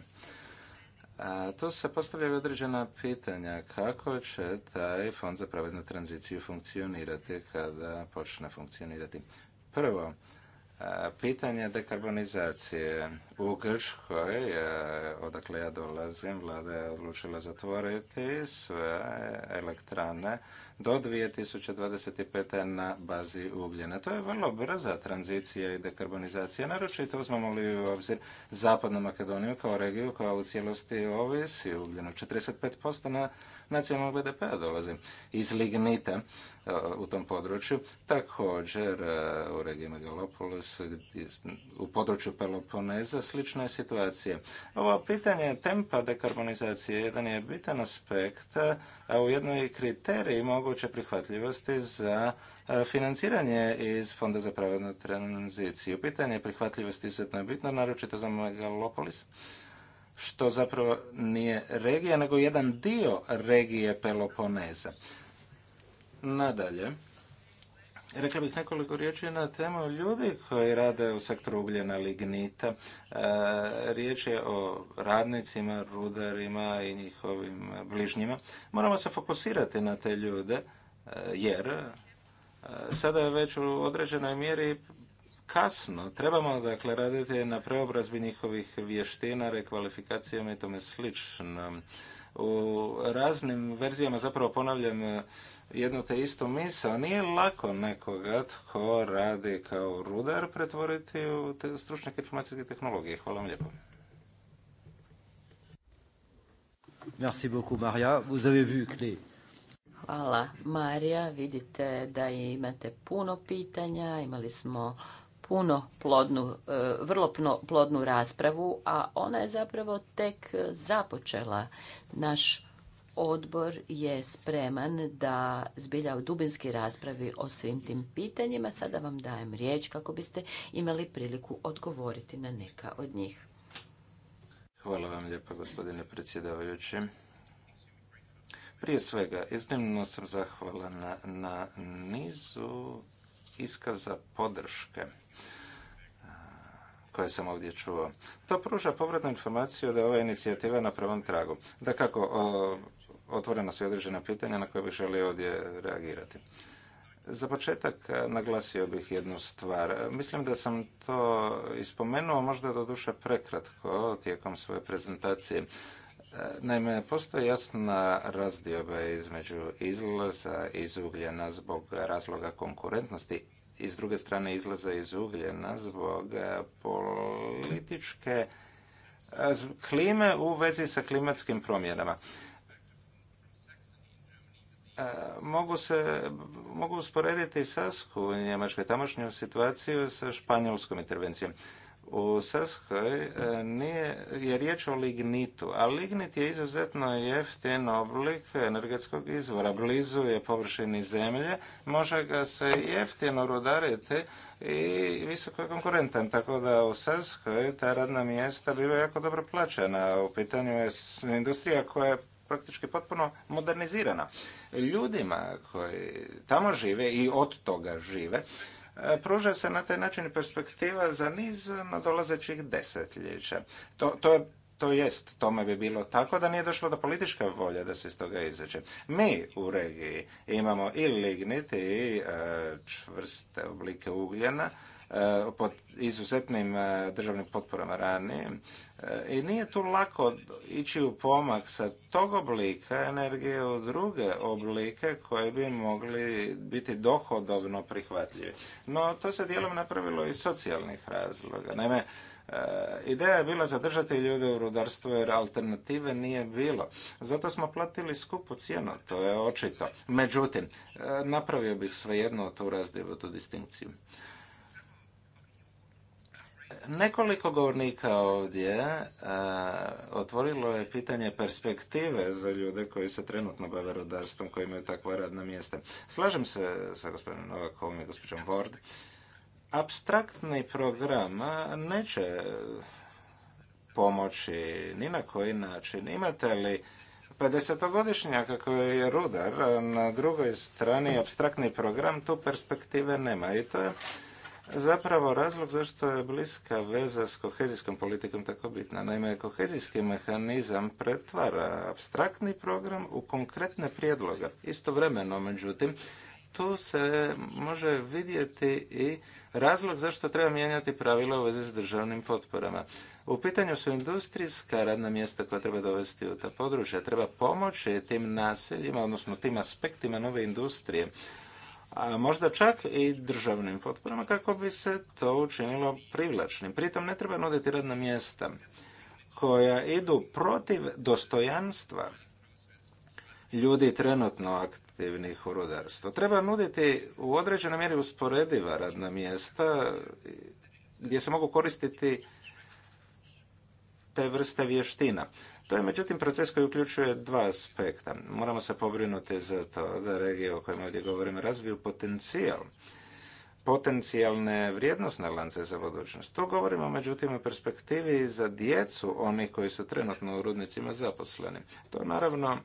a tu se postavljaju određena pitanja kako će taj fond za pravednu tranziciju funkcionirati kada počne funkcionirati. Prvo, pitanje dekarbonizacije. U Grčkoj, odakle ja dolazim, vlada je odlučila zatvoriti sve elektrane do 2025. na bazi ugljena. To je vrlo brza tranzicija i dekarbonizacija, naročito uzmemo li u obzir Zapadnu Makedoniju kao regiju koja u cijelosti ovisi ugljenu. 45% na nacionalnog BDP-a dolazi iz lignita e, u tom području. Također e, u regiji Megalopolis, u području Peloponeza, slična je situacija. Ovo pitanje tempa dekarbonizacije jedan je bitan aspekt, e, a ujedno i kriterij moguće prihvatljivosti za financiranje iz Fonda za pravednu tranziciju. Pitanje prihvatljivosti izuzetno je bitno, naročito za Megalopolis što zapravo nije regija, nego jedan dio regije Peloponeza. Nadalje, rekla bih nekoliko riječi na temu ljudi koji rade u sektoru ugljena lignita. E, riječ je o radnicima, rudarima i njihovim bližnjima. Moramo se fokusirati na te ljude, e, jer e, sada je već u određenoj mjeri kasno. Trebamo dakle raditi na preobrazbi njihovih vještina, rekvalifikacijama i tome slično. U raznim verzijama zapravo ponavljam eh, jednu te istu misao. Nije lako nekoga tko radi kao rudar pretvoriti u te informacijske tehnologije. Hvala vam lijepo. Merci beaucoup, Maria. Vous avez vu Hvala, Marija. Vidite da imate puno pitanja. Imali smo puno plodnu, e, vrlo plodnu raspravu, a ona je zapravo tek započela. Naš odbor je spreman da zbilja u dubinski raspravi o svim tim pitanjima. Sada vam dajem riječ kako biste imali priliku odgovoriti na neka od njih. Hvala vam gospodine predsjedavajući. Prije svega, iznimno sam zahvalan na, na nizu iskaza podrške koje sam ovdje čuo. To pruža povratnu informaciju da je ova inicijativa na prvom tragu. Da kako, otvoreno su i određena pitanja na koje bih želio ovdje reagirati. Za početak naglasio bih jednu stvar. Mislim da sam to ispomenuo, možda do duše prekratko tijekom svoje prezentacije. Naime, postoji jasna razdioba između izlaza iz ugljena zbog razloga konkurentnosti i s druge strane izlaza iz ugljena zbog e, političke e, klime u vezi sa klimatskim promjenama. E, mogu, se, mogu usporediti Sasku u Njemačkoj, tamošnju situaciju sa španjolskom intervencijom u Srskoj e, nije, je riječ o lignitu, a lignit je izuzetno jeftin oblik energetskog izvora. Blizu je površini zemlje, može ga se jeftino rudariti i visoko je konkurentan, tako da u Srskoj ta radna mjesta bivaju jako dobro plaćena. U pitanju je industrija koja je praktički potpuno modernizirana. Ljudima koji tamo žive i od toga žive, E, pruža se na taj način perspektiva za niz nadolazećih desetljeća. To, to je to jest, tome bi bilo tako da nije došlo do političke volje da se iz toga izađe. Mi u regiji imamo i lignit i e, čvrste oblike ugljena Eh, pod izuzetnim eh, državnim potporama ranije. Eh, I nije tu lako ići u pomak sa tog oblika energije u druge oblike koje bi mogli biti dohodovno prihvatljivi. No, to se dijelom napravilo iz socijalnih razloga. Naime, Ideja je bila zadržati ljude u rudarstvu jer alternative nije bilo. Zato smo platili skupu cijenu, to je očito. Međutim, napravio bih svejedno tu razdivu, tu distinkciju. Nekoliko govornika ovdje e, otvorilo je pitanje perspektive za ljude koji se trenutno bave rodarstvom, koji imaju takva radna mjesta. Slažem se sa gospodinom Novakovom i gospođom Ward. Abstraktni program neće pomoći ni na koji način. Imate li 50-godišnjaka koji je rudar, na drugoj strani abstraktni program, tu perspektive nema. I to je zapravo razlog zašto je bliska veza s kohezijskom politikom tako bitna. Naime, kohezijski mehanizam pretvara abstraktni program u konkretne prijedloge. Istovremeno, međutim, tu se može vidjeti i razlog zašto treba mijenjati pravila u vezi s državnim potporama. U pitanju su industrijska radna mjesta koja treba dovesti u ta područja. Treba pomoći tim naseljima, odnosno tim aspektima nove industrije a možda čak i državnim potporama kako bi se to učinilo privlačnim. Pritom ne treba nuditi radna mjesta koja idu protiv dostojanstva ljudi trenutno aktivnih u rudarstvu. Treba nuditi u određenoj mjeri usporediva radna mjesta gdje se mogu koristiti te vrste vještina. To je međutim proces koji uključuje dva aspekta. Moramo se pobrinuti za to da regije o kojima ovdje govorimo razviju potencijal potencijalne vrijednostne lance za budućnost. To govorimo međutim o perspektivi za djecu onih koji su trenutno u rudnicima zaposleni. To naravno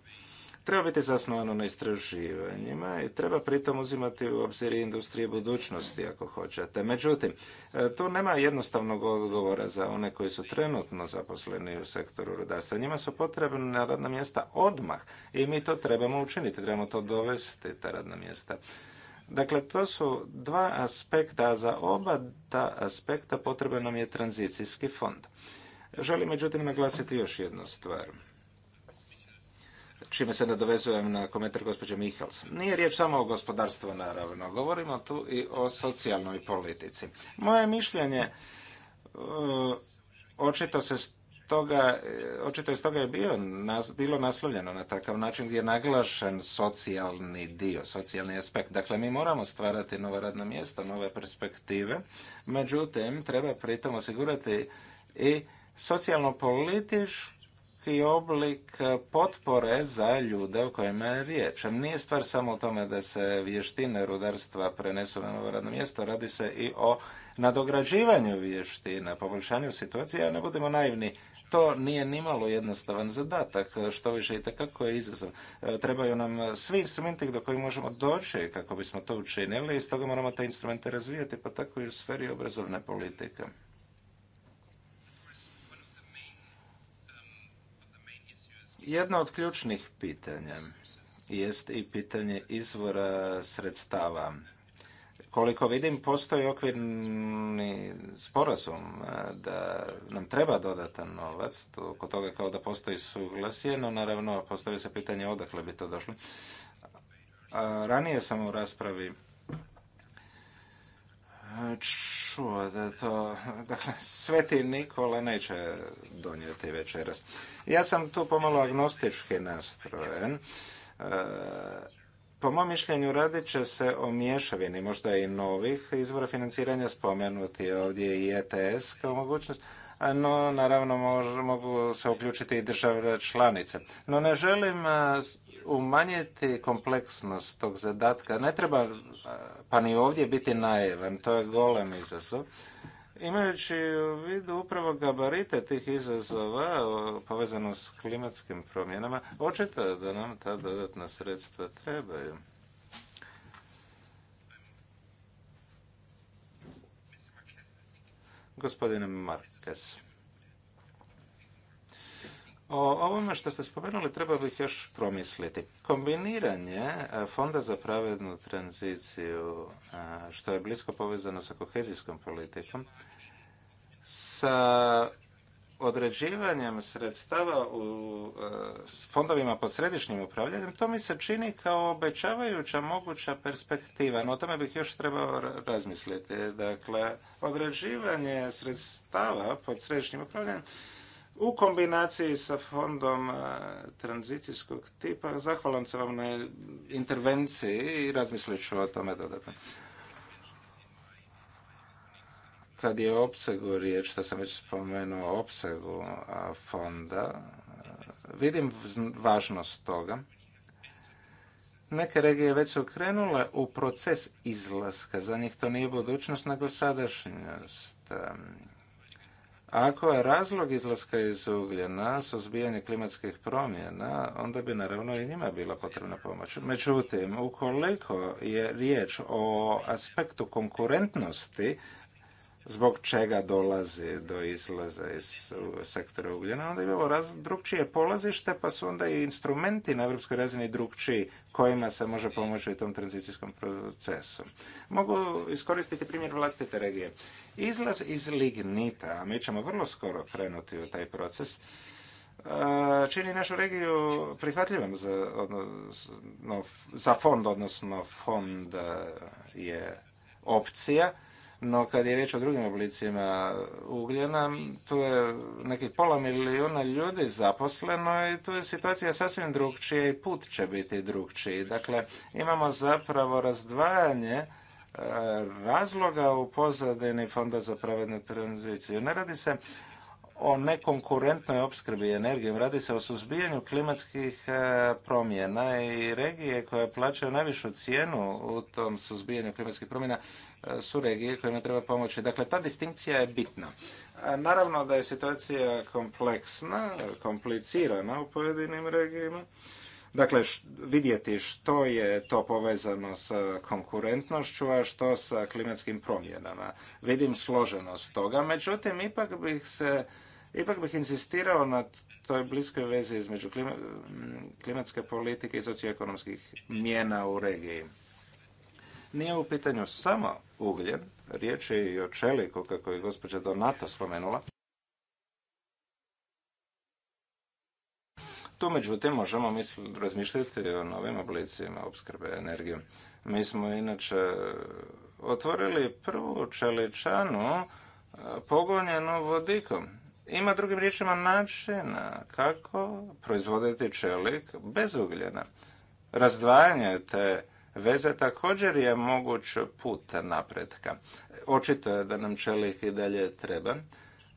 treba biti zasnovano na istraživanjima i treba pritom uzimati u obzir industrije budućnosti ako hoćete. Međutim, e, tu nema jednostavnog odgovora za one koji su trenutno zaposleni u sektoru rudarstva. Njima su potrebna radna mjesta odmah i mi to trebamo učiniti, trebamo to dovesti, ta radna mjesta. Dakle, to su dva aspekta, a za oba ta aspekta potreban nam je tranzicijski fond. Želim međutim naglasiti još jednu stvar čime se nadovezujem na komentar gospođe Mihals. Nije riječ samo o gospodarstvu, naravno. Govorimo tu i o socijalnoj politici. Moje mišljenje e, očito se toga, e, očito je stoga je nas, bilo naslovljeno na takav način gdje je naglašen socijalni dio, socijalni aspekt. Dakle, mi moramo stvarati nova radna mjesta, nove perspektive, međutim, treba pritom osigurati i socijalno-političku i oblik e, potpore za ljude o kojima je riječ. Nije stvar samo o tome da se vještine rudarstva prenesu na novo radno mjesto, radi se i o nadograđivanju vještina, poboljšanju situacije, a ne budemo naivni. To nije nimalo jednostavan zadatak, što više i takako je izazov. E, trebaju nam svi instrumenti do kojih možemo doći kako bismo to učinili i stoga moramo te instrumente razvijati, pa tako i u sferi obrazovne politike. Jedno od ključnih pitanja jest i pitanje izvora sredstava. Koliko vidim, postoji okvirni sporazum eh, da nam treba dodatan novac, oko toga kao da postoji suglasje, no naravno postavlja se pitanje odakle bi to došlo. ranije sam u raspravi čuo da to, dakle, Sveti Nikola neće donijeti večeras. Ja sam tu pomalo agnostički nastrojen. E, po mom mišljenju radit će se o mješavini možda i novih izvora financiranja, spomenuti ovdje i ETS kao mogućnost, no naravno mogu se uključiti i države članice. No ne želim e, umanjiti kompleksnost tog zadatka. Ne treba pa ni ovdje biti naivan, to je golem izazov. Imajući u vidu upravo gabarite tih izazova povezano s klimatskim promjenama, očito je da nam ta dodatna sredstva trebaju. Gospodine Marques. O ovome što ste spomenuli treba bih još promisliti. Kombiniranje e, Fonda za pravednu tranziciju, e, što je blisko povezano sa kohezijskom politikom, sa određivanjem sredstava u e, fondovima pod središnjim upravljanjem, to mi se čini kao obećavajuća moguća perspektiva. No o tome bih još trebao razmisliti. Dakle, određivanje sredstava pod središnjim upravljanjem u kombinaciji sa fondom e, tranzicijskog tipa. Zahvalan se vam na intervenciji i razmislit ću o tome dodatno. Kad je opsegu riječ, što sam već spomenuo opsegu e, fonda, e, vidim važnost toga. Neke regije već su krenule u proces izlaska. Za njih to nije budućnost, nego sadašnjost ako je razlog izlaska iz ugljena suzbijanje klimatskih promjena, onda bi naravno i njima bila potrebna pomoć. Međutim, ukoliko je riječ o aspektu konkurentnosti zbog čega dolazi do izlaza iz sektora ugljena. Onda imamo bilo drugčije polazište, pa su onda i instrumenti na evropskoj razini drugčiji kojima se može pomoći u tom tranzicijskom procesu. Mogu iskoristiti primjer vlastite regije. Izlaz iz lignita, a mi ćemo vrlo skoro krenuti u taj proces, e, čini našu regiju prihvatljivom za, za fond, odnosno fond je opcija no kad je riječ o drugim oblicima ugljena, tu je nekih pola milijuna ljudi zaposleno i tu je situacija sasvim drugčija i put će biti drugčiji. Dakle, imamo zapravo razdvajanje e, razloga u pozadini Fonda za pravednu tranziciju. Ne radi se o nekonkurentnoj opskrbi energijom. Radi se o suzbijanju klimatskih e, promjena i regije koje plaćaju najvišu cijenu u tom suzbijanju klimatskih promjena e, su regije kojima treba pomoći. Dakle, ta distinkcija je bitna. E, naravno da je situacija kompleksna, komplicirana u pojedinim regijima. Dakle, vidjeti što je to povezano sa konkurentnošću, a što sa klimatskim promjenama. Vidim složenost toga, međutim, ipak bih se Ipak bih insistirao na toj bliskoj vezi između mm, klimatske politike i socioekonomskih mjena u regiji. Nije u pitanju samo ugljen, riječ je i o čeliku, kako je gospođa Donato spomenula. Tu, međutim, možemo misli, razmišljati o novim oblicima opskrbe energijom. Mi smo inače otvorili prvu čeličanu pogonjenu vodikom ima drugim riječima načina kako proizvoditi čelik bez ugljena. Razdvajanje te veze također je moguć put napretka. Očito je da nam čelik i dalje treba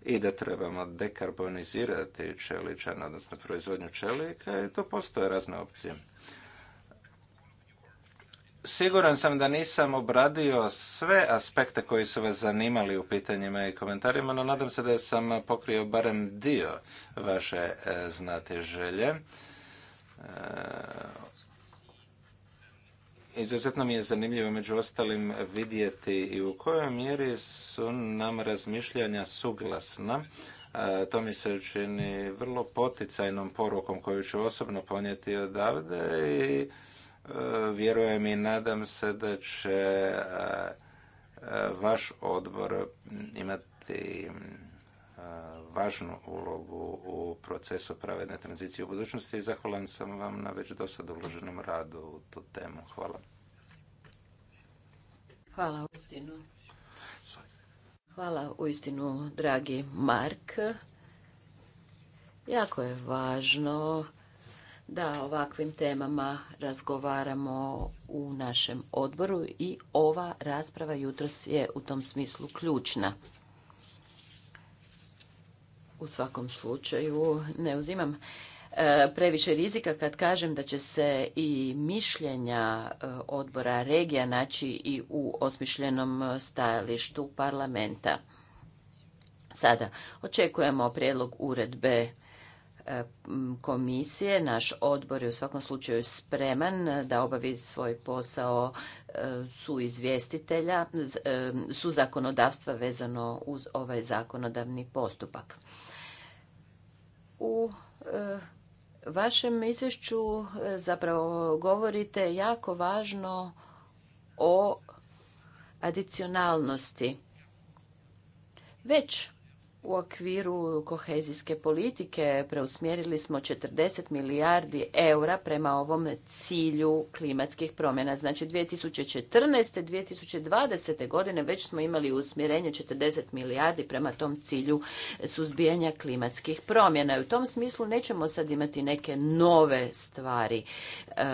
i da trebamo dekarbonizirati čeličan, odnosno proizvodnju čelika i to postoje razne opcije. Siguran sam da nisam obradio sve aspekte koji su vas zanimali u pitanjima i komentarima, no nadam se da sam pokrio barem dio vaše e, znate želje. E, izuzetno mi je zanimljivo među ostalim vidjeti i u kojoj mjeri su nam razmišljanja suglasna. To mi se čini vrlo poticajnom porukom koju ću osobno ponijeti odavde i Vjerujem i nadam se da će e, vaš odbor imati e, važnu ulogu u procesu pravedne tranzicije u budućnosti i zahvalan sam vam na već do uloženom radu u tu temu. Hvala. Hvala uistinu. Hvala uistinu, dragi Mark. Jako je važno da ovakvim temama razgovaramo u našem odboru i ova rasprava jutros je u tom smislu ključna. U svakom slučaju ne uzimam e, previše rizika kad kažem da će se i mišljenja e, odbora regija naći i u osmišljenom stajalištu parlamenta. Sada očekujemo prijedlog uredbe E, komisije. Naš odbor je u svakom slučaju spreman da obavi svoj posao e, su izvjestitelja, e, su zakonodavstva vezano uz ovaj zakonodavni postupak. U vašem izvješću zapravo govorite jako važno o adicionalnosti. Već u okviru kohezijske politike preusmjerili smo 40 milijardi eura prema ovom cilju klimatskih promjena. Znači 2014. 2020. godine već smo imali usmjerenje 40 milijardi prema tom cilju suzbijanja klimatskih promjena. I u tom smislu nećemo sad imati neke nove stvari, e,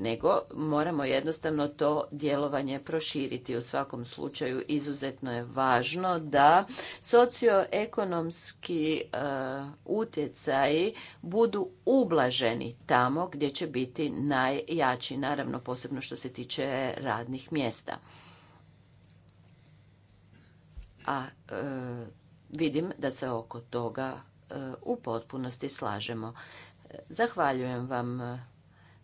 nego moramo jednostavno to djelovanje proširiti. U svakom slučaju izuzetno je važno da socioekonomski ekonomski e, utjecaji budu ublaženi tamo gdje će biti najjači, naravno posebno što se tiče radnih mjesta. A e, vidim da se oko toga e, u potpunosti slažemo. Zahvaljujem vam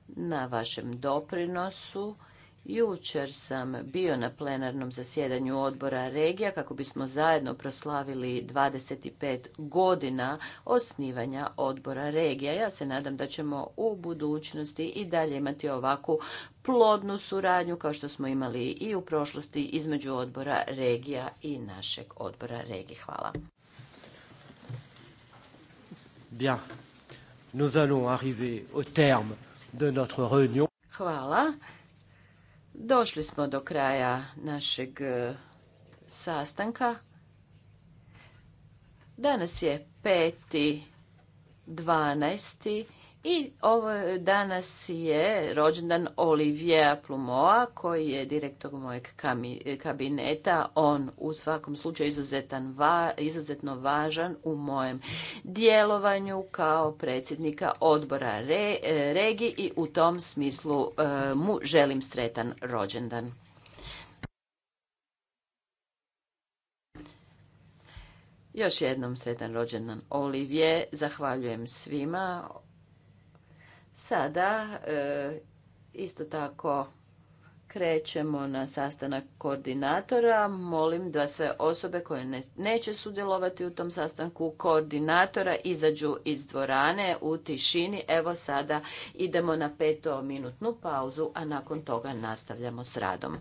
na vašem doprinosu Jučer sam bio na plenarnom zasjedanju odbora regija kako bismo zajedno proslavili 25 godina osnivanja odbora regija. Ja se nadam da ćemo u budućnosti i dalje imati ovakvu plodnu suradnju kao što smo imali i u prošlosti između odbora regija i našeg odbora regije. Hvala. Bien. Nous allons arriver au terme de notre réunion. Hvala. Došli smo do kraja našeg e, sastanka. Danas je 12. I ovo danas je rođendan Olivija Plumoa, koji je direktor mojeg kabineta. On u svakom slučaju izuzetan izuzetno važan u mojem djelovanju kao predsjednika odbora re, regi i u tom smislu e, mu želim sretan rođendan. Još jednom sretan rođendan Olivije. Zahvaljujem svima Sada e, isto tako krećemo na sastanak koordinatora. Molim da sve osobe koje neće sudjelovati u tom sastanku koordinatora izađu iz dvorane u tišini. Evo sada idemo na petominutnu pauzu, a nakon toga nastavljamo s radom.